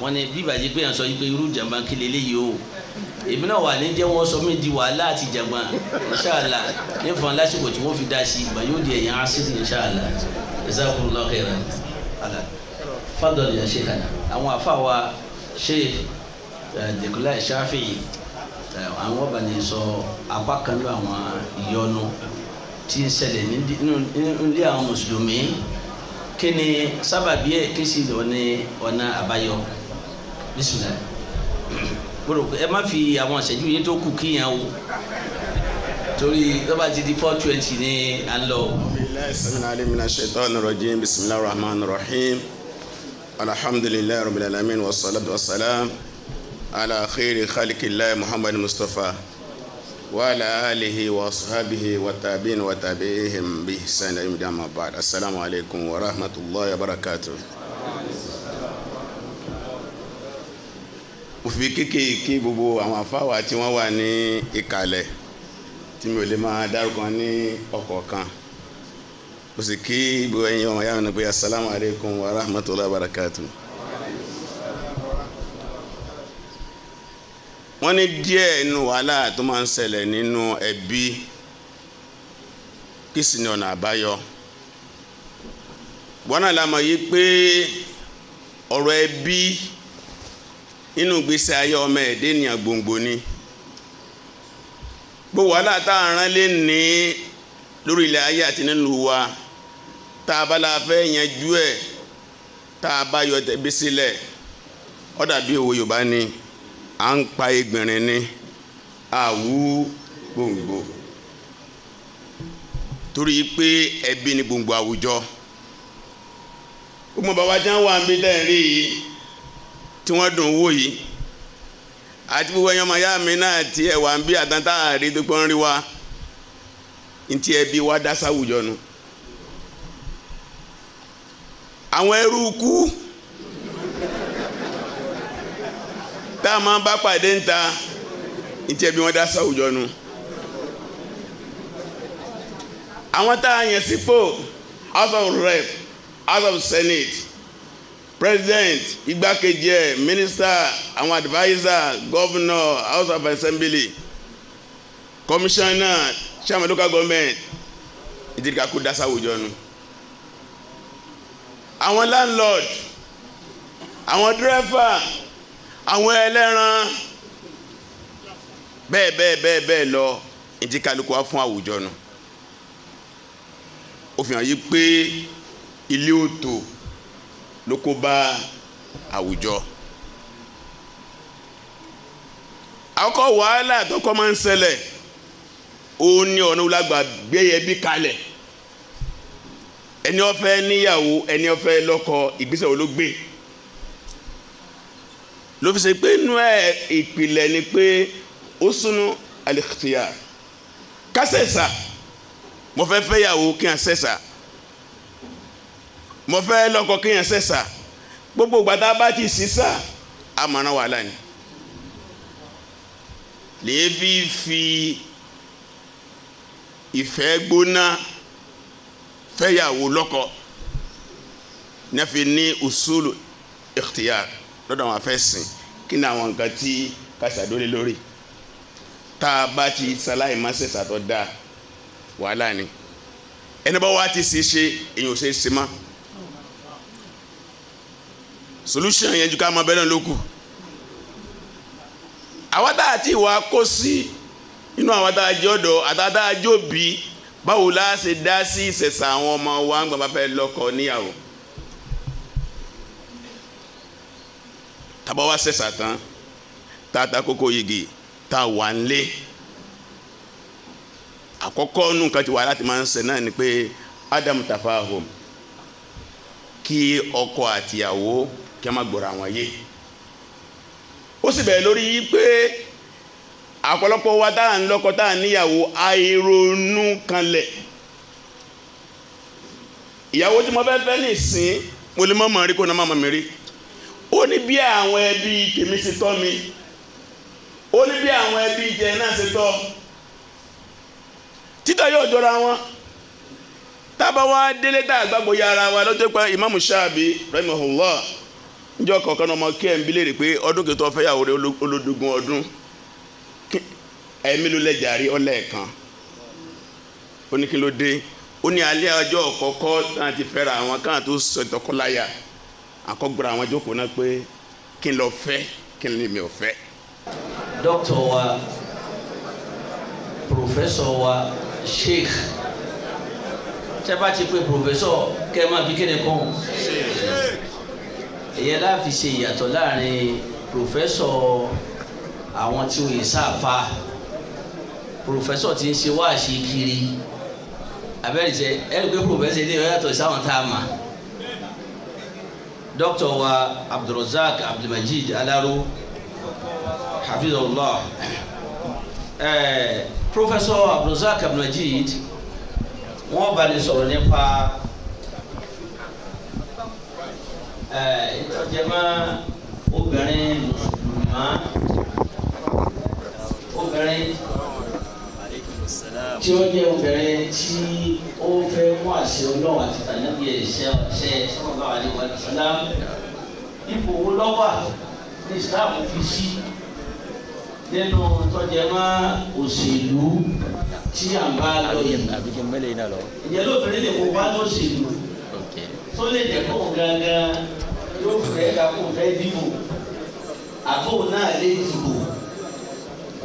wọ́n ní bí ìbàjẹ́ pé yàn sọ yìí pé irú jàmbá kí lè o èmi náà wà ní jẹ́ wọ́n sọ mí di wàhálà àti jàmbá inṣàlá ní fún lásìkò tí wọ́n fi dá sí ìgbà yóò di ẹ̀yàn ásírì inṣàlá jazakumullahu khairan fadọ̀lì yà ṣèkànà àwọn afáwa ṣe dèkúláì ṣáfìyì àwọn ọba ní sọ apá kan ló àwọn ìyọnu tí ń ṣẹlẹ̀ nílé àwọn mùsùlùmí kí ni sábàbí ẹ̀ kí sì ọ̀nà ọ̀nà àbáyọ bisimilayi gbọ́dọ̀ ẹ má fi àwọn ìṣẹ́jú yín tó kù kíyàn o torí lọ́ba ti di four twenty ní alọ. bisimilayi sinayi mina shaitan rajim bisimilayi rahman rahim. الحمد لله رب العالمين والصلاة والسلام على خير خلق الله محمد المصطفى وعلى آله وأصحابه وتابين وتابعيهم بإحسان إلى يوم بعد السلام عليكم ورحمة الله وبركاته mo kékeré kí gbogbo àwọn afáwà tí wọ́n wà ní ìkàlẹ̀ tí mi ò lè máa dárúkọ ní ọ̀kọ̀ọ̀kan. ó sì kí gbogbo ẹ̀yin ọmọ yàrá nípa wa rahmatulah wa wọ́n ní díẹ̀ inú wàhálà tó máa ń ṣẹlẹ̀ nínú ẹbí kí sì ni ọ̀nà àbáyọ bọ́nà làmọ̀ yìí pé ọ̀rọ̀ ẹbí nínú gbèsè ayé ọmọ ẹ̀dẹ́ ni gbogbo wàhálà tá rán tá a bá la fẹ́ yanjú ẹ̀ tá a bá yọ tẹ̀bí sílẹ̀ ó dàbí òwe Yorùbá ni à ń pa egbìnrin ni àwú gbòǹgbò torí pé ẹbí ni gbòǹgbò àwùjọ gbogbo bàbá tí wọ́n wà ń bí tẹ̀ rí yìí tí wọ́n dùn wò yìí àti gbogbo ẹyàn ọmọ ya mi náà ti ẹwà ń bí àtàntà àrídógbọ́n rí wa ntí ẹbí wa dá sáwùjọ nu. No àwọn ẹrú kú tá a máa bá pàdé ń ta ìtì ẹbí wọn dá sáwùjọ nu àwọn tá a yàn sípò house of rep house of senate president igbákejì ẹ minister àwọn adviser governor house of assembly commissioner chairman local government ìdílé kakú dá sáwùjọ nu àwọn landlord àwọn dírẹ́fà àwọn ẹlẹ́ran bẹ́ẹ̀ bẹ́ẹ̀ bẹ́ẹ̀ bẹ́ẹ̀ lọ ìdí kálukú wá fún àwùjọ nu ó fi hàn yí pé ilé òtò ló kó bá àwùjọ. àkọ́kọ́ wàhálà àtọ́kọ́ máa ń ṣẹlẹ̀ ó ní ọ̀nà wúlágbà gbé ẹbí kalẹ̀ ẹni ó fẹ́ níyàwó ẹni ó fẹ́ lọ́kọ ìgbésẹ̀ wo ló gbé ló fi ṣe pé inú ẹ̀ ìpìlẹ̀ ni pé ó súnú al-ikhtiyar kásẹ̀sà mo fẹ́ fẹ́yàwó kí n sẹ̀sà mo fẹ́ lọ́kọ kí n sẹ̀sà gbogbo gbàtà bá ti sísà amọ̀nà wàhálà ni lè fi fi ìfẹ́ gbóná fẹ́yàwó lọ́kọ nẹ́fi ní usulu ikhtiyar lọ́dọ̀ àwọn afẹ́sìn kí ni àwọn nǹkan tí kásádólé lórí tá a bá ti sáláì má ṣe sàtọ̀ dá wàhálà ni ẹni bá wá ti ṣe ṣe èyàn ò ṣe ṣe má solution yẹn ju ká máa bẹ́ẹ̀ náà ló kù àwọn tá a ti wà kó sí inú àwọn tá a jẹ́ ọ̀dọ́ àtàtà àjọ báwo la ṣe dá sí ìṣẹ̀ṣà àwọn ọmọ wa ń gbọ́n bá fẹ́ lọ́kọ níyàwó tàbá wá ṣẹ̀ṣà tán tata kókó yege tá a wà ń lé àkọ́kọ́ nù kan ti wà láti máa ń ṣe náà ni pé adam tafahum kí ọkọ àtìyàwó kí a má gbọ́ra àwọn yé ó sì bẹ̀rẹ̀ lórí pé. àpọ̀lọpọ̀ wa tá à ń lọ́kọ tá à níyàwó àìrònú ìyàwó tí mo fẹ́ fẹ́ nìsín mo lè mọ́ mọ̀ rí kó náà má mọ̀ mi rí ó ní bí àwọn ẹbí tèmi ti tọ́ mi ó ní bí jọra wọn tábà wá délé tá a gbàgbọ́ wa lọ́jọ́ pé ìmáàmù kọ̀ọ̀kan ọmọ kí ẹ̀ ẹ̀mí ló lẹ́jàrí ọlẹ́ẹ̀kan ó ní kí ló dé ó ní alẹ́ ọjọ́ kọ́kọ́ náà ti fẹ́ra àwọn kan tó sọ ìtọ́kọ́láyà àkọ́gbọ́ra àwọn jókòó náà pé kí n lọ fẹ́ kí n lè mi ò fẹ́. dókítà wa pòfẹ́sọ̀ wa sheikh tẹ́ bá ti pé pòfẹ́sọ̀ kẹ́ ẹ máa fi kéde kàn ìyẹn láàfin ṣe ìyàtọ̀ láàrin pòfẹ́sọ̀ àwọn tí ó yẹ sáà fa pòfẹ́sọ̀ ti ń ṣe kiri abẹ́rẹ́sẹ̀ ẹ̀rí pé pòfẹ́sọ̀ ilé ìwé yàtọ̀ sáwọn tá a mà dókítà wa abdulrozak abdulmajid alaro hafizullah ẹ̀ẹ́ pòfẹ́sọ̀ abdulrozak abdulmajid wọ́n bá ní sọ̀rọ̀ nípa ẹ̀ẹ́ ìtọ́jẹ́mọ́ obìnrin mùsùlùmá obìnrin tí ó jẹ́ obìnrin tí ó fẹ́ mú àṣẹ ọlọ́run àti tànàbí ẹ̀ṣẹ́ ọ̀ṣẹ́ sọ́kànlá àdéhùn àdìsọ́lá ipò owó lọ́wà ní Islam fi sí nínú tọ́jẹ́mọ́ òṣèlú tí à ń bá lọ yìí ìyẹn lóbìnrin lè kó wá lóṣèlú tó lè jẹ́ kóun gangan yóò fẹ́ kakó fẹ́ dìbò àbò náà lè dìbò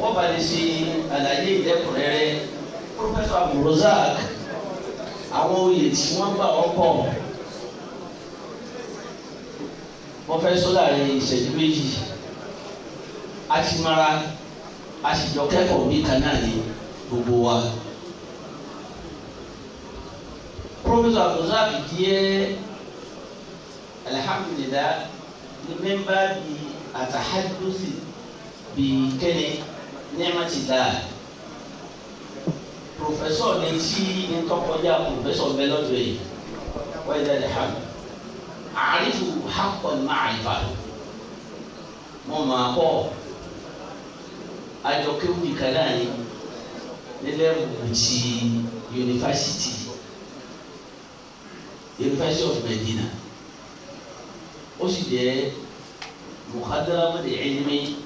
wọ́n bá lè ṣe àlàyé ìdẹ́kùnrẹ́rẹ́ pọ́fẹ́sọ̀ Abdulrozak àwọn oyè tí wọ́n gbà wọ́n pọ̀ wọ́n fẹ́ sọ láàrin ìṣẹ́jú méjì a ti mara a sì jọ kẹ́kọ̀ọ́ bí kan náà ni gbogbo wa. pọ́fẹ́sọ̀ Abdulrozak jẹ́ alihamdulilayi ni mẹ́mbà bíi àtàhádùsì bíi kẹ́ni nẹ́ẹ̀mẹ́tìlá pòfẹ́sọ̀ ní tí ní tọkọjá pòfẹ́sọ̀ bẹ́ẹ̀ lọ́dọ̀ yìí wọ́n yẹ dẹ́rẹ́ hàn àrífù hàkọ́ ní máa ìfà mo máa kọ́ àjọkéwù ìkànnà ni nílẹ̀ wùtí yunifásitì yunifásitì of Medina ó sì jẹ́ mùkádàrà mọ́tò ẹ̀yìn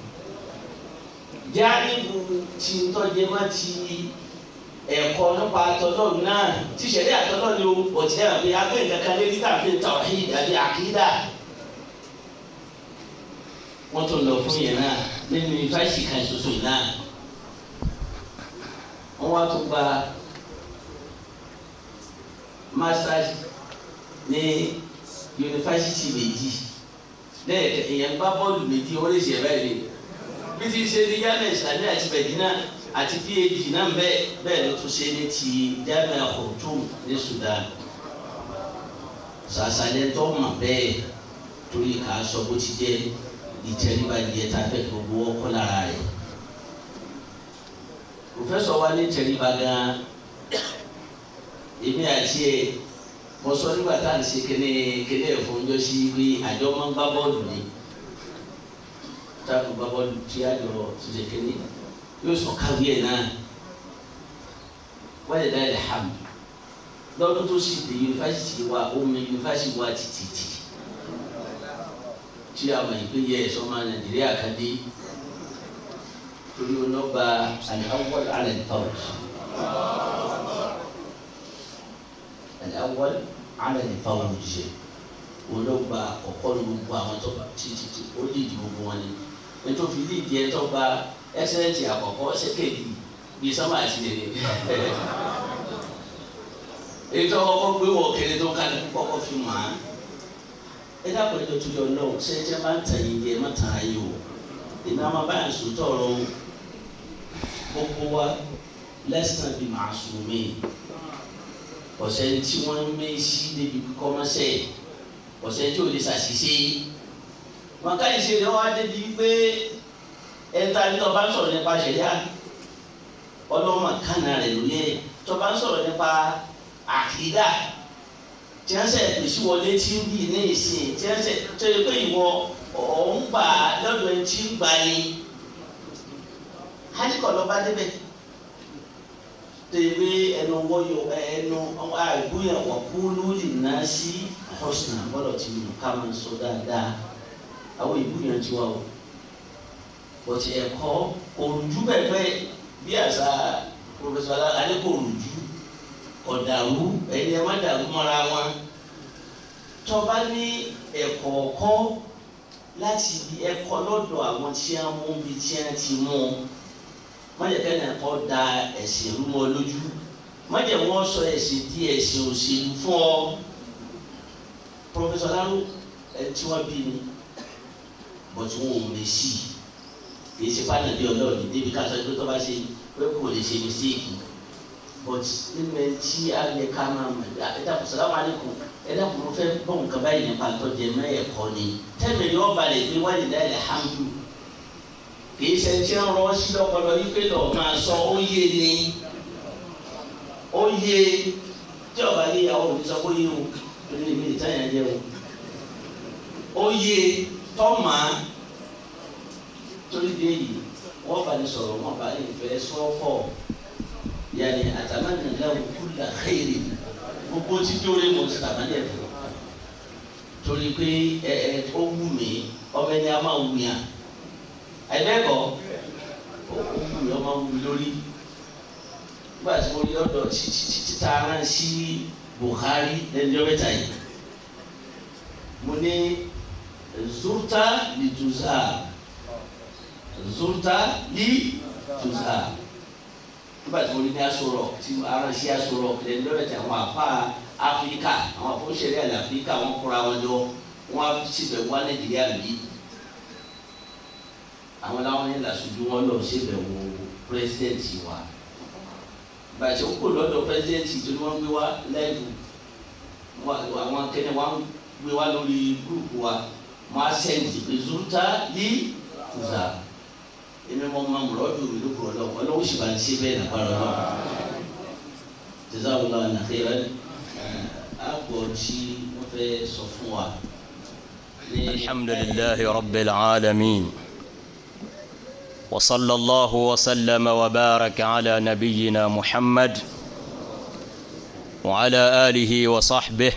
jáàdìbò tí ń tọ́jú má ti ẹ̀kọ́ nípa tọ́jọ́ náà tí sẹ̀dí àtọ́jọ́ ni o bọ̀tí náà pé abẹ́ ìkankan lé níta fi tawhid àbí àkídà wọ́n tó lọ fún yẹn náà nínú ifáìsì kan ṣoṣo náà wọ́n wá tó gba masters ní yunifásitì méjì lẹ́yìn ìyẹn gbá bọ́ọ̀lù méjì wọ́n lè ṣe báyìí bí ti ṣe ní yálẹ̀ ìsàlẹ̀ àti bẹ̀dínà àti phd náà bẹ́ẹ̀ bẹ́ẹ̀ ló tún ṣe ní ti jamiu khartoum ní Sudan sàṣàlẹ̀ tó mọ̀ bẹ́ẹ̀ torí ká sọ bó ti jẹ́ ìtẹríba díẹ̀ tá a fẹ́ kí gbogbo ọkọ lára rẹ̀ pòfẹ́sọ̀ wa ní tẹríba gan èmi àti ẹ̀ mo sọ nígbà tá à ń ṣe kéde kéde ẹ̀fọ́ ń sí pé àjọ máa ń gbá bọ́ọ̀lù ni táwọn gbàgbọ́dù tí a jọ ṣiṣẹ́ kínní yóò sọ káwé ẹ̀ náà wáyé dáa ẹ̀ hàm lọ́dún tó sì dé yunifásitì wa omi yunifásitì wa títìtì tí a mọ̀ ìpéjẹ ẹ̀sọ́ máa nàìjíríà kan dé torí ọlọ́ba aláwọ̀l alẹ́ntọ́t aláwọ̀l alẹ́ntọ́t jẹ ọlọ́ba ọ̀kọ́ ní gbogbo àwọn tó bá títí ó lè di gbogbo wọn ni ètò fìdí ìdí ẹ tó gba ẹsẹ̀ǹtì àkọ́kọ́ ṣẹ́kẹ̀dì bíi sọ́mà àti dèrè ètò ọkọ̀ gbé wọ̀ kéré tó ká kọ́kọ́ fi mọ̀ á ẹ dàpọ̀ ètò tuntun náà ṣé ẹ jẹ́ máa ń tàn yín jẹ́ máa tàn ayé o ìná máa bá yàn sòótọ́ ọ̀rọ̀ o gbogbo wa lẹ́sìn bíi màá sùn mí ọ̀sẹ̀ tí wọ́n ń mé sí débi kọ́mọ́sẹ̀ ọ̀sẹ̀ tí ò lè ṣàṣìṣe yìí màkà ìṣe rẹ̀ wá débi pé ẹ̀ta ní ọba ń sọ̀rọ̀ nípa ṣẹ̀ríà ọlọ́mọ kánà rẹ̀ lórí ẹ̀ tọba ń sọ̀rọ̀ nípa àkídà tí wọ́n sẹ̀ pèsè wọlé tí ń bì ní ìsìn tí wọ́n sẹ̀ tó yẹ pé ìwọ ọ̀hún gbà lọ́dọ̀ ẹni tí ń gbà ni hajjikọ̀ lọ́ba débẹ̀ tẹ̀wé ẹnu wọ́yọ ẹnu àìgbóyàwó kúlúlì náà sí ọ̀sán àbọ̀lọ̀ tí sọ dáadáa àwọn ìlú yẹn ti wá o bọ̀tì ẹ̀kọ́ òrùjú pẹ̀pẹ́ bí àṣà pòfẹ́sọ̀ alẹ́ kò rùjú ọ̀dàrú ẹni ẹ má dàrú mọ́ra wọn tọ́ba ní ẹ̀kọ́ ọ̀kọ́ láti ibi ẹ̀kọ́ lọ́dọ̀ àwọn tí a mú ibi tí a ti mú ọ májèké náà kọ́ da ẹ̀sìn ìlú wọn lójú májè wọn sọ ẹ̀sìn di ẹ̀sìn òṣèlú fún ọ pòfẹ́sọ̀ aláró ẹ̀ tí wọ́n bí ni bọ́tí wọn ò lè sí kì í ṣe pàdánù ọlọ́ọ̀ni débi ká sọ pé tó bá ṣe pé kò lè ṣe mistake but nínú tí a lè ká máa mọ̀ ẹ dàpọ̀ sàlámù alaykum ẹ dàpọ̀ mo fẹ́ bọ̀ nǹkan báyìí nípa tó jẹ mọ́ ẹ̀kọ́ ni tẹ́mi ni wọ́n balẹ̀ pé wọ́n lè dá alhamdu kì í ṣe tí ń rọ́ sí lọ́pọ̀lọ́ yí pé lọ́ọ́ máa sọ ó yé ni ó yé tí ọba yé mi sọ pé ó yé o ó ní ìbílẹ̀ tọ́mà torí dé yìí wọ́n bá lè sọ̀rọ̀ wọ́n bá lè fẹ́ sọ́kọ̀ yàrá àtàmánà lẹ́wọ̀n kúlà xèrè gbogbo títí ó lé mọ̀ sí ẹ̀fọ́ torí pé ẹ ẹ ó wù mí ọbẹ̀ ni a máa wù yàn ẹ̀dẹ́kọ̀ ó wù mí ọmọ wù mí lórí nígbà tí mo rí ọ̀dọ̀ títí tá a rán sí Buhari lẹ́nu ọ̀bẹ̀ta yìí mo ní zurta li tuzar zurta li tuzar nígbà tí mo ní ní Aso Rock tí aránṣẹ́ Aso Rock lẹ́nu lọ́dọ̀ tí àwọn afá áfíríkà àwọn afọ́nṣẹ́lẹ̀ àlẹ́ áfíríkà wọ́n kóra wọn jọ wọ́n á síbẹ̀ wá nàìjíríà bí àwọn làwọn ní làṣojú wọn lọ síbẹ̀ wo pírẹsidẹ́ǹtì wa bàtí ó kò lọ́dọ̀ pírẹsidẹ́ǹtì tó ní wọ́n gbé wá lẹ́ẹ̀dù àwọn akẹ́ni wọn gbé wá lórí gúrùpù wa. masenti ezuluta li kuza emi mọ ma mu lọdun mi lóko ọlọpọ ọlọpọ sì bá ń ṣe bẹ́ẹ̀ nàpá lọdọ jésù àwọn ànàkẹrẹ àgbọ tí wọn fẹ́ sọ fún wa. الحمد لله رب العالمين وصلى الله وسلم وبارك على نبينا محمد وعلى اله وصحبه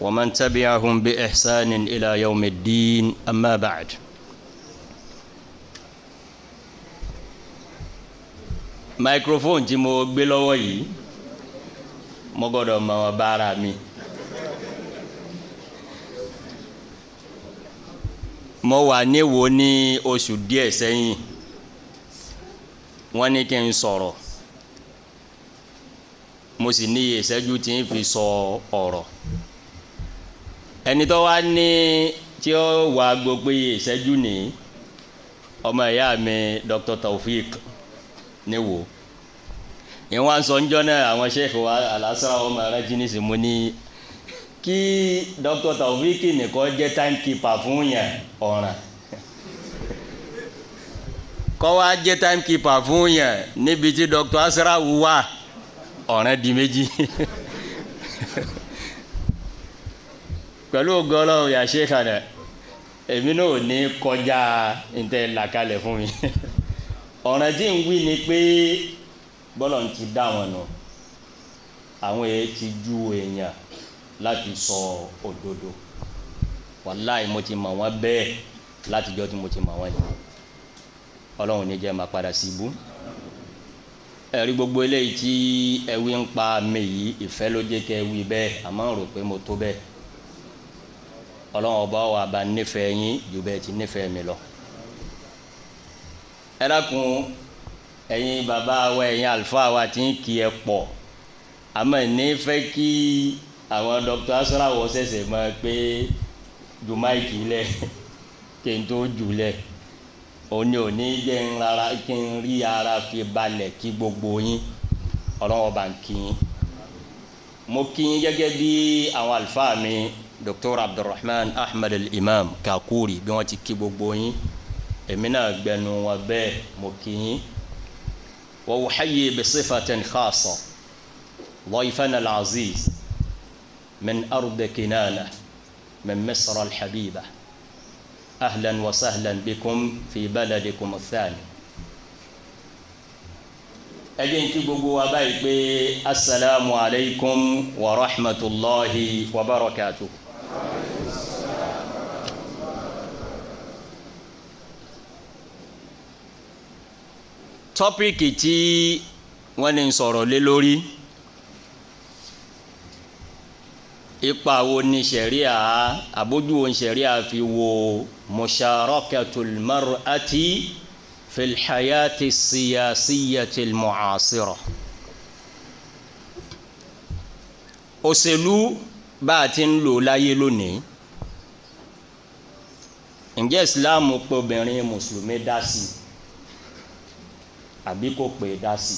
ومن تبعهم بإحسان إلى يوم الدين أما بعد microphone tí mo gbé lọ́wọ́ yìí mo gbọ́dọ̀ mọ ọba ara mi mo wà níwò ní oṣù díẹ̀ sẹ́yìn wọ́n ní kí n sọ̀rọ̀ mo sì ní ìṣẹ́jú tí ń fi sọ ọ̀rọ̀. So ẹni tó wá ní tí ó wà gbogbo iye ìṣẹ́jú ní ọmọ ìyá mi Dr. Taofik ní wo yẹn wá ń sọ ńjọ́ náà àwọn sẹ́ẹ̀kì wa alásàrà ọmọ rẹ jí nísìnyí mo ní kí Dr. Taofik nìkan jẹ́ timekeeper fún yẹn ọ̀ràn kọ́ wa jẹ́ timekeeper fún yẹn níbi tí Dr. Asrawu wà ọ̀ràn di méjì. pẹ̀lú ògùn ọlọ́run yà ṣe èmi náà ní kọjá ntẹ̀ làkàlẹ̀ fún mi ọ̀ràn tí ń wí ni pé bọ́lọ̀ ń ti dá wọn nù àwọn èèyàn ti ju èèyàn láti sọ òdodo wàláì mo ti mọ̀ wọ́n bẹ́ẹ̀ látijọ́ tí mo ti mọ̀ wọ́n yìí ọlọ́run ní jẹ́ máa padà sí ibú ẹ̀rí gbogbo eléyìí tí ẹ̀wí ń pa mi yìí ìfẹ́ ló jẹ́ kẹ́ ẹ̀wí bẹ́ẹ̀ àmọ́ rò pé mo tó bẹ́ẹ̀ ọlọ́run ọba wa bá nífẹ̀ẹ́ yín ju bẹ́ẹ̀ ti nífẹ̀ẹ́ mi lọ. ẹ dákun ẹ̀yin bàbá wa ẹ̀yin àlùfáà wa ti ń kí ẹ pọ̀ àmọ́ ní fẹ́ kí àwọn dr asrawo ṣẹ̀ṣẹ̀ mọ̀ pé ju máìkì lẹ̀ kí n tó jù lẹ̀ òní òní jẹ́ ń rárá kí n rí ara fi balẹ̀ kí gbogbo yín ọlọ́run ọba ń kí yín mo kí yín gẹ́gẹ́ bí àwọn àlùfáà mi. dr abdulrahman ahmed imam kakuri bí wọ́n ti kí gbogbo yín èmi náà gbẹnu wọn bẹ́ẹ̀ mo kí yín wa uhayi bisifatin khasa ضيفنا العزيز من أرض كنانة من مصر الحبيبة أهلا وسهلا بكم في بلدكم الثاني ẹjẹ́ ní kí gbogbo wa báyìí pé asalaamu alaykum wa rahmatulahi wa barakatuhu. tọ́píìkì tí wọ́n ní sọ̀rọ̀ lé lórí ipa wo ni ṣẹ̀ríà àbójú wo ni ṣẹ̀ríà fi wo musharakatul mar'ati fil hayati siyasiyatil mu'asira òṣèlú bá a ti ń lò láyé lónìí ǹjẹ́ ìsìláàmù pé obìnrin mùsùlùmí dá sí i àbí kò pè é dá sí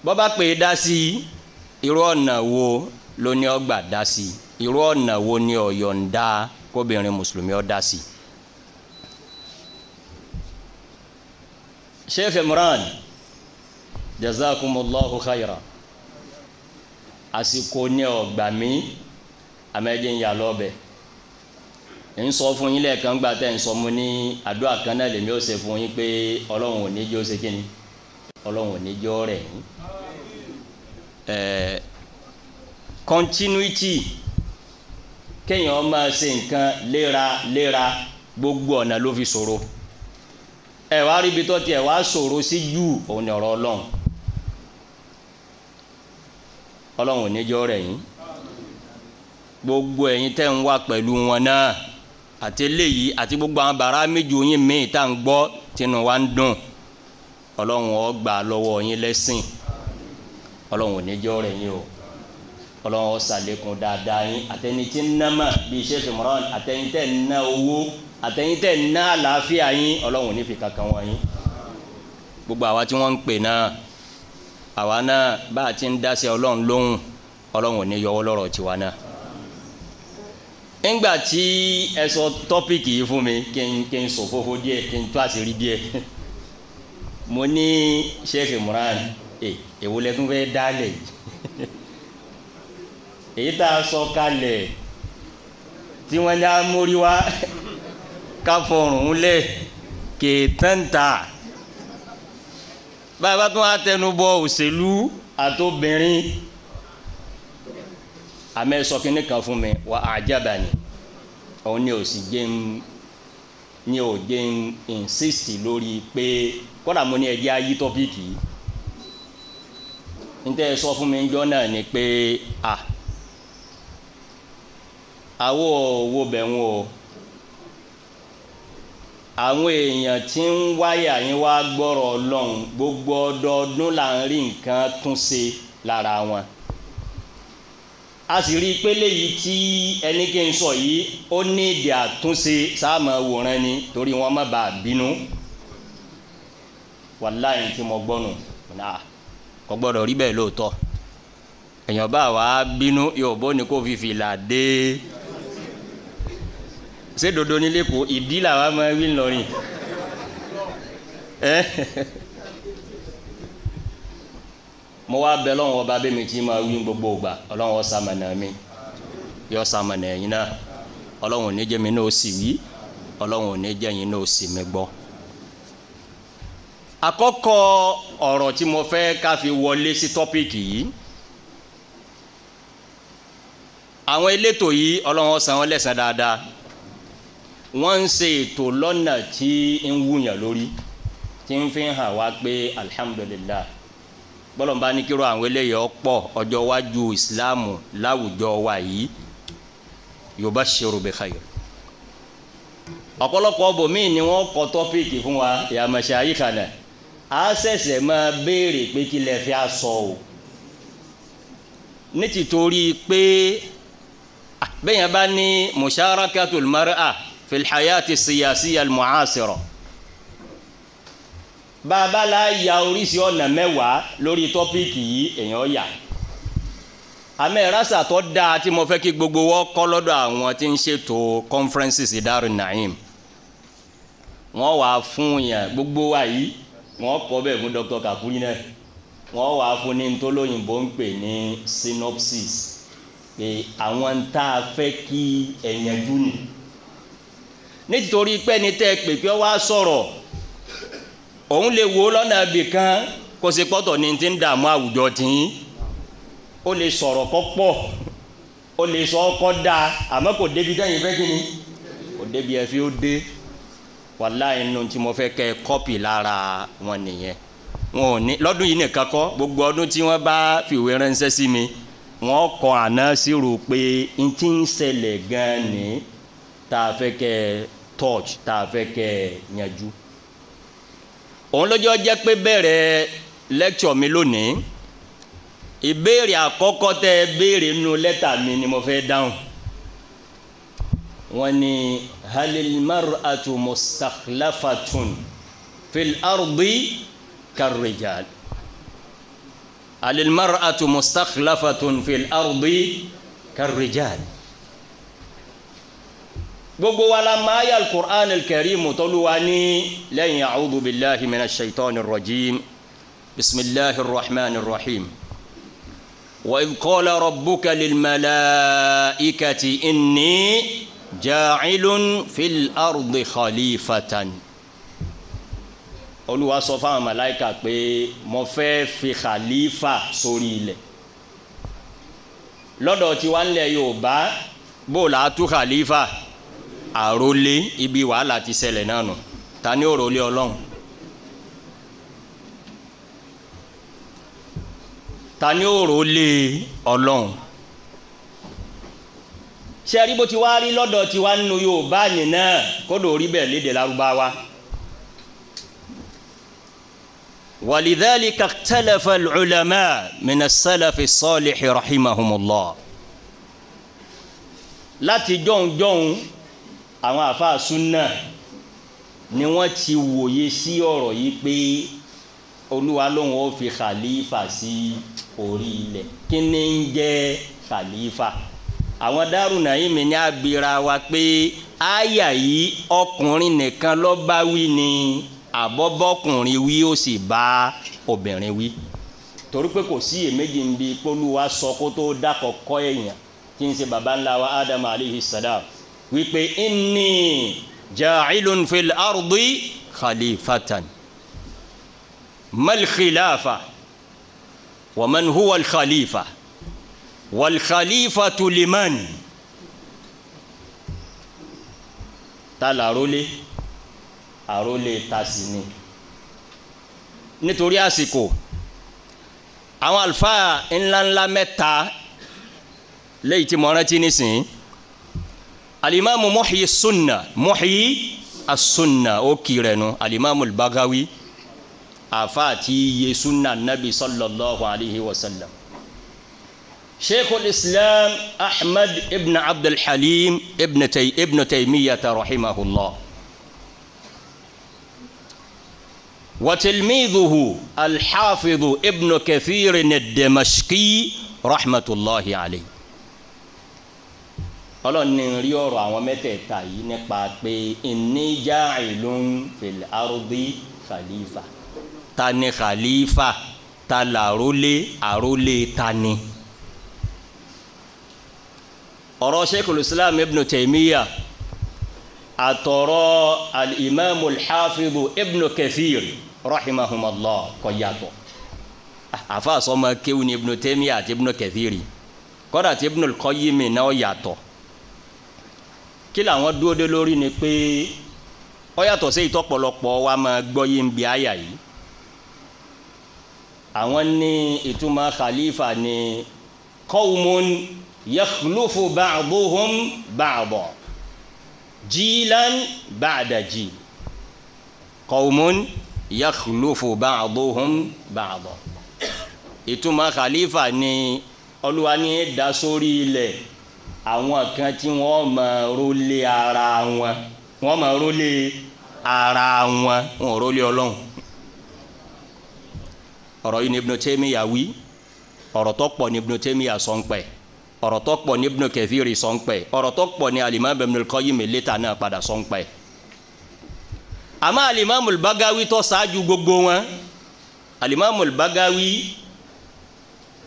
i bọ́ bá pè é dá sí i irú ọ̀nà wo ló ní ọgbà dá sí i irú ọ̀nà wo ni ọ̀yọ̀ǹda kóbìnrin mùsùlùmí ọ̀ dá sí i. sheikh imran jazakumullahu khayran àsìkò ní ọgbà mi amẹ́jẹ̀ ń yà lọ́bẹ̀ ń sọ fún yín lẹ́ẹ̀kan gbà tẹ́ ń sọ mu ní àdúrà kan lèmi ó ṣe fún yín pé ọlọ́run ò ní jẹ́ ṣe kíni ọlọ́run ò ní jẹ́ rẹ̀ yín continuity kéèyàn máa ṣe nǹkan léraléra gbogbo ọ̀nà ló fi ṣòro ẹ̀ wá ríbi tó tiẹ̀ wá ṣòro sí jù òun ọ̀rọ̀ ọlọ́run ọlọ́run ò ní jọ́ rẹ̀ yín gbogbo ẹ̀yin tẹ́ ń wá pẹ̀lú wọn náà àti eléyìí àti gbogbo àwọn bàrà méjì oyin míì tá à ń gbọ́ tinú wa ń dùn ọlọ́run ó gbà lọ́wọ́ yín lẹ́sìn ọlọ́run ò ní jọ́ rẹ̀ yín o ọlọ́run ó ṣàlékún dáadáa yín àtẹni tí ń ná mà bíi Sheikh Imran àtẹni tẹ́ ń ná owó àtẹni tẹ́ ń ná àlàáfíà yín ọlọ́run ò ní fi kankan wọ̀nyí gbogbo àwa tí wọ́n ń pè náà àwa náà bá a ti ń dá sí ọlọ́run lóhùn ọlọ́run ò ní yọwọ́ lọ́rọ̀ tiwa náà. nígbà tí ẹ sọ tọ́pìkì yìí fún mi kí n kí n sọ fófó díẹ̀ kí n tó àṣírí díẹ̀ mo ní Sheikh Imran èwo lẹ tún fẹ́ dálẹ̀ èyí tá a sọ kalẹ̀ tí wọ́n ní amórí wa ká fọrùn lẹ̀ kéétẹ́ǹta bàbá tó wá tẹnubọ òṣèlú àtòbìnrin àmẹ́ sọ kínní kan fún mi wà àjàbà ni òun ni ò sì jẹ́ ń ni ò jẹ́ ń insist lórí pé kódà mo ní ẹ jẹ́ ayé tọ́pìkì n tẹ́ sọ fún mi jọ náà ni pé à àwọ̀ wo bẹ̀ ń wò àwọn èèyàn tí ń wáyà yín wá gbọ́rọ̀ ọlọ́run gbogbo ọdọọdún là ń rí nǹkan tún ṣe lára wọn a sì rí i pé léyìí tí ẹni kí n sọ yìí ó ní èdè àtúnṣe sáàmù wòran ni torí wọn má bàa bínú wàláyé tí mo gbọ́nu kò gbọ́dọ̀ rí bẹ́ẹ̀ lóòótọ́ èèyàn bá wàá bínú yóò bó ni kó fi fìlà dé ṣé dodo ní lẹ́kọ̀ọ́ ìdí làwọn máa wí ńlọrin ẹ mo wá bẹ lọ́wọ́ ọba bẹ́ẹ̀ mi tí máa wí gbogbo ìgbà ọlọ́wọ́ sàmànà mi yọ sàmànà ẹ̀yin náà ọlọ́wọ́n ò ní jẹ́ mi náà ó sì wí ọlọ́wọ́n ò ní jẹ́ yín náà ó sì mi gbọ́ àkọ́kọ́ ọ̀rọ̀ tí mo fẹ́ ká fi wọlé sí tọ́píìkì yìí àwọn elétò yìí ọlọ́run ó wọ́n lẹ́san dáadáa wọ́n ń ṣe ètò lọ́nà tí ń wúyàn lórí tí ń fi hàn wá pé alihamudulilayi bọ́lọ̀mbá ní kíró àwọn eléyìí ọ̀pọ̀ ọjọ́ iwájú ìsìláàmù láwùjọ wa yìí yubashiru bi khayr ọ̀pọ̀lọpọ̀ ọbòmíì ni wọ́n kọ tọ́píìkì fún wa yàmẹ̀ṣẹ̀ ayíkànnà á ṣẹ̀ṣẹ̀ máa béèrè pé kí lẹ fi aṣọ o ní tìtorí pé bẹ́ẹ̀ yẹn bá ní musharakatul mar'a في الحياة السياسية المعاصرة. بابا لا ya oríṣi ọ̀nà mẹ́wàá lórí tọ́píìkì yìí èèyàn yà àmì ìrásà tó dáa tí mo fẹ́ kí gbogbo wọ́n kọ́ lọ́dọ̀ àwọn tí ń ṣètò conferences Daaru Naim wọ́n wàá fún yẹn gbogbo wa yìí wọ́n kọ́ bẹ́ẹ̀ fún Dr. Kakuri náà wọ́n wàá fún ní ntọ́lóyìnbó ń pè ní synopsis pé àwọn tá a fẹ́ kí ẹ̀yẹ́dúnì. E nítorí pé ní tẹ́ ẹ pé ọ wá sọ̀rọ̀ òun lè wo lọ́nà ibì kan kó ṣe pọ́tọ̀ ní ti ń dààmú àwùjọ tìyín ó lè sọ̀rọ̀ kọ́ pọ̀ ó lè sọ ọkọ́ dáa àmọ́ kò débi fẹ́ kí ni kò débi ẹ̀ fi ó dé wàláì nù tí mo fẹ́ kẹ́ kọ́pì lára wọn nìyẹn wọn ò ní lọ́dún yìí nìkan kọ́ gbogbo ọdún tí wọ́n bá fìwé ránṣẹ́ sí mi wọ́n kọ àná sí rò pé n ti ń ṣẹlẹ̀ gan-an ní touch tá a fẹ́ kẹ́ ẹ yanjú. òun lọ́jọ́ jẹ́ pé bẹ̀rẹ̀ lecture mi lónìí ìbéèrè àkọ́kọ́ tẹ́ béèrè nínú lẹ́tà mi ni mo fẹ́ dáhùn wọ́n ní halil mar'atu mustakhlafatun fil ardi karrijal halil mar'atu mustakhlafatun fil ardi karrijal gbogbo wa la ma ayé alukur'an alkarim tọ́luwa ní lẹ́yìn a'udhu billahi minash shaitanir rajim bisimilahi rahman rahim. وإذ قال ربك للملائكة إني جاعل في الأرض خليفة olúwa sọ fáwọn màláìka pé mo fẹ́ fi khalifa sórí ilẹ̀ lọ́dọ̀ tiwa ńlẹ̀ yorùbá bó la khalifa àrólé ibi wàhálà ti ṣẹlẹ̀ náà nù ta ni òrólé ọlọ́run ta ni òrólé ọlọ́run sẹ́rí bó ti wá rí lọ́dọ̀ tiwa nínú Yorùbá yìí náà kódò rí bẹ́ẹ̀ léde Lárúbáwá. ولذلك اختلف العلماء من السلف الصالح رحمهم الله láti jọ̀hún jọ̀hún àwọn àfáà súnà ni wọ́n ti wòye sí ọ̀rọ̀ yìí pé olúwa lòun ó fi khalifa sí orí ilẹ̀ kí ni ń jẹ́ khalifa àwọn dárúnà yìí mi ní agbèrà wa pé àyà yìí ọkùnrin nìkan ló bá wí ni àbọ̀bọ̀kùnrin wí ó sì bá obìnrin wí torí pé kò sí èméjì ń bi pé sọ kó tó dákọ̀ kọ́ èèyàn kí n ṣe baba ńlá wa Adam alayhi salam wípé inni ja'ilun fil ardi khalifatan mal khilafa wa man huwa al khalifa wal khalifatu liman tala arólé arólé tasi ni nítorí àsìkò àwọn àlùfáà ńláńlá mẹ́ta lẹ́yìn tí mo rántí nísìnyí. الإمام محي السنة محي السنة أوكيرنو الإمام البغاوي أفاتي سنة النبي صلى الله عليه وسلم شيخ الإسلام أحمد ابن عبد الحليم ابن, تي ابن تيمية رحمه الله وتلميذه الحافظ ابن كثير الدمشقي رحمة الله عليه ọlọ́run ní rí ọ̀rọ̀ àwọn mẹ́tẹ̀ẹ̀ta yìí nípa pé ìníjà ìlún fèlè arúgbí khalifa ta ni khalifa ta làrólé àrólé ta ni. ọ̀rọ̀ sheikhul islam ibn taymiya àtọ̀rọ̀ al-imam al-hafidu ibn kathir rahimahumallah kò yàtọ̀ àfa sọ́mọ kéwù ni ibn taymiya àti ibn kathir kọ́dà tí ibn al náà yàtọ̀ kí làwọn dúró dé lórí ni pé ó yàtọ̀ sí ìtọ́pọ̀lọpọ̀ wa máa gbọ́ yé ń bi àyà yìí àwọn ní ìtumọ̀ khalifa ni qawmun yakhlufu ba'duhum ba'da jilan ba'da jil qawmun yakhlufu ba'duhum ìtumọ̀ khalifa ni Olúwa ní dá ilẹ̀ àwọn kan tí wọ́n mọ rólé ara wọn wọ́n mọ rólé ara wọn wọn rólé ọlọ́run ọ̀rọ̀ yìí ni Ibn Taymiyyah wí ọ̀rọ̀ tó pọ̀ ni Ibn Taymiyyah sọ ń pẹ́ ọ̀rọ̀ tó pọ̀ ní Ibn Kathir sọ ń pẹ́ ọ̀rọ̀ tó pọ̀ ní Al-Imam Ibn al-Qayyim náà padà sọ ń pẹ́ àmọ́ al bagawi tó ṣáájú gbogbo wọn al bagawi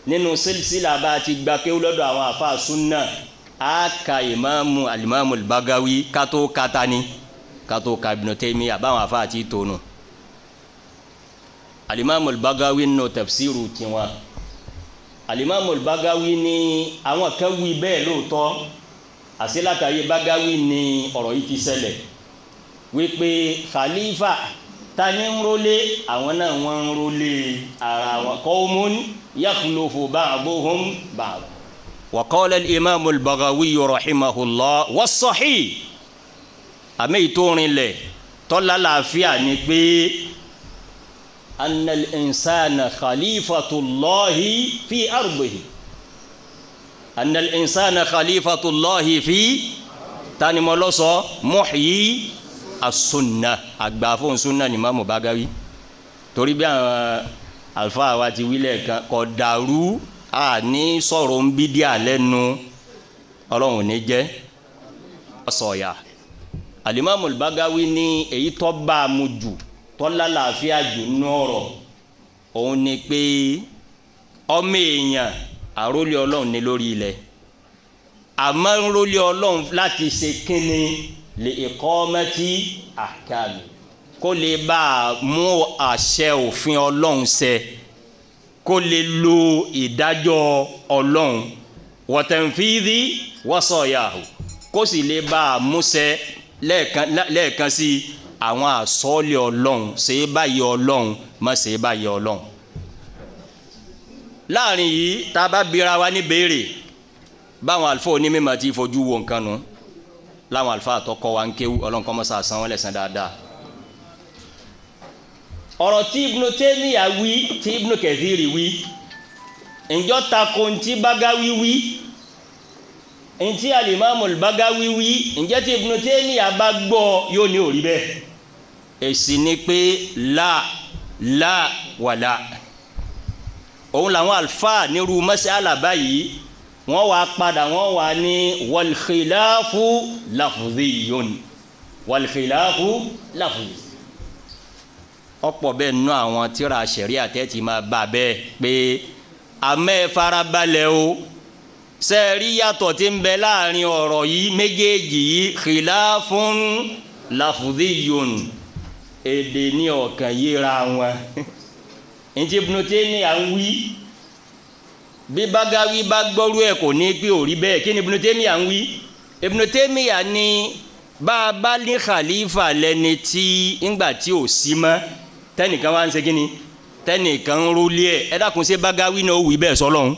nínú sílsílà bá ti gba kéwú lọ́dọ̀ àwọn àfa sunna a ka imaamu alimaamu bagawi kato katani kato kabinu temi abawọn afaati tonu alimaamu bagawi nù tafsiru tiwọn alimaamu bagawi ni àwọn kan wí bẹ́ẹ̀ lóòótọ́ àsìlátàyè bagawi ni ọ̀rọ̀ yìí ti ṣẹlẹ̀ wípé khalifa tani ń rólé àwọn náà wọ́n ara wọn qawmun yakhlufu ba'duhum ba'd. وقال الإمام البغوي رحمه الله والصحيح أمي توني لي طلع العافية نكبي أن الإنسان خليفة الله في أرضه أن الإنسان خليفة الله في tani mo محيي السنة muhyi asunna agbafon sunna ni Imamu Bagawi torí bí a ní sọ̀rọ̀ ń bí díà lẹ́nu ọlọ́run ò ní jẹ́ ọ̀sọ̀ọ̀yà alimami bagawi ní èyí tó bá a mu jù tó lálàáfíà jù nínú ọ̀rọ̀ òun ni pé ọmọ èèyàn àrólé ọlọ́run ní lórí ilẹ̀ àmọ́ ńrólé ọlọ́run láti ṣe kínni lè kọ́ mẹ́tí àkàlù kó lè bá a mú àṣẹ òfin ọlọ́run ṣẹ kó lè lo ìdájọ́ ọlọ́run wọ̀tẹ̀nfíìdì wọ́sọ̀yàhù kó sì lè bá a múṣẹ lẹ́ẹ̀kan sí àwọn àsọ́ọ̀lẹ̀ ọlọ́run ṣe é báyìí ọlọ́run má ṣe é báyìí ọlọ́run. láàrin yìí tá a bá bira wa ní béèrè báwọn àlùfáà onímọ̀ ti fojú wo nǹkan nu láwọn àlùfáà àtọkọ wa ń kéwú ọlọ́run kọ́ mọ́sá àsanwó lẹ́sàn dáadáa ọ̀rọ̀ tí ibnu tẹ́míyà wí tí ibnu kẹ̀síìrì wí ǹjọ́ tako ntí bágáwí wí ntí alimami bágáwí wí ǹjẹ́ tí ibnu tẹ́míyà bá gbọ́ yóò ní òrí bẹ́ẹ̀ èsì ni pé la la wàlà òun làwọn àlùfáà nírú mọ́sálà báyìí wọ́n wá padà wọ́n wá ní wal khilafu lafziyun wal khilafu ọ̀pọ̀ bẹ́ẹ̀ nú àwọn tíra sẹ̀rí àtẹ́tì máa bà bẹ́ẹ̀ pé àmẹ́ farabalẹ̀ o sẹ́ẹ̀rí yàtọ̀ tí ń bẹ láàrin ọ̀rọ̀ yìí méjèèjì yìí khilafun lafudhiyun èdè ní ọ̀kan yíra wọn ntí bunuté ni à ń wí bí bagawi bá gbọ́rú ẹ̀ kò ní pé ò bẹ́ẹ̀ kí ni bunuté mi à ń wí ebunuté mi à ní bá a bá ní khalifa lẹni tí ńgbà tí ò sí mọ́ tẹ́nìkan wá ń ṣe kíni tẹ́nìkan ń rúlé ẹ̀ ẹ dákun ṣe bágáwí náà ó wí bẹ́ẹ̀ sọlọ́hún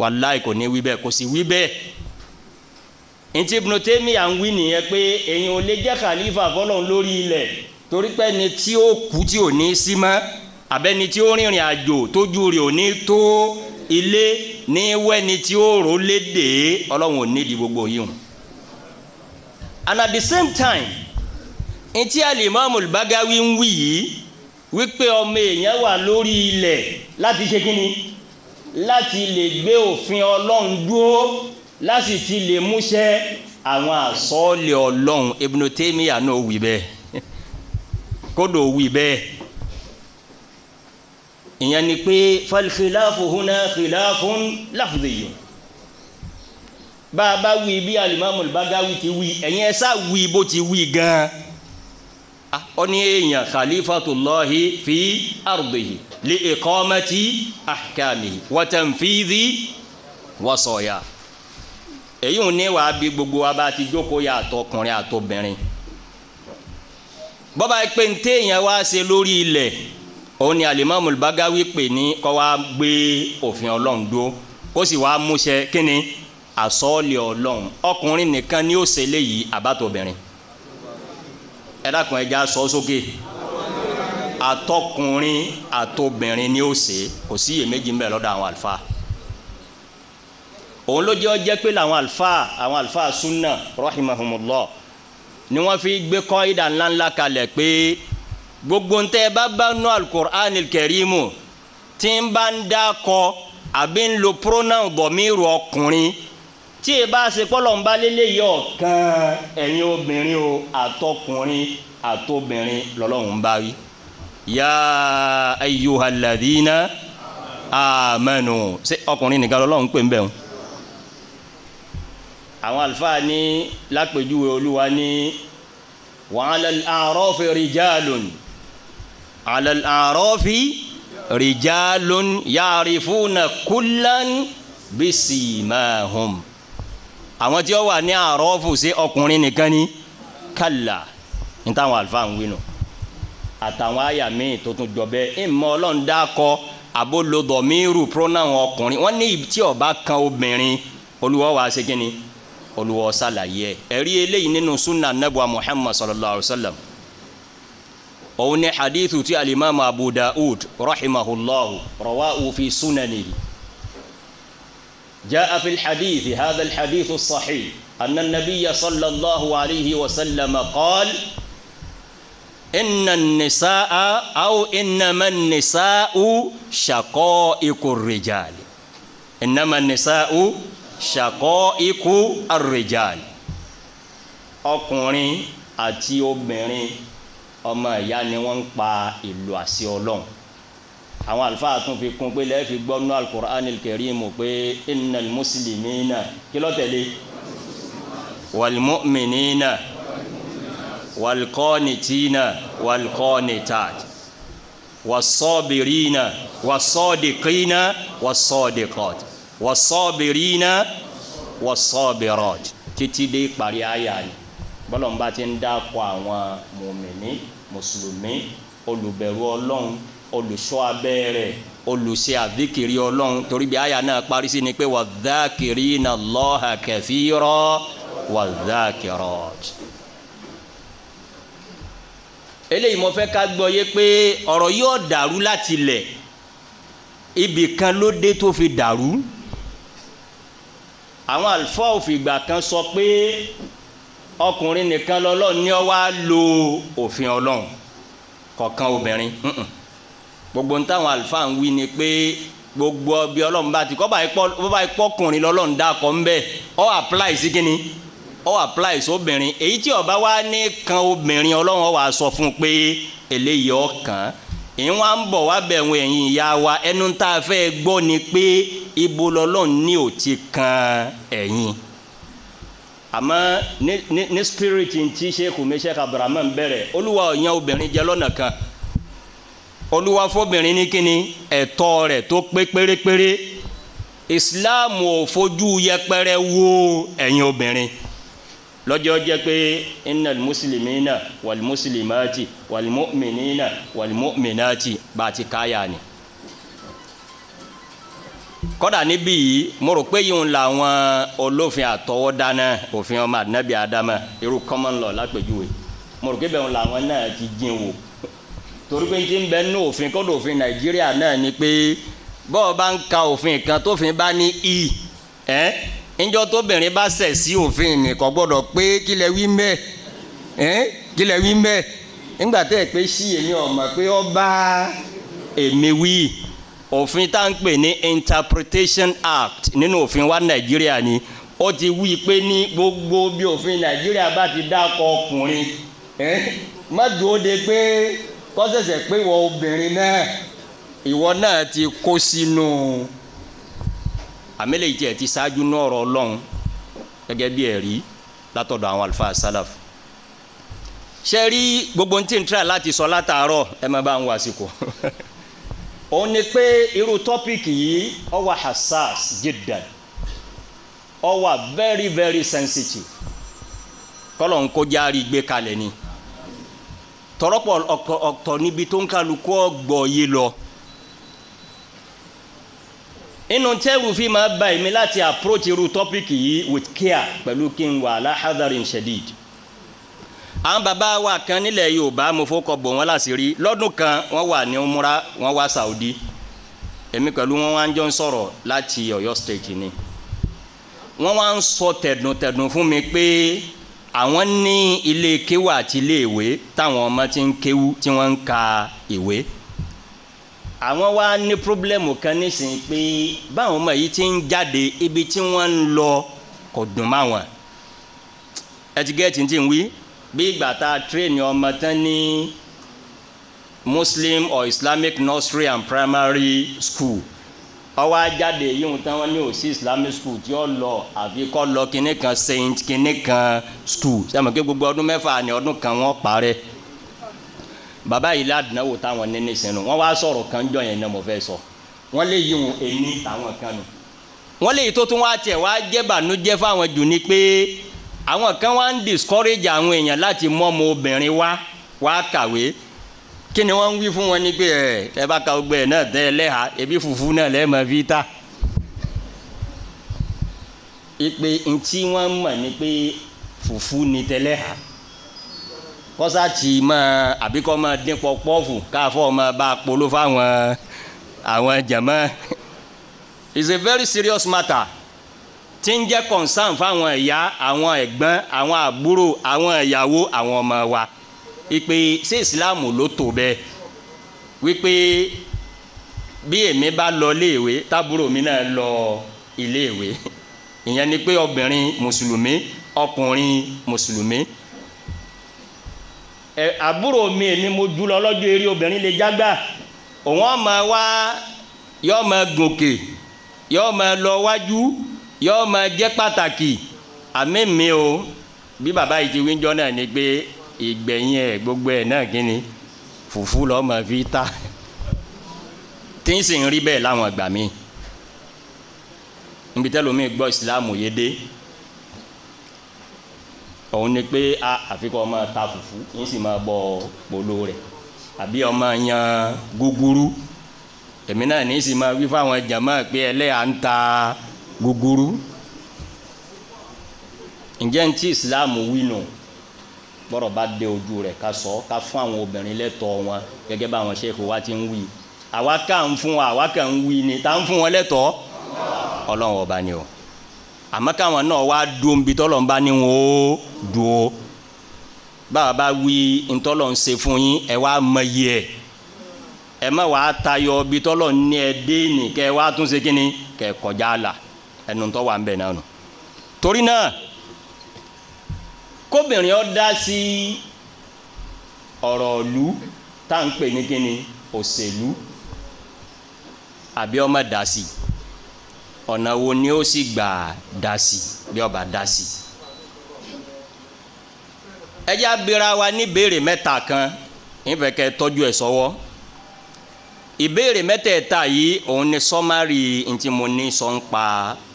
wàláì kò ní wí bẹ́ẹ̀ kò sì wí bẹ́ẹ̀ ntí Ibn Taymiyyah ń wí nìyẹn pé èyàn ò lè jẹ́ khalifa fọlọ́hún lórí ilẹ̀ torí pé ẹni tí ó kú tí ò ní sí mọ́ àbẹ́ni tí ó rìnrìn àjò tójú rẹ̀ ò ní tó ilé ní wẹ́ni tí ó rò léde ọlọ́run ò ní di gbogbo yìí hùn and at the same time ntí Al-Imam Al-Bagawi ń wí yìí wípé ọmọ èèyàn wà lórí ilẹ̀ láti ṣe kíni láti lè gbé òfin ọlọ́run dúró láti ti lè múṣẹ àwọn àsọ́ọ̀lẹ̀ ọlọ́run Ibn náà wí bẹ́ẹ̀ kódò wí bẹ́ẹ̀ ìyẹn ni pé fal-khilafu huna khilafun lafziyyun bá a bá wí bí Al-Imam Al-Baghawi ti wí ẹ̀yin ẹ̀ sá wí bó ti wí gan-an ó ní èèyàn khalifatullahi fi ardihi li iqamati ahkamihi wa tanfidhi wasaya èyí ò ní wàá bí gbogbo wa bá ti jókòó yà àtọkùnrin àtobìnrin bọ́ba pé ń téèyàn wá ṣe lórí ilẹ̀ òun ni alimami bagawi pè ní kọ́ wá gbé òfin ọlọ́run dúró kó sì wá múṣẹ kínni àsọ́ọ̀lì ọlọ́run ọkùnrin nìkan ni ó ṣe léyìí àbátobìnrin ẹ dákun ẹja sọ sókè àtọkùnrin àtobìnrin ni ó ṣe kò sí iyèméjì ń bẹ lọ́dọ̀ àwọn àlùfáà òun ló jẹ́ ọjẹ́ pé làwọn àlùfáà àwọn àlùfáà sunna rahimahumullah ni wọ́n fi gbé kọ́ ìdá ńláńlá kalẹ̀ pé gbogbo ntẹ́ bá bá nú alukur'an kẹrìmù tí ń bá ń dá kọ àbí ń lo pronoun bọ̀ mí rọ ọkùnrin tí ẹ bá ṣe pọ́lọ́mbá lélẹ́yìí ọ̀kan ẹ̀yin obìnrin o àtọkùnrin àtobìnrin lọ́lọ́run bá rí. ya ayyuhal ladhina amanu ṣé ọkùnrin nìkan lọ́lọ́run pè ń bẹ̀ wọn. àwọn àlùfáà ní lápèjúwe olúwa ní wa alal a'rafi rijalun alal a'rafi rijalun ya'rifuna kullan bisimahum àwọn tí ó wà ní àrọ́fù sí ọkùnrin nìkan ni kàlà ní táwọn àlùfáà ń wí nù àtàwọn àyà míì tó tún jọ bẹ́ẹ̀ ń mọ ọlọ́run dákọ abolodọ̀míìrù pronoun ọkùnrin wọ́n ní tí ó kan obìnrin olúwa wàá ṣe kínni olúwa ṣàlàyé ẹ̀ ẹ̀rí eléyìí nínú sunna nebua muhammad sallallahu alayhi wa sallam òun ní hadithu ti alimami abu da'ud rahimahullahu rawahu fi sunanihi. جاء في الحديث هذا الحديث الصحيح أن النبي صلى الله عليه وسلم قال إن النساء أو إنما النساء شقائق الرجال إنما النساء شقائق الرجال أقولي àti obìnrin أما يعني وانقى wọ́n ń àwọn àlùfáà tún fi kún pé lẹ́ẹ̀fi gbọ́nú alukur'anil karimu pé innal muslimina kí ló tẹ̀lé walmu'minina walqanitina walqanitat wasabirina wasadiqina wasadiqat wasabirina wasabirat títí dé parí àyà yìí bọ́lọ̀ ń bá ti ń dákọ̀ àwọn mùmìnì mùsùlùmí olùbẹ̀rù ọlọ́run olùṣọ́ abẹ́ rẹ̀ olùṣe àdìkìrì ọlọ́run torí bí àyà náà parí sí ni pé wà dákìrì iná lọ́hà kẹfìrọ́ wà dákìrọ́. eléyìí mo fẹ́ ká gbọ́ yé pé ọ̀rọ̀ yóò dàrú láti lẹ̀ ibì kan ló dé tó fi dàrú àwọn àlùfáà òfìgbà kan sọ pé ọkùnrin nìkan lọ́lọ́ọ̀ ni ó wá lo òfin ọlọ́run kọ̀ọ̀kan obìnrin. Mm -mm gbogbo ń táwọn àlùfáà ń wí ni pé gbogbo ọbẹ̀ ọlọ́run bá ti kọ́ bá ipọ́ ọkùnrin lọ́lọ́run dákọ̀ ń bẹ̀ ọ́ apply sí kínní ọ́ apply sóbìnrin èyí tí ọba wa ní kan obìnrin ọlọ́run ọ̀ wá sọ fún un pé eléyìí ọkàn ìwọ̀n à ń bọ̀ wá bẹ̀rùn ẹ̀yìn ìyá wa ẹnu tá a fẹ́ gbọ́ ni pé ibo lọ́lọ́run ní ò ti kan ẹ̀yìn àmọ́ ní ní spirit ti ṣe kùmí Sheikh Abdulrahman bẹ̀rẹ̀ olúwa ọ̀yàn obìnrin jẹ́ lọ́nà kan olúwa fóbìnrin ní kíni ẹ̀tọ́ rẹ̀ tó pé pérépéré islam ò fojú yẹpẹrẹ wo ẹ̀yin obìnrin lọ́jọ́ jẹ́ pé innal muslimina wal muslimati wal mu'minina wal mu'minati bá a ti káyà ni. kọ́dà níbí yìí mo rò pé yìí ń la àwọn olófin àtọwọ́dá náà òfin ọmọ àdínábì àdámà irú common law lápèjúwe mo rò pé bẹ́ẹ̀ ń la àwọn náà ti jìn wò torí pé ti ń bẹ nínú òfin kọ́dọ̀ òfin nàìjíríà náà ni pé bọ́ọ̀ bá ń ka òfin kan tófin bá ní i ẹ́ níjọ́ tóbìnrin bá ṣẹ̀ sí òfin nìkan gbọ́dọ̀ pé kí lẹ wí mẹ́ ẹ́ kí lẹ wí mẹ́ nígbà tẹ́ ẹ pé sí èmi ọ̀mọ̀ pé ọ bá èmi wí òfin tá ń pè ní interpretation act nínú òfin wa nàìjíríà ni ó ti wí pé ní gbogbo bí òfin nàìjíríà bá ti dákọ ọkùnrin ẹ́ má dúró de pé kọ́sẹ̀sẹ̀ pé wọ obìnrin náà ìwọ náà ti kó sínú àmẹ́lẹ̀ ìtì ẹ̀ ti ṣáájú náà ọ̀rọ̀ ọlọ́run gẹ́gẹ́ bí ẹ̀rí látọ̀dọ̀ àwọn àlùfáà sálàf ṣe rí gbogbo ní tí n tíra láti sọ látàárọ̀ ẹ má bá ń wá àsìkò òun ni pé irú tọ́pìkì yìí ó wà hassas jiddan ó wà very very sensitive kọ́lọ̀ ń kó járí gbé kalẹ̀ ni tọrọpọ ọ̀tọ̀ níbi tó ń kálukú ọgbọ yìí lọ inú tẹ́wù fi máa bá èmi láti approach irú tọ́píkì yìí with care pẹ̀lú kí n wà aláhàdàrin shadid àwọn bàbá wa kan nílẹ̀ Yorùbá mo fọkọ bò wọ́n láṣìírí lọ́dún kan wọ́n wà ní umra wọ́n wá Saudi èmi pẹ̀lú wọn wá ń jọ ń sọ̀rọ̀ láti Ọ̀yọ́ state ni wọ́n wá ń sọ tẹ̀dùntẹ̀dùn fún mi pé. Pe àwọn ní ilé kéwà àti ilé ìwé táwọn ọmọ ti ń kéwú tí wọ́n ń ka ìwé àwọn wá ní pírọ́blẹ́mù kan nísìnyí pé báwọn ọmọ yìí ti ń jáde ibi tí wọ́n ń lọ kò dùn máwọn ẹtigẹ́tì ti ń wí bí ìgbà tá a tírèèni ọmọ tán ní Muslim or Islamic nursery and primary school ọwọ́ ajáde yìí ń tán wọn ní òsì islamic school tí ó lọ àfi kọ́ lọ kinní kan saint kinní kan school sẹ́mi kí gbogbo ọdún mẹ́fà ni ọdún kan wọ́n parẹ́ bàbá yìí ládùnáwó táwọn níní sinú wọ́n wá sọ̀rọ̀ kan jọ yẹn náà mo fẹ́ sọ wọ́n lè yí wọn èyí táwọn kan nù wọ́n lè yí tó tún wá tiẹ̀ wá jẹ́ bànújẹ́ fáwọn jù ní pé àwọn kan wá ń discourage àwọn èèyàn láti mọ́ ọmọ obìnrin wá wá kàwé kí ni wọ́n ń wí fún wọn ní pé ẹ̀ ẹ bá ka ọgbẹ́ náà tẹ́ ẹ lẹ́hà ebi fufu náà lẹ́ẹ̀ mọ̀ fi ta. ìpè ntí wọ́n mọ̀ ní pé fufu ni tẹ́lẹ̀ hà kọ́sá tì í mọ́ àbí kọ́ mọ́ dín pọ̀ bá polo fáwọn àwọn jẹ̀mọ́ it's a very serious matter tí ń jẹ́ concern fáwọn ìyá àwọn ẹ̀gbọ́n àwọn àbúrò àwọn ìyàwó àwọn ọmọ wa ipe ṣé islam ló tó bẹ́ẹ̀ wípé bí èmi bá lọ iléèwé tábúrò mi náà lọ iléèwé ìyẹn ni pé obìnrin mùsùlùmí ọkùnrin mùsùlùmí ẹ àbúrò mi èmi mo jù lọ lọ́jọ́ eré obìnrin lè jágbá òun ọmọ wa yọ ọmọ gòkè yọ ọmọ lọ wájú yọ ọmọ jẹ́ pàtàkì àmì mi o bí bàbá yìí ti wíjọ náà ni pé ìgbẹ̀yìn ẹ̀ gbogbo ẹ̀ náà kí ni fùfú lọ́mọ fi ta tí ń sì ń rí bẹ́ẹ̀ láwọn ìgbà mi níbi tẹ́lómi gbọ́ ìsìláàmù yé dé òun ni pé a àfikún ọmọ ta fùfú ń sì máa bọ polo rẹ̀ àbí ọmọ yan gúgúrú èmi náà ní sì máa wí fáwọn jàmọ́ pé ẹlẹ́yà ń ta gúgúrú ǹjẹ́ ń tí ìsìláàmù wí nù. No bọ́rọ̀ bá dé ojú rẹ̀ ká sọ ká fún àwọn obìnrin lẹ́tọ̀ọ́ wọn gẹ́gẹ́ bá àwọn ṣẹ́ẹ̀kì wa ti ń wí àwa ká ń fún wa àwa kà ń wí ni tá ń fún wọn lẹ́tọ̀ọ́ ọlọ́run ọba ni o àmọ́ káwọn náà wá dùn bí tọ́lọ̀ ń bá ní wọn ó dùn o báwa bá wí ntọ́lọ̀ ń ṣe fún yín ẹ wá mọyì ẹ ẹ má wàá tayọ bí tọ́lọ̀ ní ẹ dé nì kẹ tún ṣe kínní kẹ kọjá la ẹnu tó wà ń bẹ̀ náà nù torí náà kóbìnrin ọ dá sí ọ̀rọ̀ ìlú tá à ń pè ní kíni òṣèlú àbí ọmọ dá sí ọ̀nà wo ni ó sì gbà dá sí bí ọba dá sí. ẹ jẹ́ abira wa ní ìbéèrè mẹ́ta kan ìfẹ́ tọ́jú ẹ̀ sọ́wọ́ ìbéèrè mẹ́tẹ̀ẹ̀ta yìí òun ni sọ́márì ntí sọ ń pa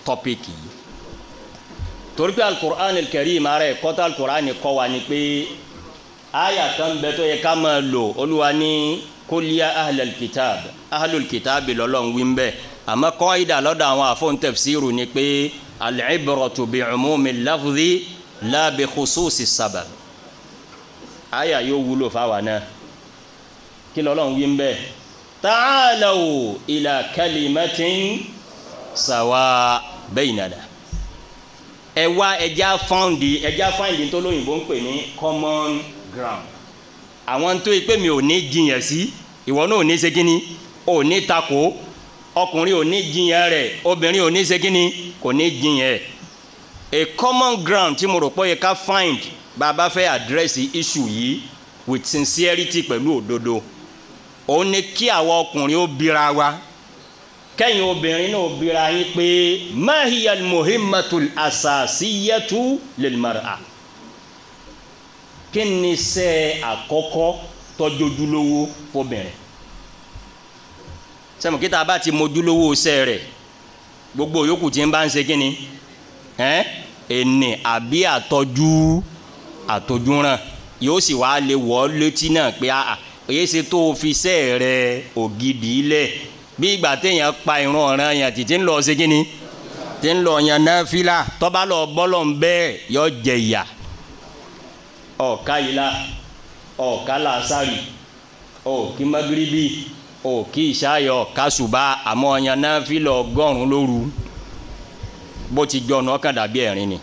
tọ́píìkì yìí torí pé alukur'an karim ara ẹ̀ kọ́tà alukur'an kọ́ wa ni pé aya kan bẹ tó yẹ ká máa lò olúwa ní kólíà ahlul kitab ahlul kitab lọ́lọ́n wí bẹ́ẹ̀ àmọ́ kọ́ńdà lọ́dọ̀ àwọn àfọ̀ǹtẹ̀fsíru ni pé al-ibratu bi umumi lafzi la bi khususi sabab aya yóò wúlò fáwa náà kí lọ́lọ́n wí bẹ́ẹ̀ ta'alaw ila kalimatin sawa baynana ẹ wá ẹja fáǹdì ẹja fáǹdì tó lóyìnbó ń pè ní common ground àwọn tó yẹ pé mi ò ní jiyàn sí ìwọ náà ò ní ṣe kíni ò ní takò ọkùnrin ò ní jiyàn rẹ̀ obìnrin ò ní ṣe kò ní jiyàn a common ground tí mo rò pé yẹ ká find bàbá fẹ́ address issue yìí with sincerity pẹ̀lú òdodo òun ni kí àwa ọkùnrin ó bira wa kẹ́yìn obìnrin náà bira yín pé mahiyal muhimmatul asasiyatu lilmar'a kí ni sẹ́ àkọ́kọ́ tọ́jojúlówó fobìnrin sẹ́mu kí tá a bá ti mojúlówó sẹ́ rẹ̀ gbogbo yòókù tí ń bá ń ṣe kí ni ẹ́ ẹnì àbí àtọ́jú àtọ́júràn yóò sì wá lè wọ́ létí náà pé àà èyí ṣe tó o fi sẹ́ rẹ̀ ògidì lẹ̀ bí ìgbà téèyàn pa ìrun ọ̀ràn yẹn títí ń lọ ṣe kínní tí ń lọ yẹn náfìlà tó bá lọ bọ́lọ̀ ń bẹ́ẹ̀ yọ jẹ ìyà ọ̀ka yìí la ọ̀ka làásàrì òkì magiribi òkì ìṣayọ kásùbà àmọ́ yẹn náfìlà ọgọ́rùn-ún lóru bó ti jọ ọ̀nà ọkàn dàbí ẹ̀rín ni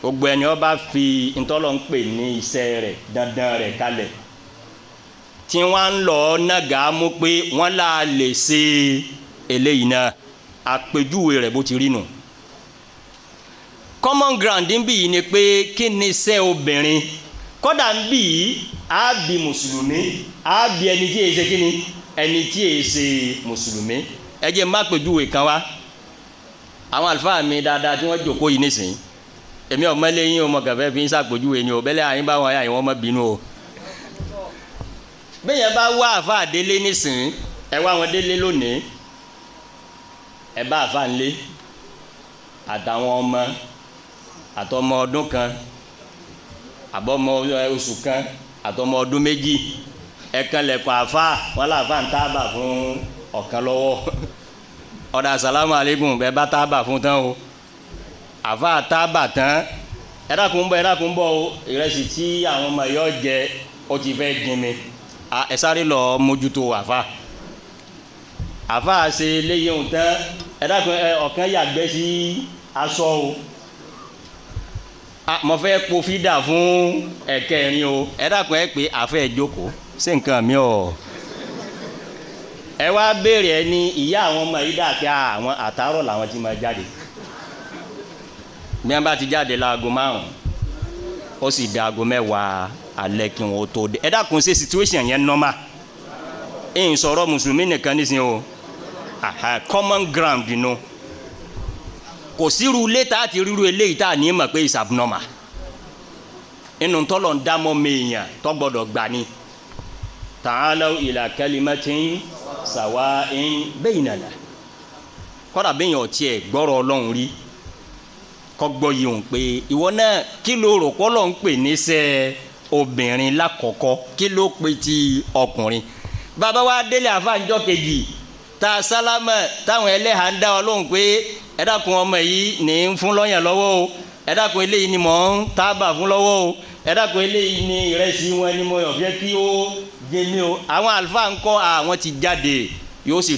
gbogbo ẹni ó fi ntọ́lọ́ ń pè ní iṣẹ́ rẹ̀ dandan rẹ̀ kalẹ̀ tí wọ́n ń lọ nága mú pé wọ́n là lè ṣe eléyìí náà àpèjúwe rẹ̀ bó ti rí nù. common ground ń bì yìí ni pé kí ni iṣẹ́ obìnrin kódà ń bì yìí á bi mùsùlùmí á bi ẹni tí èyí ṣe kí ni ẹni tí èyí ṣe mùsùlùmí ẹ jẹ́ má pèjúwe kan wá àwọn àlùfáà mi dáadáa tí wọ́n jòkó yìí nísìnyí èmi ọ̀mọ́lẹ́yìn ọmọ gàfẹ́ fi ń ṣàpèjúwe ni ò bẹ́lẹ́ ayé àwọn ọmọ bínú o bẹ́ẹ̀ yẹn bá wá àfa àdélé nísìnyí ẹ wá wọn délé lónìí ẹ bá àfa ńlé àtàwọn ọmọ àtọmọ ọdún kan àbọmọ oṣù kan àtọmọ ọdún méjì ẹ̀kan lẹ̀kọ́ àfa wọn làfa ń tábà fún ọ̀kan lọ́wọ́ ọ̀dà sàlámù alẹ́kùn bẹ́ẹ̀ bá tábà fún tán o àfa tábà tán ẹ̀dàkùn bọ̀ ẹ̀dàkùn bọ̀ o ìrẹsì tí àwọn ọmọ yọ jẹ ó ti fẹ́ gbin mi ẹ sáré lọ mójútó àfa àfa ṣe léyìn òun tán ẹ dákun ẹ ọ̀kan yàgbẹ́ sí aṣọ o mo fẹ́ po fídà fún ẹ̀kẹrin o ẹ dákun ẹ pé àfẹ́ jókòó ṣé nǹkan mi ò ẹ wá béèrè ẹ ní ìyá àwọn ọmọ yìí dàbí àwọn àtàárọ̀ làwọn ti máa jáde bí wọ́n bá ti jáde láago márùn ó sì da aago mẹ́wàá alẹ́ kí wọ́n tó dé ẹ dákun ṣe situation yẹn normal ẹ̀yin sọ̀rọ̀ mùsùlùmí nìkan nísìnyí o aha common ground you know kò síru létà àti ríru eléyìí tá a ní mọ̀ pé is abnormal inú tọ́lọ̀ ń dámọ́ mẹ́yìn tó gbọ́dọ̀ gbà ní ta'alaw ila kalimatin sawa'in baynana kọ́dà bẹ́yìn ọ̀tí ẹ̀ gbọ́rọ̀ ọlọ́run rí kọ́ gbọ́ yìí òun pé ìwọ náà kí ló rò pọ́ lọ́n pè ní sẹ́ẹ́ obìnrin lákọ̀ọ́kọ́ kí ló pe ti ọkùnrin bàbá wa délé kejì ta sálámà táwọn ẹlẹ́hà ń dá wa ọmọ yìí ní ń fún lọ́yàn lọ́wọ́ o eléyìí ni mò ń tábà fún lọ́wọ́ o eléyìí ni ìrẹsì wọn ni mo yàn fẹ́ kí ó o àwọn àlùfáà ń kọ́ àwọn ti jáde yóò sì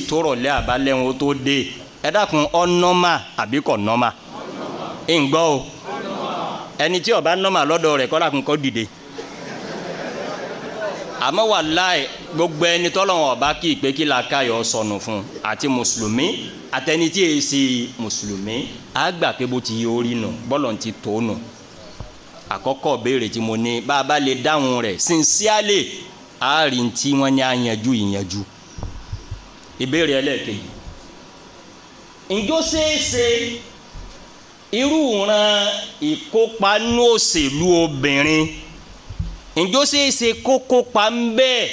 àbí kò nọ́mà o ẹni tí àmọ́ wàláhì gbogbo ẹni tọ́lọ́wọ̀n ọba kí ìpè kí la káyọ̀ sọnù fún àti mùsùlùmí àtẹni tí èyí sí mùsùlùmí á gbà pé bó ti yọrí nù bọ́lọ̀ ti tó nù àkọ́kọ́ béèrè tí mo ní bá a bá lè dáhùn rẹ̀ sincerely á rí n tí wọ́n ní àyànjú ìyànjú ìbéèrè ẹlẹ́ẹ̀kejì ǹjọ́ ṣeéṣe irú ìran ìkópa nú òṣèlú obìnrin ǹjọ́ ṣeéṣe kó kópa ń bẹ́ẹ̀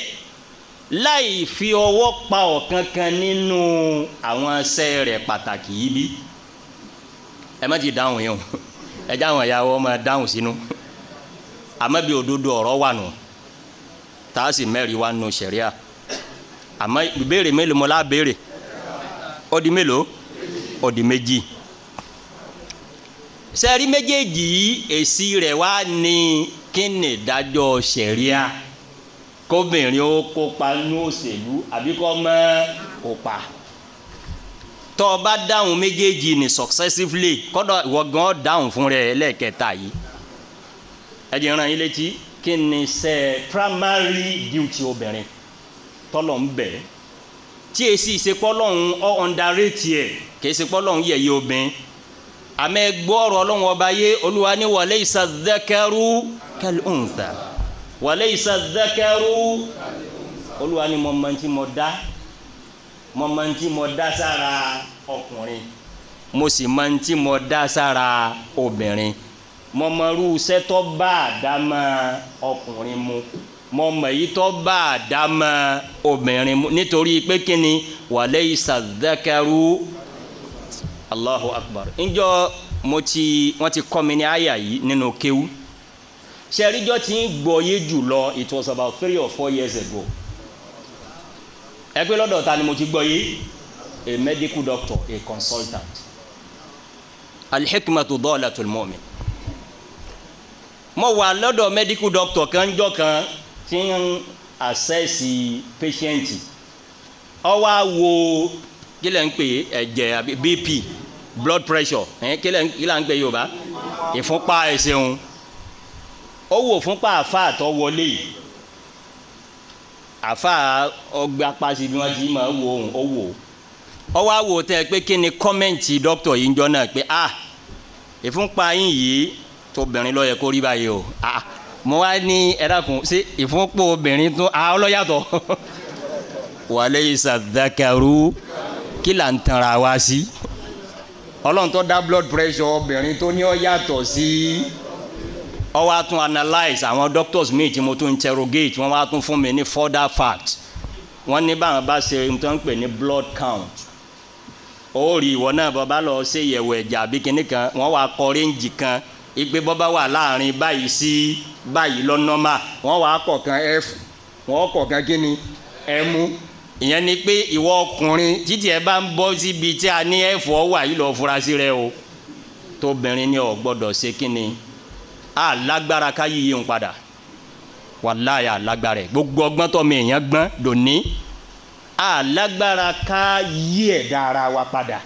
láì fi ọwọ́ pa ọ̀kan kan nínú àwọn iṣẹ́ rẹ̀ pàtàkì yìí bí ẹ má ti dáhùn yẹn o ẹ já àwọn ìyàwó ọmọ dáhùn sínú àmọ́ bí òdodo ọ̀rọ̀ wà nù tá a mẹ́rin wà nù sẹ̀ríà àmọ́ ìbéèrè mélòó mo lá béèrè ó di mélòó ó di méjì sẹ́rí méjèèjì yìí èsì rẹ̀ wá ní kí ni ìdájọ́ ṣẹ̀ríà kóbìnrin ó kópa ní òṣèlú àbí kó má kópa tọ́ ọ bá dáhùn méjèèjì ní successively kọ́dọ̀ ìwọ gan dáhùn fún rẹ lẹ́ẹ̀kẹta yìí ẹ jẹ́ rán yín létí kí ni ṣe primary duty obìnrin tọ́lọ̀ ń bẹ̀ tí èsì ìsepọ́lọ́hún ọ̀ underrate ẹ̀ kì í sepọ́lọ́hún yẹ̀yẹ́ obìnrin àmẹ́ ọ̀rọ̀ ọlọ́run ọba yé olúwa ní wàlẹ́ ìsàdẹ́kẹ́rú kal-untha wa laysa adh ممانتي olúwa ممانتي mo mọ̀ أكوني، موسي mo dá mo mọ̀ ní tí mo dá sára ọkùnrin mo sì mọ̀ ní tí mo dá sára obìnrin mo mọ̀ irú iṣẹ́ tó bá àdámọ́ ọkùnrin obìnrin mu nítorí pé kí ni wa Allahu akbar ǹjọ́ mo ti wọ́n ti kọ́ mi ní àyà yìí nínú kéwú. No sẹ́ríjọ́ ti ń gbọ́yé jùlọ it was about three or four years ago ẹ pé lọ́dọ̀ ta ni mo ti gbọ́yé a medical doctor a consultant alihikimatu dalatul mu'min mo wà lọ́dọ̀ medical doctor kan jọ kan tí ń àṣẹ́sì patient ó wá wo kí lẹ́ ń pè ẹ̀jẹ̀ àbí bp blood pressure kí lẹ́ ń pè yorùbá ìfúnpá ẹ̀sìn òun ó wò fúnpá àfa àtọ wọlé yìí àfa ọgbà paṣẹ bí wọn ti máa wo òun ó wò ó wá wò tẹ pé kí ni kọ́mẹ́ǹtì dókítà yìí ń jọ náà pé ah ìfúnpá yín yìí tóbìnrin ló yẹ kó rí báyìí o ah mo wá ní ẹ̀dàkùn sí ìfúnpọ̀ obìnrin tún ah ọlọ́yàtọ̀ wàlẹ́ ìsàdákàrú kí là ń tanra wa sí ọlọ́run tó dá blood pressure obìnrin tó ní ọ yàtọ̀ sí. Si ọ wá tún analyse àwọn doctors míì mo tún interrogate wọ́n wá tún fún mi ní further facts wọ́n ní báwọn bá ṣe n tó ń pè ní blood count ó rí ìwọ náà bọ́ bá lọ ṣe ìyẹ̀wò ẹ̀jẹ̀ àbí kinní kan wọ́n wá kọ réǹjì kan ìgbé bọ́ bá wà láàrin báyìí sí báyìí lọ normal wọ́n wá kọ̀ọ̀kan f wọ́n kan kíni m ìyẹn ni pé ìwọ ọkùnrin títí ẹ bá ń bọ́ síbi tí a ní f ọ wà yìí lọ fura sí rẹ o tóbìnrin ni ọ gbọ́dọ̀ ṣe kíni a lágbára ká yíyí ń padà wàláyé a lágbára gbogbo ọgbọ́n mi èèyàn gbọ́n lóní a lágbára ká yí ẹ̀dá ara wa padà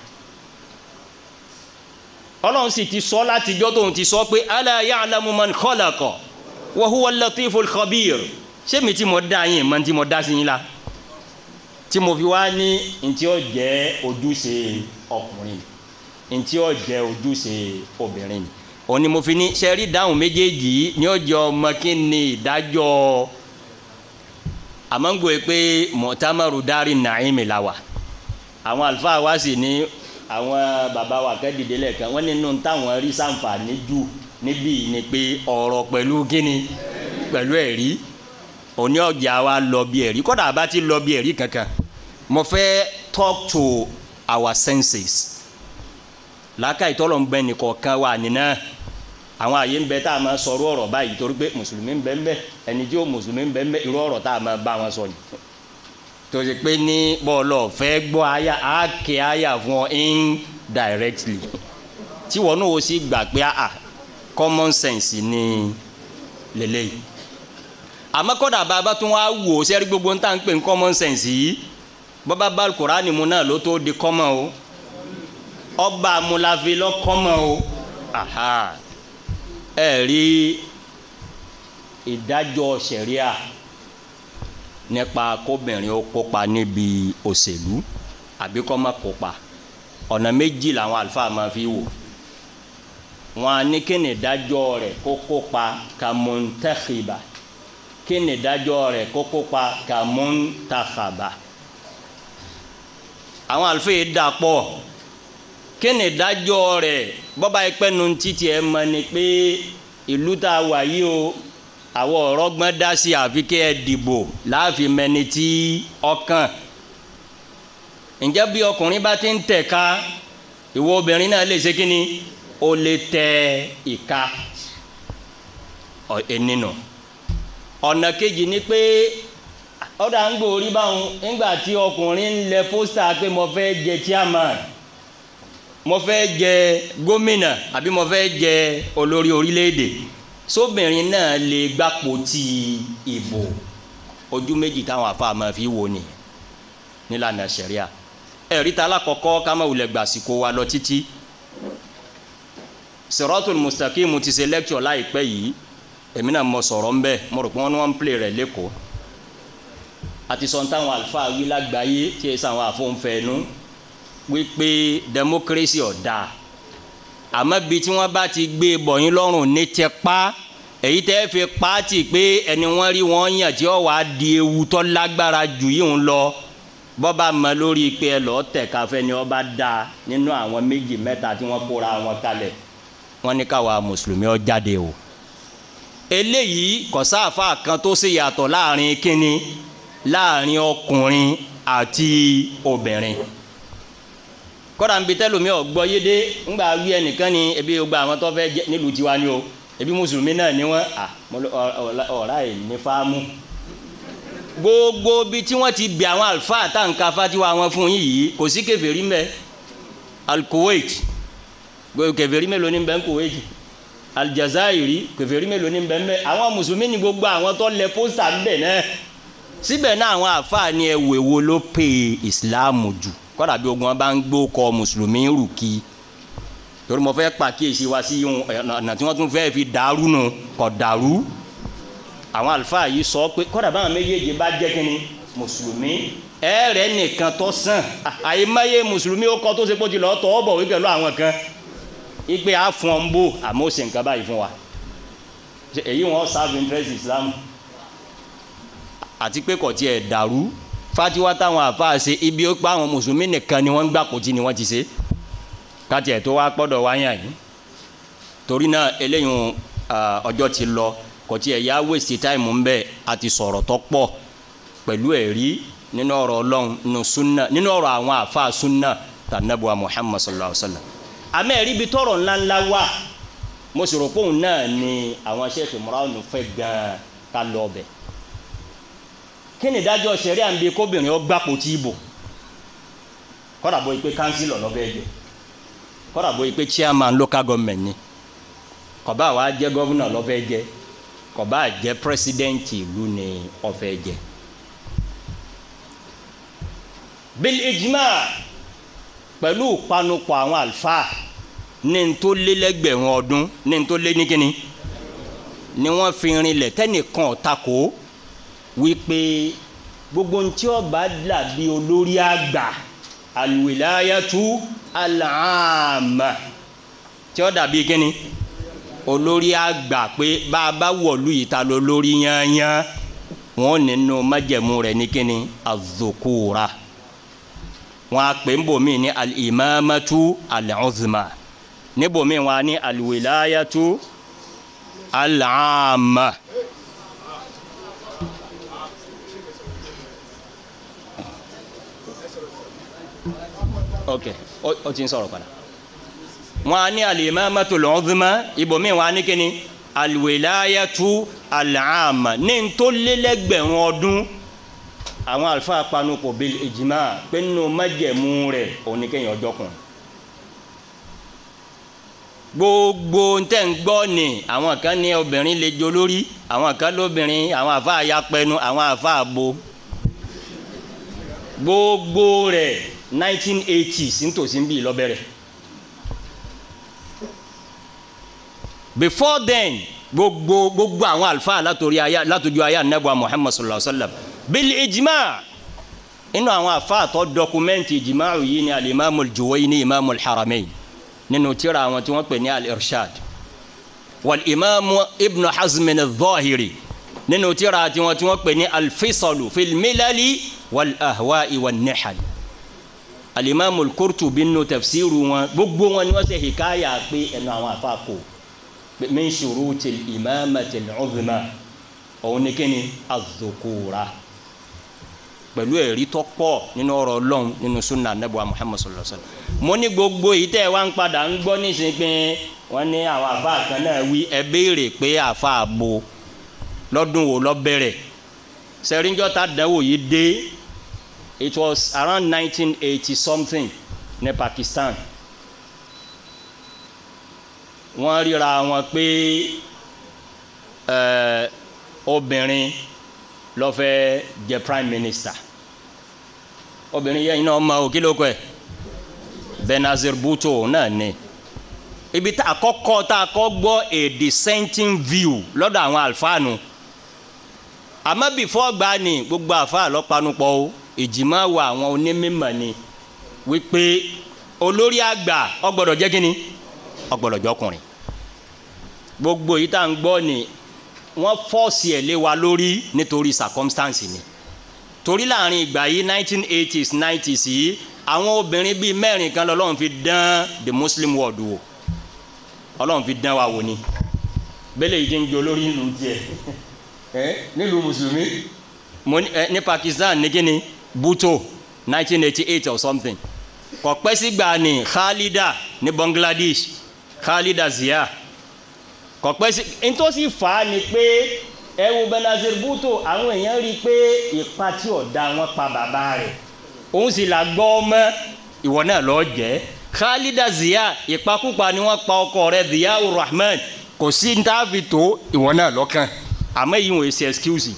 ọlọ́run sì ti sọ látijọ́ tóun ti sọ pé ala ya'lamu man khalaqa wa huwa al-latiful khabir ṣé mi tí mo dá yín mọ́ tí mo dá sí yín la tí mo fi wá ní ntí ó jẹ́ ojúṣe ọkùnrin ntí ó jẹ́ ojúṣe obìnrin ni òní mo fi ní sẹ́rí dáhùn méjèèjì yìí ní ọjọ́ ọmọ kí ni ìdájọ́ àmọ́ngbò yìí pé mọ̀tàmọ́rù dárí nàìmí la wà àwọn àlùfáà wa sì ní àwọn bàbá wa kẹ́dìdé lẹ́ẹ̀kan wọ́n nínú táwọn rí sàǹfààní jù níbí ni pé ọ̀rọ̀ pẹ̀lú kíni pẹ̀lú ẹ̀rí òní ọjà wa lọ bí ẹ̀rí kódà bá ti lọ bí ẹ̀rí kankan mo fẹ́ talk to our senses làákàyè tọ́lọ̀ ń bẹ nìkan kan wà nínà àwọn àyè ń bẹ tá a máa sọrú ọ̀rọ̀ báyìí torí pé mùsùlùmí ń bẹ ń bẹ ẹni tí ó mùsùlùmí ń bẹ ń bẹ irú ọ̀rọ̀ tá a máa bá wọn sọ yìí torí pé ní bọ́ọ̀lù ọ̀fẹ́ gbọ́ aya àáké aya fún ọ indirectly tí wọn náà ó sì gbà pé a common sense ni lélẹ́yìí àmọ́ kọ́dà bàbá tó wá wò ó sẹ́rí gbogbo ń tà ń pè ní common sense yìí bàbá bá Kùránì mu náà ló tó di common o ọba amúláfi lọ́kọ́mọ o ẹ rí ìdájọ́ ṣẹ̀ríà nípa kóbìnrin ó kópa níbi òṣèlú àbí kó má kópa ọ̀nà méjì làwọn àlùfáà máa fi wò wọn ní kí ni ìdájọ́ rẹ̀ kó kópa kàmúntàkìbà kí ni ìdájọ́ rẹ̀ kó kópa kàmúntàkàbà àwọn àlùfáà yìí dà pọ̀ kíni dájọ́ rẹ̀ bọ́ba ẹpẹ́ nu títí ẹ mọ ni pé ìlú tá a wà yìí o àwọn ọ̀rọ̀ gbọ́n dá sí àfi kí ẹ dìbò láàfin mẹni tí ọkàn ǹjẹ́ bí ọkùnrin bá ti ń tẹ̀ka ìwọ obìnrin náà lè ṣe kí ni o lè tẹ ìka ẹnìnà ọ̀nà kejì ni pé ọ̀dà ń gbòórí báwọn nígbà tí ọkùnrin ń lẹ pósítà pé mo fẹ́ jẹ chairman mo fẹ́ jẹ gómìnà àbí mo fẹ́ jẹ olórí orílẹ̀-èdè sóbìnrin náà lè gbapò ti ìbò ojú méjì táwọn àfáà máa fi wò ni nílànà ṣẹ̀ríà ẹ̀rí ta alákọ̀ọ́kọ́ ká má wulẹ̀ gbàsíkò wa lọ títí Siratul Mustaqim ti ṣe lecture láìpẹ́ yìí èmi náà mo sọ̀rọ̀ ń bẹ́ẹ̀ mo rò pé wọ́n ń play rẹ̀ lẹ́kọ̀ọ́ àti sọ̀ntàn àwọn àlùfáà wí lágbàáyé tí ẹ̀ sàn àwọn àfọ̀nfẹ́ nù. No? wípé democracy ọ̀dà àmọ́ bí tí wọ́n bá ti gbé e bọ̀ yín lọ́rùn ní tẹ pa èyí tẹ́ fi pàtì pé ẹni wọ́n rí wọ́n yàn tí ó wàá di ewu tó lágbára jù yìí ń lọ bọ́ba mọ lórí pé ẹ lọ́ọ́ tẹ̀ káfẹ́ ni ọba da nínú àwọn méjì mẹ́ta tí wọ́n kóra wọn kalẹ̀ wọ́n ní káwa mùsùlùmí ó jáde o eléyìí kọ̀sáàfà kan tó ṣe yàtọ̀ láàrin kínní láàrin ọkùnrin àti obìnrin kọ́ra ń bi tẹ́lómi ọ̀gbọ́ yé dé ńgbà wí ẹnìkan ni ebi gba àwọn tó fẹ́ nílùú tiwa ni o ebi mùsùlùmí náà ni wọ́n à ah, ọ̀rá ẹ̀ ní fáámù gbogbo bi tí wọ́n ti bẹ̀ àwọn àlùfáà àtàǹkà fatiwa wọn fún yìí kò sí kèfèrí mbẹ al-Kuwait kèfèrí mélòó ní bẹ́ẹ̀ Kuwait aljazairi kèfèrí mélòó ní bẹ́ẹ̀ mbẹ́ àwọn mùsùlùmí ni gbogbo àwọn tó lẹ pósítà ń bẹ̀ náà síbẹ̀ náà àwọn àfáà ni ẹ ló pe ìsìláàmù jù kọ́dà bí ogun bá ń gbó kọ mùsùlùmí rù kí torí mo fẹ́ pàkíyèsí wa sí ọ̀nà tí wọ́n tún fẹ́ fi dàrú nù kọ̀ dàrú àwọn àlùfáà yìí sọ pé kọ́dà báwọn méjèèjì bá jẹ́ kí ni mùsùlùmí ẹ̀rẹ̀ nìkan tó sàn àyèmáyé mùsùlùmí ó kọ́ tó ṣe pójú lọ́ọ́ tọ́ ọ bọ̀ wípé lọ àwọn kan ìgbé àfọ̀nbó àmọ́ ṣe nǹkan báyìí fún wa èyí wọn serve interest Islam àti pé kò tiẹ̀ dàrú fatiwa táwọn àfáà ṣe ibi ó pa àwọn mùsùlùmí nìkan ni wọ́n ń gbà kò tí ni wọ́n ti ṣe káti ẹ̀ tó wá pọ́dọ̀ wáyà yìí torí náà eléyìí ọjọ́ ti lọ kò tí yá wèsì táìmù ń bẹ̀ àti sọ̀rọ̀ tó pọ̀ pẹ̀lú ẹ̀rí nínú ọ̀rọ̀ ọlọ́run nínú sunna nínú ọ̀rọ̀ àwọn àfáà sunna tànàbùwà muhammad sallallahu alayhi wa sallam àmẹ́ ẹ̀rí bi tọ̀rọ̀ ńláńlá wà mo sì rò pé òun náà ni àwọn sẹ́ẹ̀kì mọ́ra ọ̀nù fẹ́ gan-an ká lọ ọbẹ̀ kí ni ìdájọ́ ṣẹ̀rí à ń bi kóbìnrin ipe kánsílọ̀ lọ́fẹ́ jẹ kọ́dà ipe chairman local government ni kọ̀bá wa jẹ́ gọ́vùnà lọ́fẹ́ jẹ kọ̀bá jẹ́ president ìlú ni ọ̀fẹ́ jẹ. bil ijma pẹ̀lú ìpanupọ̀ àwọn àlùfáà ní n tó lé lẹ́gbẹ̀rún ọdún ní n tó lé ní ni wọ́n fi wípé gbogbo ntí ọba dàbí olórí àgbà alwilayatu al'ama tí ó dàbí kíni olórí àgbà pé bá a bá wọ̀lú yìí ta ló lórí yányán wọn nínú májẹ̀mú rẹ̀ ní kíni azokura wọn a ń bò mí ní al'imamatu al'uzma níbò mí wọn ní alwilayatu al'ama. Al ok o ti ń sọ̀rọ̀ padà. wọ́n á ní al-imamatul uzma ibòmíì wọ́n á ní kíni al-wilayatu al-amma ní n tó lélẹ́gbẹ̀rún ọdún àwọn àlùfáà panupọ̀ bil ijma pé nínú májẹ̀mú rẹ̀ oníkẹ́yìn ọjọ́ kan gbogbo ntẹ̀ ń gbọ́ ni àwọn kan ní obìnrin lè jo lórí àwọn kan lóbìnrin àwọn àfa àyapẹnu àwọn àfa àbo gbogbo rẹ̀ 1980s nítòsí ń bí ìlọ́bẹ̀rẹ̀ before then gbogbo gbogbo àwọn alifa látòrí aya látòjú aya anabuwa muhammad sallallahu alaihi wa sallam bili ijima inú àwọn afa tó dọkumẹ́ntì ijima yìí ni alimami juwaini imam alharamain nínú tírà àwọn tí wọ́n pè ní al-irshad wal imam ibn hazmin al nínú tírà tí wọ́n pè ní al-fisalu fil milali wal ahwa'i alimami Qurtubi nínú tafsiru wọn gbogbo wọn ni wọ́n ṣe hikaya pé ẹnu àwọn afa kò min shurutil imamati al-uzma òun ni kíni az-zukura pẹ̀lú ẹ̀rí tó pọ̀ nínú ọ̀rọ̀ ọlọ́run nínú sunna anabuwa muhammad sallallahu alaihi wa sallam mo ní gbogbo yìí tẹ́ wá ń padà ń gbọ́ nísìnyí pé wọ́n ní àwọn àfa náà wí ẹ béèrè pé àfa àbo lọ́dún wo ló bẹ̀rẹ̀ sẹ́ríńjọ́ tá dánwò yìí dé It was around 1980 something ní Pakistan. Wọ́n ríra wọn pé eh, obìnrin ló fẹ́ jẹ prime minister. Obìnrin yẹn iná ọmọ òkè lóko ẹ̀ Benazir Bhutto náà ni. Ibi tá àkọ́kọ́ tá a kọ́ gbọ́ a dissenting view lọ́dọ̀ àwọn àlfáà nù. Àmọ́ before gbani gbogbo àlfáà lọ́panupọ̀ o ìjìmá wa àwọn onímọ̀ ni wípé olórí àgbà ó gbọ́dọ̀ jẹ́ kínní ó gbọ́dọ̀ jẹ́ ọkùnrin gbogbo yìí tá à ń gbọ́ ni wọ́n fọ́ọ̀sì ẹ̀ lé wa lórí nítorí circumstance ni torí láàrin ìgbà yìí nineteen eighties nineties yìí àwọn obìnrin bíi mẹ́rin kan lọ́lọ́run fi dán the muslim world wò ọlọ́run fi dán wa wò ni bẹ́lẹ̀ yìí ti ń jẹ olórí ìlú tiẹ̀ nílùú mùsùlùmí ní Pakistan ní kíni Buto, 1988 or something kò pẹ́ sígbà ní Khalida ní Bangladesh Khalida Zia kò pẹ́ sí ntòsí fà á ni pé ẹ wo Benazir Bhutto àwọn èèyàn rí i pé ipa tí ọ̀dà wọn pa bàbá rẹ̀ òun sì là gbọ́ ọmọ ìwọ náà lọ́ọ́ jẹ́ Khalida Zia ìpakúpa ni wọ́n pa ọkọ rẹ̀ Ziaur Rahman kò sí ní tá a fi tó ìwọ náà lọ́kàn àmọ́ yìí wọ́n ṣe excuse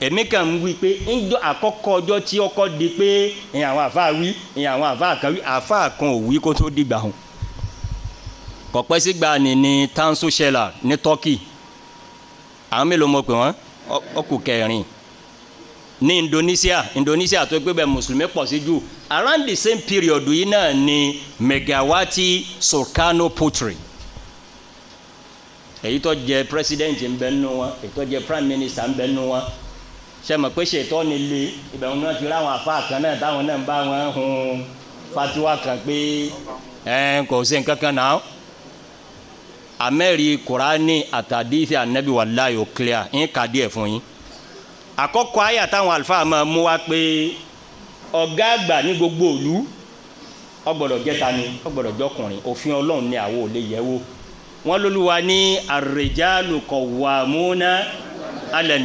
èmi kàn ń wí pé ńjọ́ àkọ́kọ́ ọjọ́ tí ọkọ di pé ìyẹn àwọn àfa wí ìyẹn àwọn àfa kan wí àfa kan ò wí kó tó dìgbà hàn kọ̀pẹ́ sígbà ni ni tansu shela ní Tọ́kì àwọn mélòó mọ̀ pé wọ́n ọkù kẹrin ní Indonesia Indonesia tó gbé bẹ mùsùlùmí pọ̀ sí jù around the same period yìí náà ni Megawati Sukarno Putri èyí tó jẹ president ń bẹ nínú wọn èyí tó jẹ prime minister ń bẹ nínú wọn sẹ́mọ̀ pé ṣètọ́ ni le ibẹ̀ wọn náà ti ráwọn àfáà kan náà táwọn náà ń bá wọn hun fatiwa kan pé ẹn kò sí nǹkan náà amẹ́rì kurani àtàdífì anabi wallahi ó clear ń ka díẹ̀ fún yín àkọ́kọ́ àyà táwọn àlùfáà máa mú wa pé ọ̀gá àgbà ní gbogbo òlu ọgbọ́dọ̀ jẹ́ ni ọgbọ́dọ̀ jọkùnrin òfin ọlọ́run ni àwọn ò lè yẹ̀ wò lóluwa ní ar-rijalu qawwamuna 'ala an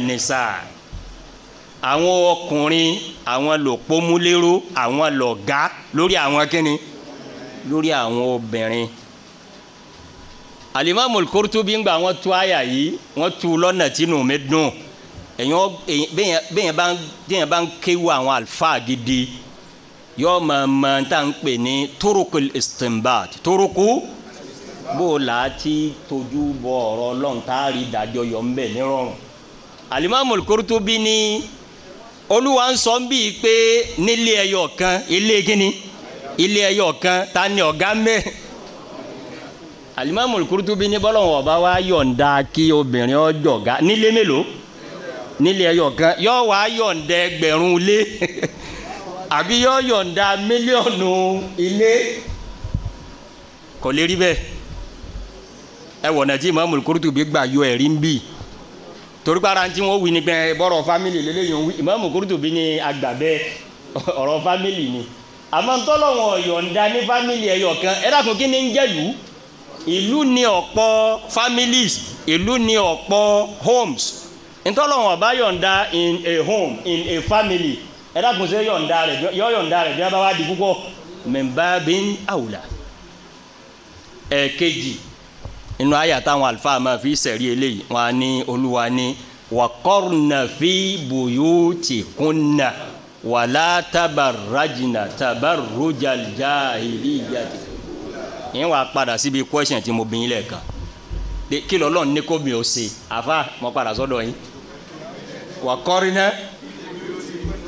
àwọn ọkùnrin àwọn lòpómúléró àwọn lọ̀gá lórí àwọn kíni lórí àwọn obìnrin alimami Qurtubi ń gba wọn tú àyà yìí wọn tú lọ́nà tínú mi dùn èyàn bẹ́ẹ̀ bẹ́ẹ̀ bá ń bẹ́ẹ̀ bá ń kéwu àwọn alfa gidi yóò mọ̀ mọ̀ n ta ń pè ní turuku Istanbul, turuku bó la ti tójú bọ ọ̀rọ̀ lọ́n tá a rí dájọ́ yọ ń bẹ̀ nírọ̀rùn alimami Qurtubi ní olúwa ń sọ bíi pé nílé ẹyọ kan ilé gíní ilé ẹyọ kan ta ni ọ̀gá mẹ́ alimami kurutubi ní bọ́lọ́wọ́ ọba wa yọ̀ǹda kí obìnrin ọjọ́ga nílé mélòó nílé ẹyọ kan yọ wá yọ̀ǹda ẹgbẹ̀rún lé àbí yọ yọ̀ǹda mílíọ̀nù ilé kò lè rí bẹ́ẹ̀ ẹ wọ̀nà tí imamu kurutubi gbà yọ ẹ̀rí ń bíi torípara tí wọ́n wí ni gbẹ́ bọ́rọ̀ fámìlì lélẹ́yìn wí ìmáàmù Kurtubi ni àgbà bẹ́ẹ̀ ọ̀rọ̀ fámìlì ni àmọ́ ntọ́lọ́wọ̀n yọ̀ǹda ní fámìlì ẹ̀yọ̀ kan ẹ dákun kí ni ń jẹ́lú ìlú ni ọ̀pọ̀ families ìlú ni ọ̀pọ̀ homes ntọ́lọ́wọ̀n bá yọ̀ǹda in a home in a family ẹ dákun sí yọ̀ǹda rẹ̀ yọ̀ yọ̀ǹda rẹ̀ bí wọ́n bá wá di púpọ̀ mẹ̀mbá bíi àwùlà ẹ̀ẹ̀kejì. Eh, inú àyà táwọn àlùfáà máa fi sẹ̀rí eléyìí wọn á ní olúwa ní wàkọ́rùnà fi buyutikunna wàlá tabarajina tabarujalja ìlíyàtì. ìyẹn wàá padà síbi question tí mo bí yín lẹ́ẹ̀kan kí lọ́lọ́run ní kó mi ò ṣe àfa mo padà sọ́dọ̀ yín wàkọ́rùnà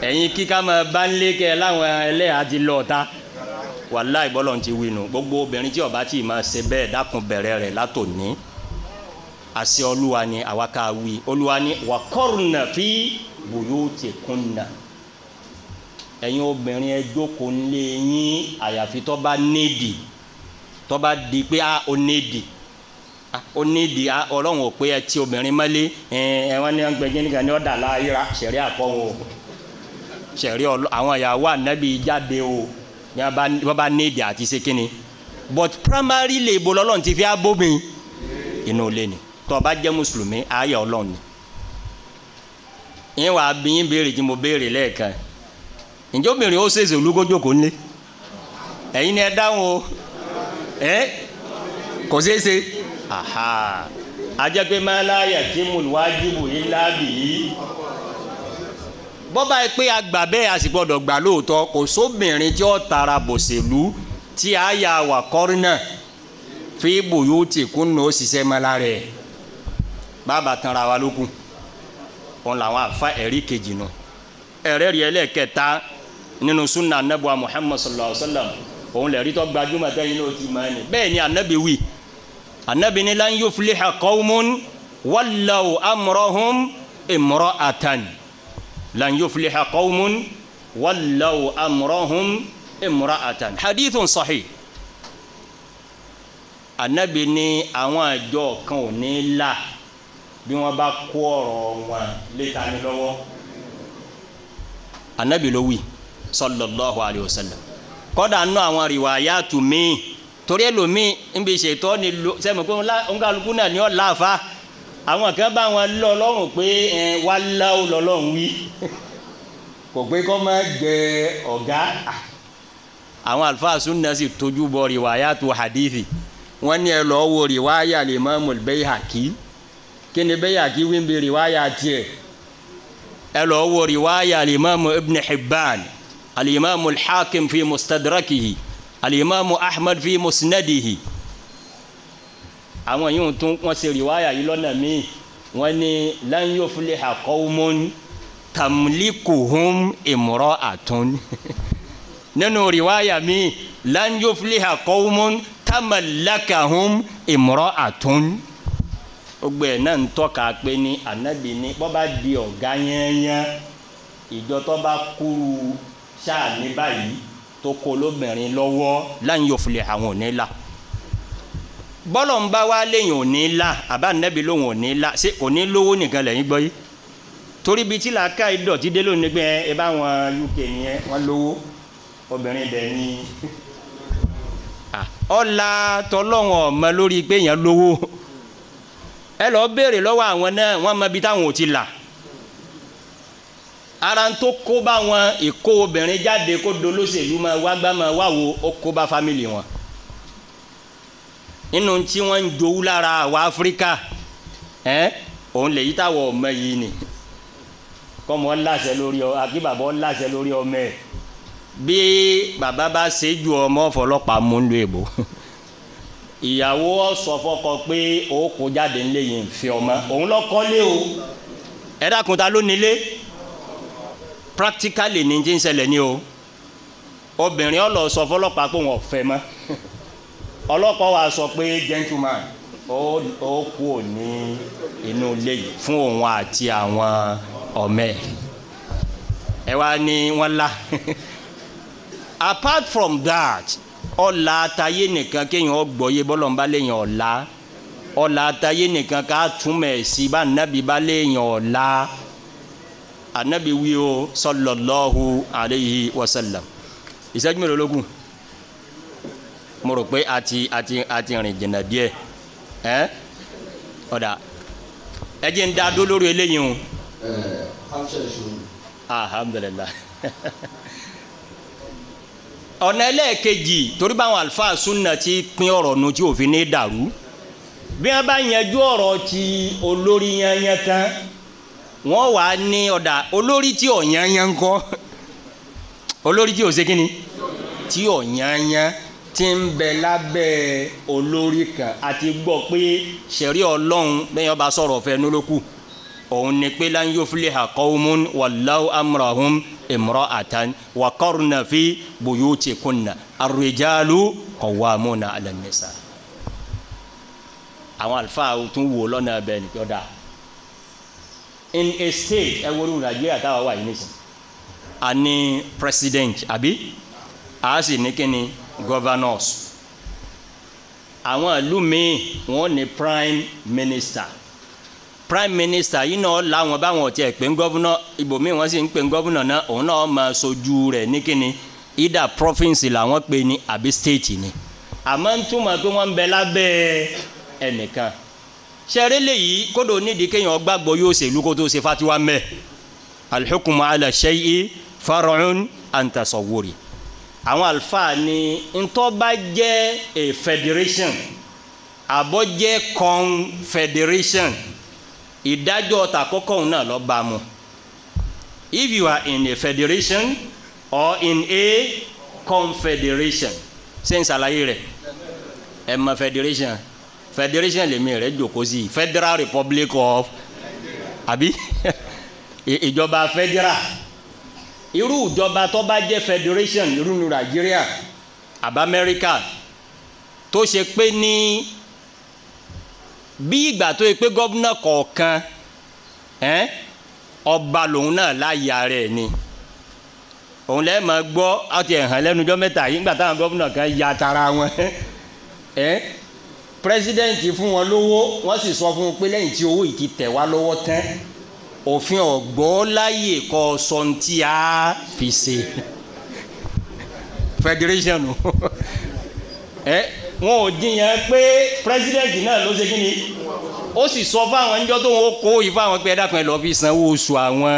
ẹ̀yin kíkà máa bá ń lé kẹ́ láwọn ẹlẹ́yà ti lọ́ọ̀ta wàláì bọ́lọ̀ ti winu gbogbo obìnrin tí ó bá ti máa ṣe bẹ́ẹ̀ dákun bẹ̀rẹ̀ rẹ̀ látòní àṣẹ olúwa ni àwa ká wí olúwa ni wàkọ́rùnà fi buyutikunna ẹ̀yin obìnrin ẹ jókòó nílé yín àyàfi tó nídìí tó di pé a ah, ò nídìí ó nídìí ah, ah, ọlọ́run ò pé ẹ ti obìnrin mọ́lé ẹ wọ́n ní gbẹ̀gẹ́ nìkan ní ọ̀dà láyé ra ṣẹ̀rí àkọ́ ṣẹ̀rí àwọn ìyàwó ànábì jáde o wọ́n bá nídìí àti ṣe kínni but primary lè bo lọ́lọ́run ti fi abómi inú ilé ni tó bá jẹ́ mùsùlùmí ayọ̀ ọlọ́run ni yín wàá bí yín béèrè tí mo béèrè lẹ́ẹ̀kan ǹjẹ́ obìnrin ó ṣèṣe olúkójókòó ńlé ẹ̀yin ni ẹ dáhùn o ẹ kò ṣeéṣe aha ajẹ́ pé máa láyà tí mo wájú bò yín lábì yìí bọ́ba yìí pé àgbà bẹ́ẹ̀ a sì gbọ́dọ̀ gbà lóòótọ́ kò sóbìnrin tí ó tara bòṣèlú tí a yà wà kọ́rin náà fi bùyúùtì kúnnù ó ṣiṣẹ́ mọ́lá rẹ̀ bàbá tanra wa lókun òun làwọn àfa ẹ̀rí kejì nù ẹ̀rẹ́ rí ẹlẹ́kẹta nínú sunna anabu muhammad sallallahu alayhi wa sallam òun lè rí tó gbajúmọ̀ tẹ́yìn náà ti máa ní bẹ́ẹ̀ ni anabi wí anabi ni lan yufliha qawmun wallaw amrahum imra'atan lan yufliha qawmun wallaw amrahum imra'atan hadithun sahih anabi ni àwọn àjọ kan ò ní la bí wọn bá kó ọ̀rọ̀ wọn léta ní lọ́wọ́ anabi ló wí sallallahu alayhi wa sallam kódà nù àwọn riwayatu mi torí ẹlòmíì ń bí ṣètọ́ ni sẹ́mi pé ń kálukú náà ni ọ̀ láfa àwọn kan bá wọn lọ lọ́rùn pé ẹ wá láwọ lọ́lọ́run wí kò pé kọ́ máa jẹ ọ̀gá àwọn àlùfáà sunna sì tójú bọ rìwáyàtò hadithi wọ́n ní ẹ lọ wo rìwáyà lè mọ mọlbẹyàkí kí ni bẹyàkí wí ń bi rìwáyà tiẹ̀ ẹ lọ wo rìwáyà lè mọ mọ ibn hibban alimami alḥakim fi mustadrakihi alimami ahmed fi musnadihi àwọn yìí tún wọ́n ṣe rìwáyà yìí lọ́nà míì wọ́n ní lan yufliha qawmun tamlikuhum imra'atun nínú rìwáyà míì lan yufliha qawmun tamallakahum imra'atun gbogbo ẹ̀ náà ń tọ́ka pé ní anabi ní bọ́ba di ọ̀gá yẹ́nyẹ́ ìjọ kúrú sáà ní báyìí tó kó lóbìnrin lọ́wọ́ lan àwọn ò ní là bọ́lọ̀ ń bá wa léyìn òní la àbá nẹ́bi lóhùn òní la ṣé òní lówó nìkan lẹ́yìn gbọ́ yìí torí bíi tí làákà ìdọ̀tí dé lónìí pé ẹ bá wọn uk nìyẹn wọn lówó obìnrin dẹ̀ ní. ọ̀la tọlọ́wọ̀n ọ̀mọ lórí pé èèyàn lówó ẹ lọ́ọ́ béèrè lọ́wọ́ àwọn náà wọ́n mọ ibi táwọn ò ti là ara ń tó kó bá wọn ìkó obìnrin jáde kó dolóṣèlú máa wá gbá máa wá wo ó kó bá fámìlì wọn nínú tí wọ́n ń jowú lára àwọn áfíríkà ẹ́ òun lè yí táwọn ọmọ yìí ni kọ́mọ ńláṣẹ lórí ọ àbí bàbá ńláṣẹ lórí ọmọ ẹ̀ bí bàbá bá ṣe ju ọmọ ọ̀fọlọ́pàá mú lu èbó ìyàwó sọ fọkọ pé ó kó jáde ńlẹ yìí ń fi ọmọ òun lọ kọ́lé o ẹ dákun ta ló nílé practically ni ti ń ṣẹlẹ̀ ni o obìnrin ọ lọ sọ fọlọ́pàá pé òun ọ̀fẹ́ mọ́. ọlọ́pàá wa sọ pé gentleman ó kú ò inú ilé yìí fún òun àti àwọn ọmọ ẹ̀ ẹ wá ní wọ́n la apart from that ọ̀la àtayé nìkan kéèyàn ọgbọ̀ye bọ́lọ̀nba léèyàn ọ̀la ọ̀la àtayé nìkan ká túmọ̀ sí bá nàbí bá léèyàn ọ̀la anabi wi o sallallahu alayhi wa sallam ìṣẹ́jú mélòó lógún. mo rò pé a ti a ti a ti rìn jìnnà díẹ̀ ẹ ọ̀dà ẹ jẹ́ ń dá dó lórí eléyìí o. alhamdulilah ọ̀nà ẹlẹ́ẹ̀kejì torí báwọn àlùfáà súnà ti pín ọ̀rọ̀ nu tí òfin ní dàrú bí wọ́n bá yanjú ọ̀rọ̀ ti olórí yanyan tán wọn wà á ní ọ̀dà olórí tí ò yanyan kọ́ olórí tí ò segin ni tí ò yanyan tí ń bẹ lábẹ́ olórí kan àti gbọ́ pé sẹ̀rí ọlọ́run bẹ́ẹ̀ ọba sọ̀rọ̀ fẹ́ nólókù òun ni pé lan yufliha qawmun wallahu amrahum imra'atan wa qarna fi buyutikunna ar-rijalu qawwamuna 'ala an-nisa. àwọn àlùfáà tún wò lọ́nà abẹ́ nìkan dáa in a state ẹ wọ́n nàìjíríà táwa wà yìí nìkan a ní president àbí a sì ní kíni governors àwọn ìlú míì wọ́n ní prime minister prime minister yìí náà làwọn báwọn ò tiẹ̀ pé ń gọ́vùnà ibòmíì wọ́n sì ń pè ń gọ́vùnà náà òun náà máa sojú rẹ̀ ní kíni either province làwọn pè ní àbí state ni àmọ́ ń túmọ̀ pé wọ́n ń bẹ lábẹ́ ẹnìkan sẹ́rẹ́ lèyìí kódò nídìí kéèyàn gbàgbọ́ yóò ṣèlú kó tó ṣe fatiwa mẹ́ alḥukumu ala ṣẹ́yí farahun antasawori àwọn àlùfáà ni ntọ́ bá jẹ́ a federation àbọ̀ jẹ́ confederation ìdájọ́ tàkọ́kọ́ òun náà lọ́ọ́ bá mu if you are in a federation or in a confederation ṣé n ṣàlàyé rẹ̀ ẹ̀ mọ̀ federation federation lèmi rẹ̀ jòkó sí Federal Republic of àbí ìjọba federal irú ìjọba tó bá jẹ́ federation irú nu nàìjíríà àbá amẹ́ríkà tó ṣe pé ní bí ìgbà tó yẹ pé gọ́vùnà kọ̀ọ̀kan ọba lòun náà láyé ara ni òun lẹ́ẹ̀ máa gbọ́ àti ẹ̀hàn lẹ́nujọ́ mẹ́ta yìí nígbà táwọn gọ́vùnà kan ya tara wọn pírẹsidẹ́ǹtì fún wọn lówó wọ́n sì sọ fún un pé lẹ́yìn tí owó yìí ti tẹ̀ wá lọ́wọ́ tán òfin ọ̀gbọ́n láyè kọ́ sọ́ńtì á fi ṣe federation nù ẹ wọn ò jiyàn pé president náà ló ṣe kí ni ó sì sọ fáwọn ẹnjọ́ tó ń kó yìí fáwọn pé ẹ dákun ẹ lọ́ọ́ fi sanwó oṣù àwọn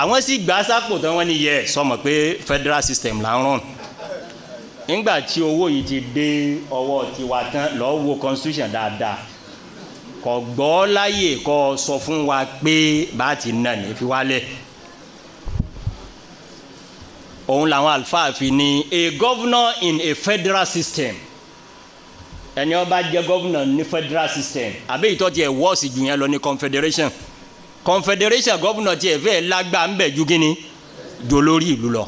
àwọn sì gbà sápò tán wọn ni yẹ sọmọ pé federal system là ń rán nígbà tí owó yìí ti dé ọwọ́ tiwa tán lọ́ọ́ wo constitution dáadáa kò gbọ́ láyè kò sọ fún wa pé bá a ti nà ní fi wálẹ̀ òun làwọn àlùfáà fi ní a governor in a federal system ẹni ó bá jẹ́ governor ní federal system àbí ìtọ́jú ẹ̀ wọ́ọ̀sì jù yẹn lọ ní confederation confederation governor tiẹ̀ fẹ́ẹ́ lágbàá ń bẹ̀ ju kínní jọ lórí ìlú lọ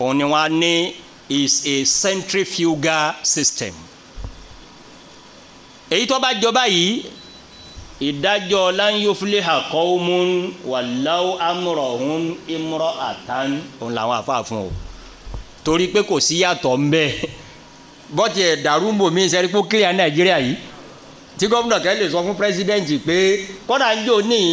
òun ni wọ́n á ní is a centrifugal system èyí tó bá jọba yìí ìdájọ́ lan yufliha qawmun walau amrahum imra'atan òun làwọn àfààfún o torí pé kò sí yàtọ̀ ń bẹ́ẹ̀ bọ́tì ẹ̀dàrú ń bò mí sẹ́rí pé ó kílíà nàìjíríà yìí tí gómìnà kẹ́ lè sọ fún pírẹ́sidẹ́ǹtì pé kọ́dà ń jò níyì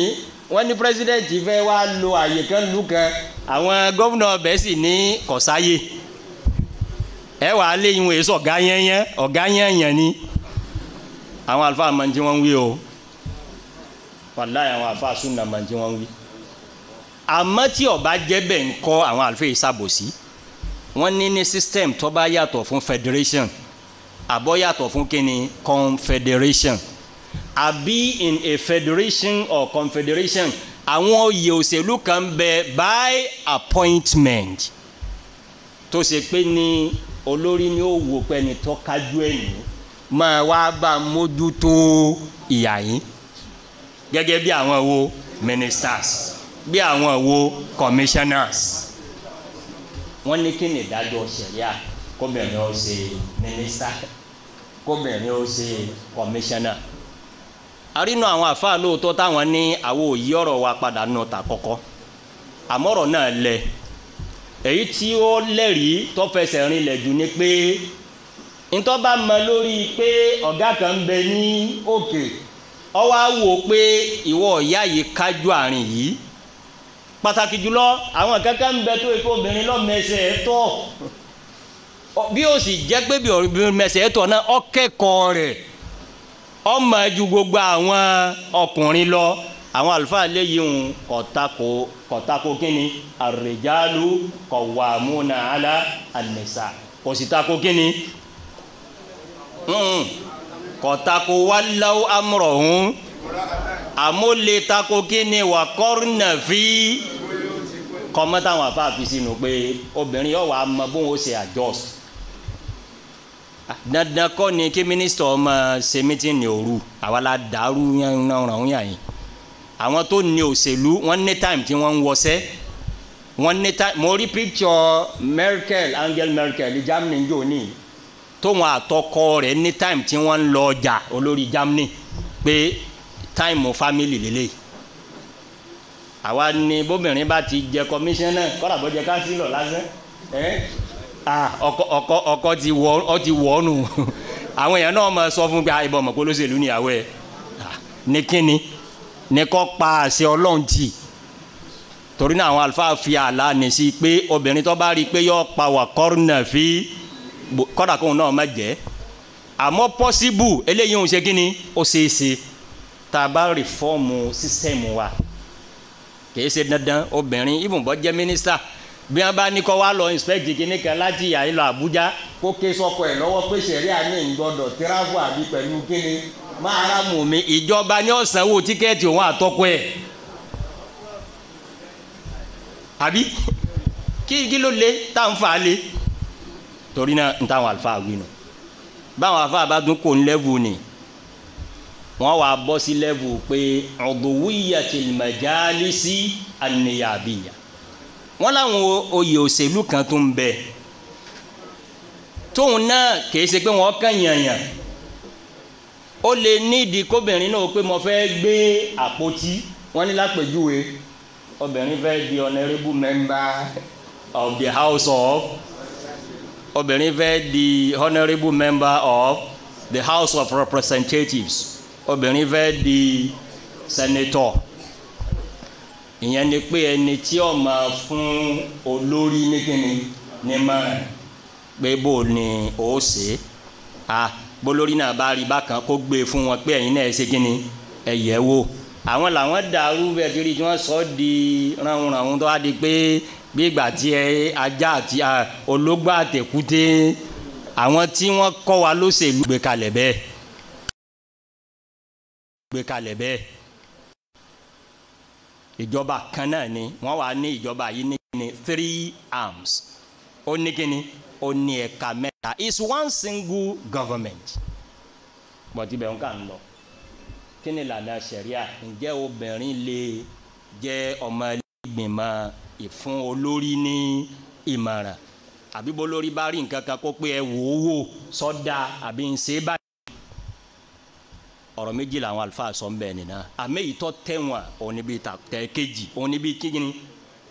wọ́n ní pírẹ́sidẹ́ǹtì fẹ́ wá lo àyè kan lù kan àwọn gómìnà ọbẹ̀ sì ní kọ̀sáyé ẹ wàá lé ìwọ̀n èso ọ̀gá yẹn yẹn ni àwọn àlùfáà máa ń tí wọ́n wí o wàláyé àwọn àlùfáà súnà máa ń tí wọ́n wí àmọ́ tí ọba jẹ́ bẹ́ẹ̀ ń kọ́ àwọn àlùfáà ìsàbòsí wọ́n ní ní system tó bá yàtọ̀ fún federation àbọ̀ yàtọ̀ fún kíni confederation àbí in a federation or confederation àwọn oyè òṣèlú kan bẹ by appointment tó ṣe pé ní olórí ni ó wò pé ẹni tó ẹ̀ nìyí máa wá bá mójútó ìyá yín gẹ́gẹ́ bí àwọn wo ministers bí àwọn wo commissioners wọ́n ní kí ni ìdájọ́ ṣẹ̀ríà kóbìnrin ó ṣe minister kóbìnrin ó ṣe commissioner àrínú àwọn àfáà lóòótọ́ táwọn ní àwọn òyí ọ̀rọ̀ wa padà nù ta kọ́kọ́ àmọ́rọ̀ náà lẹ̀ èyí tí ó lẹ́rìí tó rinlẹ̀ jù ni pé ntọ́ bá mọ lórí pé ọ̀gá kan ń bẹ ní òkè ọwọ́ á wò pé ìwọ ọ̀yá yìí kájú àárín yìí pàtàkì jùlọ àwọn kankan ń bẹ tó ikú obìnrin lọ́mẹsẹ̀ tọ́ bí o sì jẹ́ pé bí obìnrin mẹsẹ̀ tọ̀ náà ọ kẹ́kọ̀ọ́ rẹ̀ ju gbogbo àwọn ọkùnrin lọ àwọn àlùfáà léyìí ń kọ̀tàkó kọ̀tàkó kínni àrèjálù Hmm. kọ̀tàkù wàláwù amúrọ̀hún àmúlé tako kíni wà kọ́rùnà fi kọ́mọ táwọn afáàfin sínú pé obìnrin yóò wà á mọ bóun ó ṣe adjust dandan kọ́ ni kí mínísítọ̀ ọmọ ṣe mítìnì oru àwa la dàrú yẹn ràn yàn yìí àwọn tó ní òṣèlú wọ́n ní time tí wọ́n ń wọṣẹ́ wọ́n ní time mo rí picture Merkel Angela Merkel Germany jò ní tóun àtọkọ rẹ̀ ní táìmù tí wọ́n ń lọ ọjà olórí Germany pé táìmù fámìlì lélẹ̀ àwa ni bóbìnrin bá ti jẹ kọmíṣánná kọ́lá bó jẹ káńsílọ̀ lásán ọkọ ọkọ ọkọ ti wọ ọ ti wọ ọ nù àwọn èèyàn náà máa sọ fún gba ìbọn mọ̀pọ̀ olóṣèlú níyàwó ẹ̀ ní kínni ní kọ́ pa àṣẹ ọlọ́run tì torí náà àwọn àlùfáà fi àlá nì sí pé obìnrin tó bá rí i pé yọ pa wà kọ́rùnà fi kọ́dà kóun náà má jẹ́ àmọ́ pọ́síbù eléyìí òun ṣe kí ni ó ṣe é ṣe tá a bá rìfọ́ọ̀mù sísẹ́ẹ̀mù wa kì í ṣe dandan obìnrin ìbùnbọ́ jẹ́ mínísítà bí wọn bá ní kọ́ wá lọ ìnspẹ́kì kìíní kan láti ìyá yìí lọ Àbújá kó ké sọkọ ẹ̀ lọ́wọ́ pé sẹ̀rí àmì ìgbọ́dọ̀ tíráfù àbí pẹ̀lú kíni máa rà mù mí ìjọba ní ọ̀sánwó tíkẹ́ẹ̀tì òun àtọ́kọ ẹ̀ àbí kí kí ló lé tá à lé torí náà n táwọn àlùfáà wí nù báwọn àlùfáà bá dún kò ń lẹ́vù ni wọ́n wàá bọ́ sí lẹ́vù pé udhuwiyatil majalisi an-niyabiyya wọ́n láwọn oyè òṣèlú kan tó ń bẹ tóun náà kì í ṣe pé wọ́n kàn yànyàn ó lè nídìí kóbìnrin náà pé mo fẹ́ gbé àpótí wọ́n ní lápèjúwe obìnrin fẹ́ di honourable member of the house of obìnrin fẹ́ di honourable member of the house of representatives obìnrin fẹ́ di senator ìyẹn ni pé ẹni tí ó máa fún olórí nìkíni ní márùn pé bó ni ó ṣe à bólórí náà bá rí bákan kó gbé e fún wọn pé ẹ̀yin náà ṣe kíni ẹ yẹ̀ àwọn làwọn dàrú bẹ́ẹ̀ tí wọ́n sọ di ránwọ̀rànwọ̀ tó wá di pé bí ìgbà tí ajá àti ológbò àtẹ̀kúté àwọn tí wọ́n kọ́ wa lóṣèlú gbé kalẹ̀ bẹ́ẹ̀ gbé kalẹ̀ bẹ́ẹ̀ ìjọba kan náà ni wọ́n wà ní ìjọba yìí ní three arms ó ní kíni ó ní ẹ̀ka mẹ́ta is one single government bọ̀tí bẹ̀ ń kà ń lọ kí ni ìlànà ṣẹ̀ríà ǹjẹ́ obìnrin lè jẹ́ ọmọ ìgbìmọ̀ ìfún olórí ní ìmọ̀ràn àbí bó lórí bá rí nǹkan kan kó pé ẹ wò ó wò sọ́dà àbí ń ṣe é báyìí. ọ̀rọ̀ méjì làwọn àlùfáà sọ ń bẹ̀ nìyà àmì tẹ̀wọ̀n òun tẹ̀ kejì òun kíni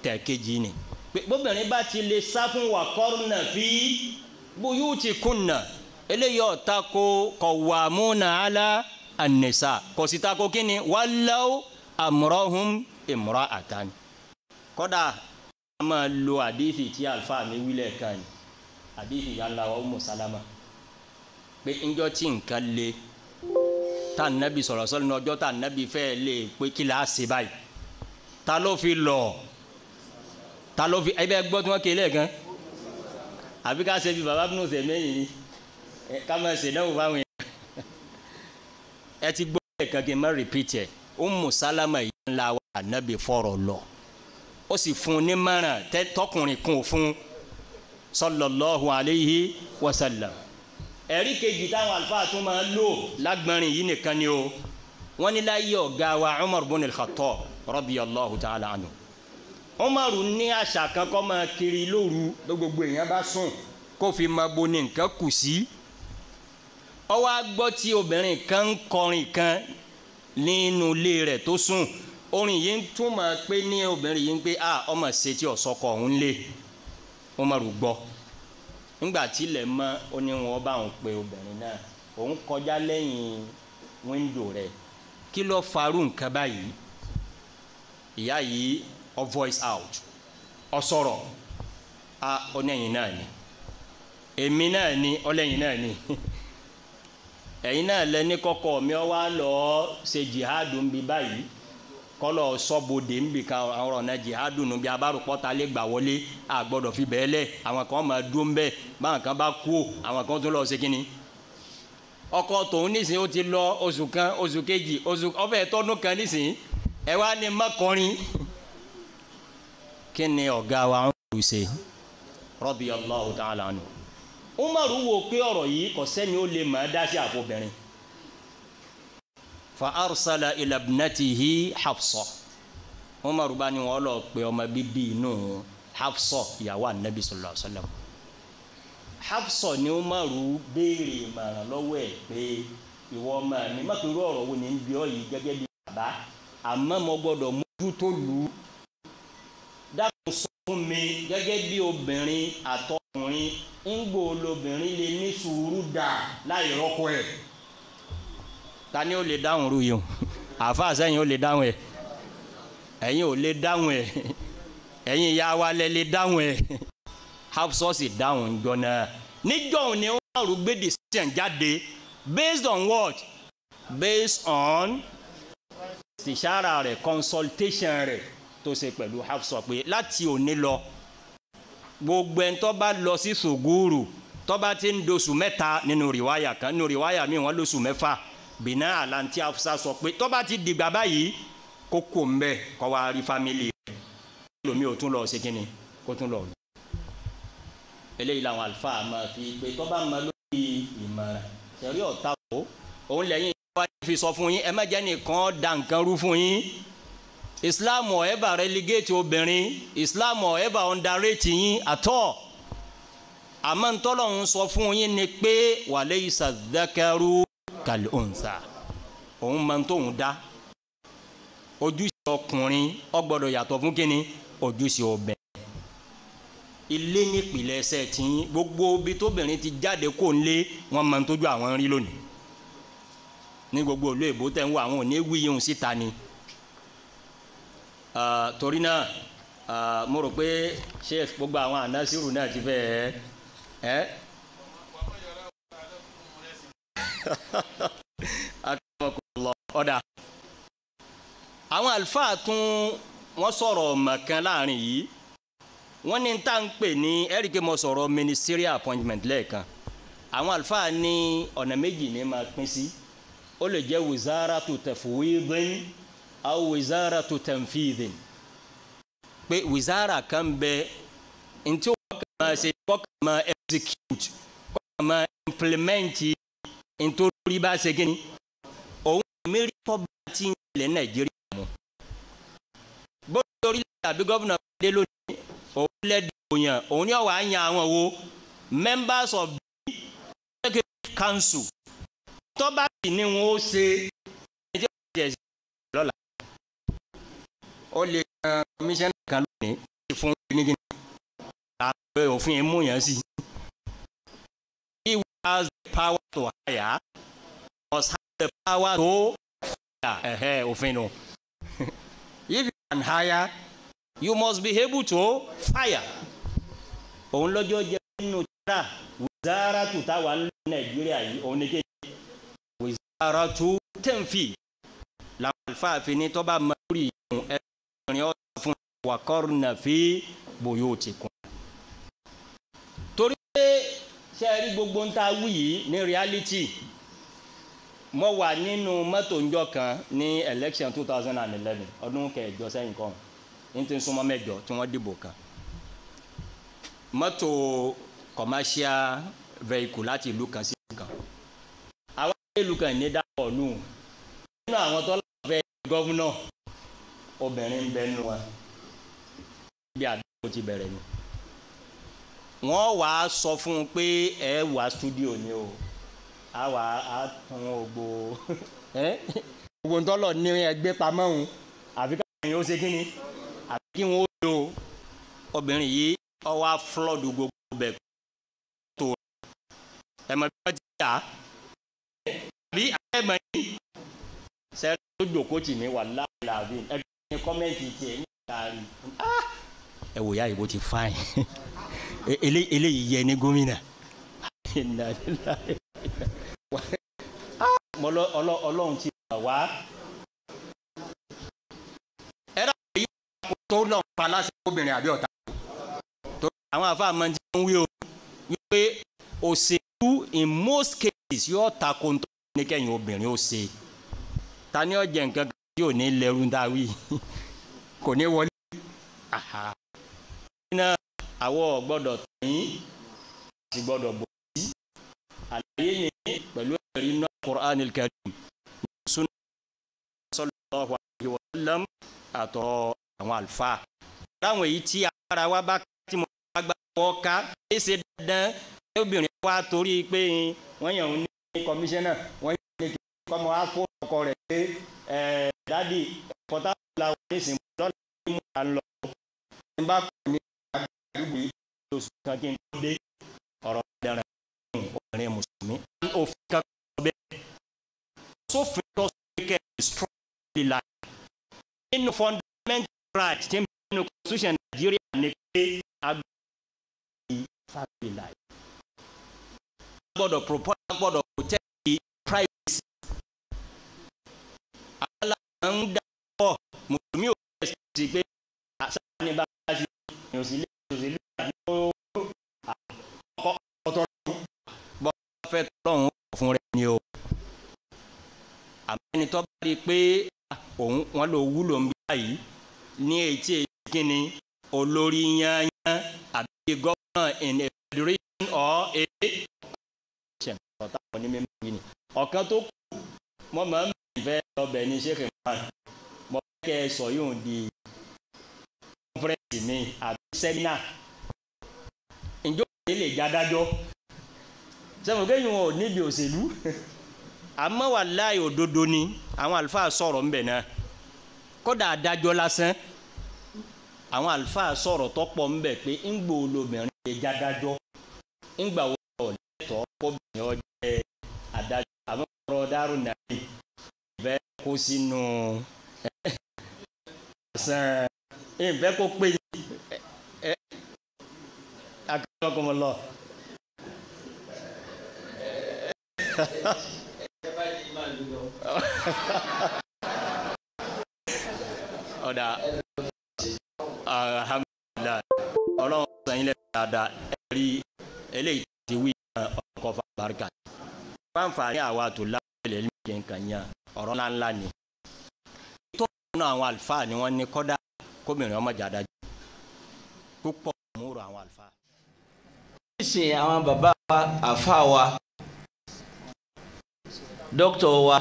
tẹ̀ kejì ni. gbóbìnrin bá ti lè sá fún wa kọ́rùnà fi buyuti kunna eléyìí ọ̀tá ko qawwamuna ala an-nisa kò sí ta ko kíni wallaw amrahum imra'atan kọ́dà a máa lo àdéhì tí alfa mi wílẹ̀ kan yìí àdéhì yàrá wa Ummu pé ńjọ́ tí nǹkan le tá a nàbì sọ̀rọ̀ sọ́ni ní ọjọ́ tá a nàbì fẹ́ lè pé kí la ṣe báyìí ta ló fi lọ ta ló fi ẹbẹ gbọ́ tí wọ́n kéé lẹ́ẹ̀kan àbí ká ṣe bí baba bínú ṣe mẹ́yìn ni ká máa ṣe náà fáwọn yẹn ẹ ti gbọ́ lẹ́ẹ̀kan kí n má repeat ẹ̀ Ummu Salama yìí ńlá wa ànábì fọ̀rọ̀ lọ ó sì fún un ní mọ̀ràn tọkùnrin kún fún sallallahu alayhi wa sallam ẹ̀rí kejì táwọn àlùfáà tún máa lò lágbọ́nrin yìí nìkan ni o wọ́n ní láyé ọ̀gá wa Umar bin al-Khattab radiyallahu ta'ala anhu Umar ní àṣà kan kọ́ máa kiri lóru ló gbogbo èèyàn bá sùn kó fi máa bo ní nǹkan kù sí ó wá gbọ́ tí obìnrin kan ń kọrin kan nínú ilé rẹ̀ tó sùn orin yìí ń túmọ̀ pé ní obìnrin yìí ń pé a ah, ọmọ ṣe tí ọ̀sọ́kọ ọ̀hún lé wọ́n mọ̀ rú gbọ́ nígbà tí ilẹ̀ mọ́ ó ní wọn bá òun pe obìnrin náà òun kọjá lẹ́yìn wíńdò rẹ̀ kí ló farú nǹkan báyìí ìyá yìí ọ voice out ọ sọ̀rọ̀ a ọlẹ́yìn náà ni èmi náà ni ọlẹ́yìn náà ni ẹ̀yin náà lẹ́ni kọ́kọ́ mi ọ wá lọ́ọ́ ṣe ń bi báyìí. kọlọ sọbodè ńbì kan àwọn ọ̀nà jihadu nù bí abárùkọ́ta lè gbà wọlé àgbọ̀dọ̀ fi bẹ́ẹ̀ lẹ̀ àwọn kan máa dúró ń bẹ̀ báwọn kan bá kú àwọn kan tó lọ ṣe kínni ọkọ tòun nísìnyí ó ti lọ oṣù kan oṣù kejì oṣù ọfẹ tọdún kan nísìnyí ẹ wá ní mọkànrin kí ni ọ̀gá wa ń lù ṣe radiyallahu ta'ala anhu Umaru wo pé ọ̀rọ̀ yìí kò ó lè máa dá sí fa arsala ila ibnatihi hafsa umaru bá ní wọn lọ pé ọmọ bíbí inú hafsa ìyàwó anabi sallallahu ni umaru béèrè ìmọ̀ràn lọ́wọ́ ẹ̀ pé ìwọ ọmọ mi má ọ̀rọ̀ wo ni ń bí ọ yìí gẹ́gẹ́ bí bàbá àmọ́ mo gbọ́dọ̀ mójú tó lù ú dákun sọ fún mi gẹ́gẹ́ bí obìnrin àtọkùnrin ń lè ní sùúrù dà láì rọ́kọ ta ni ó lè dáhùn ru yìí àáfàá sẹ́yìn ó lè dáhùn ẹ̀ ẹ̀yin ò lè dáhùn ẹ̀ ẹ̀yin ìyá wa lẹ lè dáhùn ẹ̀ hapsọ́ọ̀sì dáhùn jọ náà níjọ́ òun ni wọ́n rú gbé decision jáde based on what based on tìṣára rẹ̀ consultation To tó ṣe pẹ̀lú hapsọ́ pé láti òní lọ gbogbo ẹni tó bá lọ sí sùgúrù tó bá ti ń doṣù mẹ́ta nínú rìwáyà kan nínú rìwáyà míì wọ́n lóṣù mẹ́fà bìnnà àlàntí afusa sọ pé tó bá ti dìgbà báyìí kó kò ń bẹ kó wá rí fámìlì rẹ̀ lómi ò tún lọ ṣe kínni kó tún lọ. eléyìí làwọn àlùfáà máa fi pé tó bá máa lórí ìmọ̀ràn ṣẹ̀rí ọ̀tá kó òun lẹ́yìn ìwà fi sọ fún yín ẹ má nìkan da nǹkan rú fún yín islam ọ̀ẹ́bà relegate obìnrin islam ọ̀ẹ́bà underrate yín àtọ́ àmọ́ ntọ́lọ́hún sọ fún yín ni pé wàlẹ́ ìsàdákẹ́rù kàlí ònsà òun máa ń tóun dá ojúṣe ọkùnrin ọgbọ́dọ̀ yàtọ̀ fún kínní ojúṣe obìnrin ilé nípìnlẹ̀ ẹsẹ̀ tí gbogbo ibi tóbìnrin ti jáde kó ń lé wọn máa ń tójú àwọn rí lónìí ní gbogbo olú èbó tẹ̀ ń wọ àwọn òní wíyí òun síta ni torí náà mo rò pé ṣé gbogbo àwọn ànásírù náà ti fẹ́ ẹ́ ọ̀dà àwọn àlùfáà tún wọ́n sọ̀rọ̀ ọ̀mọ̀ kan láàrin yìí wọ́n ní tá à ń pè ní ẹ̀ríkì mo ministerial appointment lẹ́ẹ̀kan àwọn àlùfáà ní ọ̀nà méjì ní máa pín sí ó lè jẹ́ wizaratu tafwidin aw wizaratu tanfidin pé wizara kan bẹ ntí wọ́n kàn máa ṣe kọ́kàn máa execute kọ́kàn máa implement nítorí bá ṣe kí ni òun mẹ́rin kọ́ bá ti ń lẹ̀ nàìjíríà mu bóyá orílẹ̀ tàbí gọ́vùnà dé lónìí òun lẹ́dí òyàn òun ni ọ̀wà yan àwọn wo members of the executive council tó bá sì ni wọn ó ṣe ẹjẹ́ ìjẹ́ lọ́la ó lè yan commissioner kan lónìí fún nígbìn àgbẹ̀ òfin mú sí i has the power to hire must have the power to hire òfin nu if you can hire you must be able to fire òun lọ́jọ́ jẹ́ nínú tíra wizaratu táwa ń lò nàìjíríà yìí òun ni kéde wizaratu tẹ̀ǹfì làwọn àlùfáàfin ní tọ́ba mẹ́rì ìhun ẹ̀rìn ọ̀sán fún wàkọ́rùnà fi bòyó ti kún. torí pé ṣe é rí gbogbo ń ta wí yìí ní reality mo wà nínú mọ́tò ńjọ kan ní election two thousand and eleven ọdún kẹjọ sẹ́yìn kan ní tí ń súnmọ́ mẹ́jọ tí wọ́n dìbò kan mọ́tò commercial vehicle láti ìlú kan sí ìlú kan àwọn ìlú kan ní dápọ̀ nù nínú àwọn tó lọ́wọ́ fẹ́ obìnrin ń bẹ́ẹ̀ nù wọn bí àdúgbò ti bẹ̀rẹ̀ ni wọ́n wà á sọ fún un pé ẹ wà studio ni o a wà á tún ògbó gbogbo ntọ́lọ̀ ní ẹgbẹ́ pamọ́ òun àfi káyọ̀ yóò ṣe kí ni àfi kí wọ́n ó lo obìnrin yìí ọwọ́ flọ́ọ̀dù gbogbo bẹ̀ tó ẹ mọ̀ bí wọ́n ti yà á bí ẹ mọ̀ ní sẹ́rí tó jòkó tì mí wà láàbí ẹ bí wọ́n ní kọ́mẹ́ǹtì tiẹ̀ ní ìta ah! ẹ wò yá ìbò ti fáìn. E, eléyìí yẹ ní gómìnà ah, ọlọ́run ti wá. ẹ̀rọ yìí kò tó lọ́n pa láti obìnrin àbí ọ̀tá tó àwọn àfáà máa ń ti ń wí o wípé òṣèlú in most cases yóò ta ko tó ní kẹ́yìn obìnrin ó ṣe ta ni ọ̀jẹ̀ nǹkan kan tí ò ní lẹ́rú dáwì kò ní wọlé àwọ̀ gbọ́dọ̀ tẹ̀yìn àti gbọ́dọ̀ bọ̀ sí àlàyé yẹn pẹ̀lú ẹ̀rí náà Qur'an al-Karim sunna sallallahu alaihi wa sallam àtọ̀ àwọn àlùfáà. láwọn èyí tí ara wa bá ká tí mo bá gbà wọ́ ká ése dandan obìnrin wa torí pé wọ́n yàn ń ní kọmíṣánná wọ́n yàn ń ní kí kọ́mọ á fún ọkọ rẹ̀ pé dádì ẹ̀kọ́ táwọn làwọn oníṣìí lọ́la ní mú à ń lọ. ní bá kò ní níbi oṣù kan kí n tó dé ọ̀rọ̀ dára ní obìnrin mùsùlùmí. òfin kan sọ bẹ́ẹ̀ sófin tó sọ pé kẹ́ ẹ̀ strong be like nínú fundamental right tí nínú constitution Nàìjíríà ni pé agbẹ́bí family life. gbọ́dọ̀ propose gbọ́dọ̀ protect the privacy. àwọn làwọn ń pọ̀ mùsùlùmí ò fẹ́ sí pé àṣà ni bá a ṣe ìyànsílẹ̀ yóò àkọ́kọ́ tọ́lọ́hún bọ́ fẹ́ tọ́lọ́hún fún rẹ ni o àmẹ́ni tó bá rí i pé òun wọn lò wúlò ń bí báyìí ní etí kíni olórí yányán àbí gọ́ọ̀nà in a federation or a nation ọ̀tá àwọn onímọ̀ yìí ni ọ̀kan tó kù mọ́ máa ń fẹ́ lọ́bẹ̀ ní ṣé kìnnìkan mọ́ kẹ́ ẹ sọ yóò di conference mi àbí seminar. ǹjọ́ òye lè já dájọ́ sẹ́wọ̀n kéyìn wọn ò níbi òṣèlú àmọ́ wà òdodo ni àwọn àlùfáà sọ̀rọ̀ ńbẹ̀ náà kódà adájọ́ lásán àwọn àlùfáà sọ̀rọ̀ tọ́pọ̀ ńbẹ̀ pé ń gbò lè já dájọ́ ọkùnmọ̀lọ́. ọ̀dà alhamdulilayi ọlọ́run sàn ilẹ̀ dáadáa ẹ̀rí eléyìí ti wí ọkọ̀ fàbáríkà. fáǹfààní àwa tó lábẹ́lẹ̀ ní ìjẹun kan yẹn ọ̀rọ̀ ńláńlá ni. tó ń àwọn àlùfáà ni wọ́n ní kọ́dá kóbìnrin ọmọ jàdájú púpọ̀ múrò àwọn àlùfáà nísìnyí àwọn bàbá wa àfa wa dókítà wa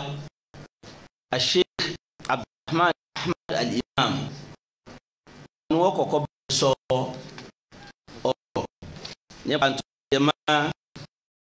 Sheikh Abdulrahman Ahmad Al-Imam ni wọ́n kọ́kọ́ bá sọ ọ̀rọ̀ nípa tó yẹ máa.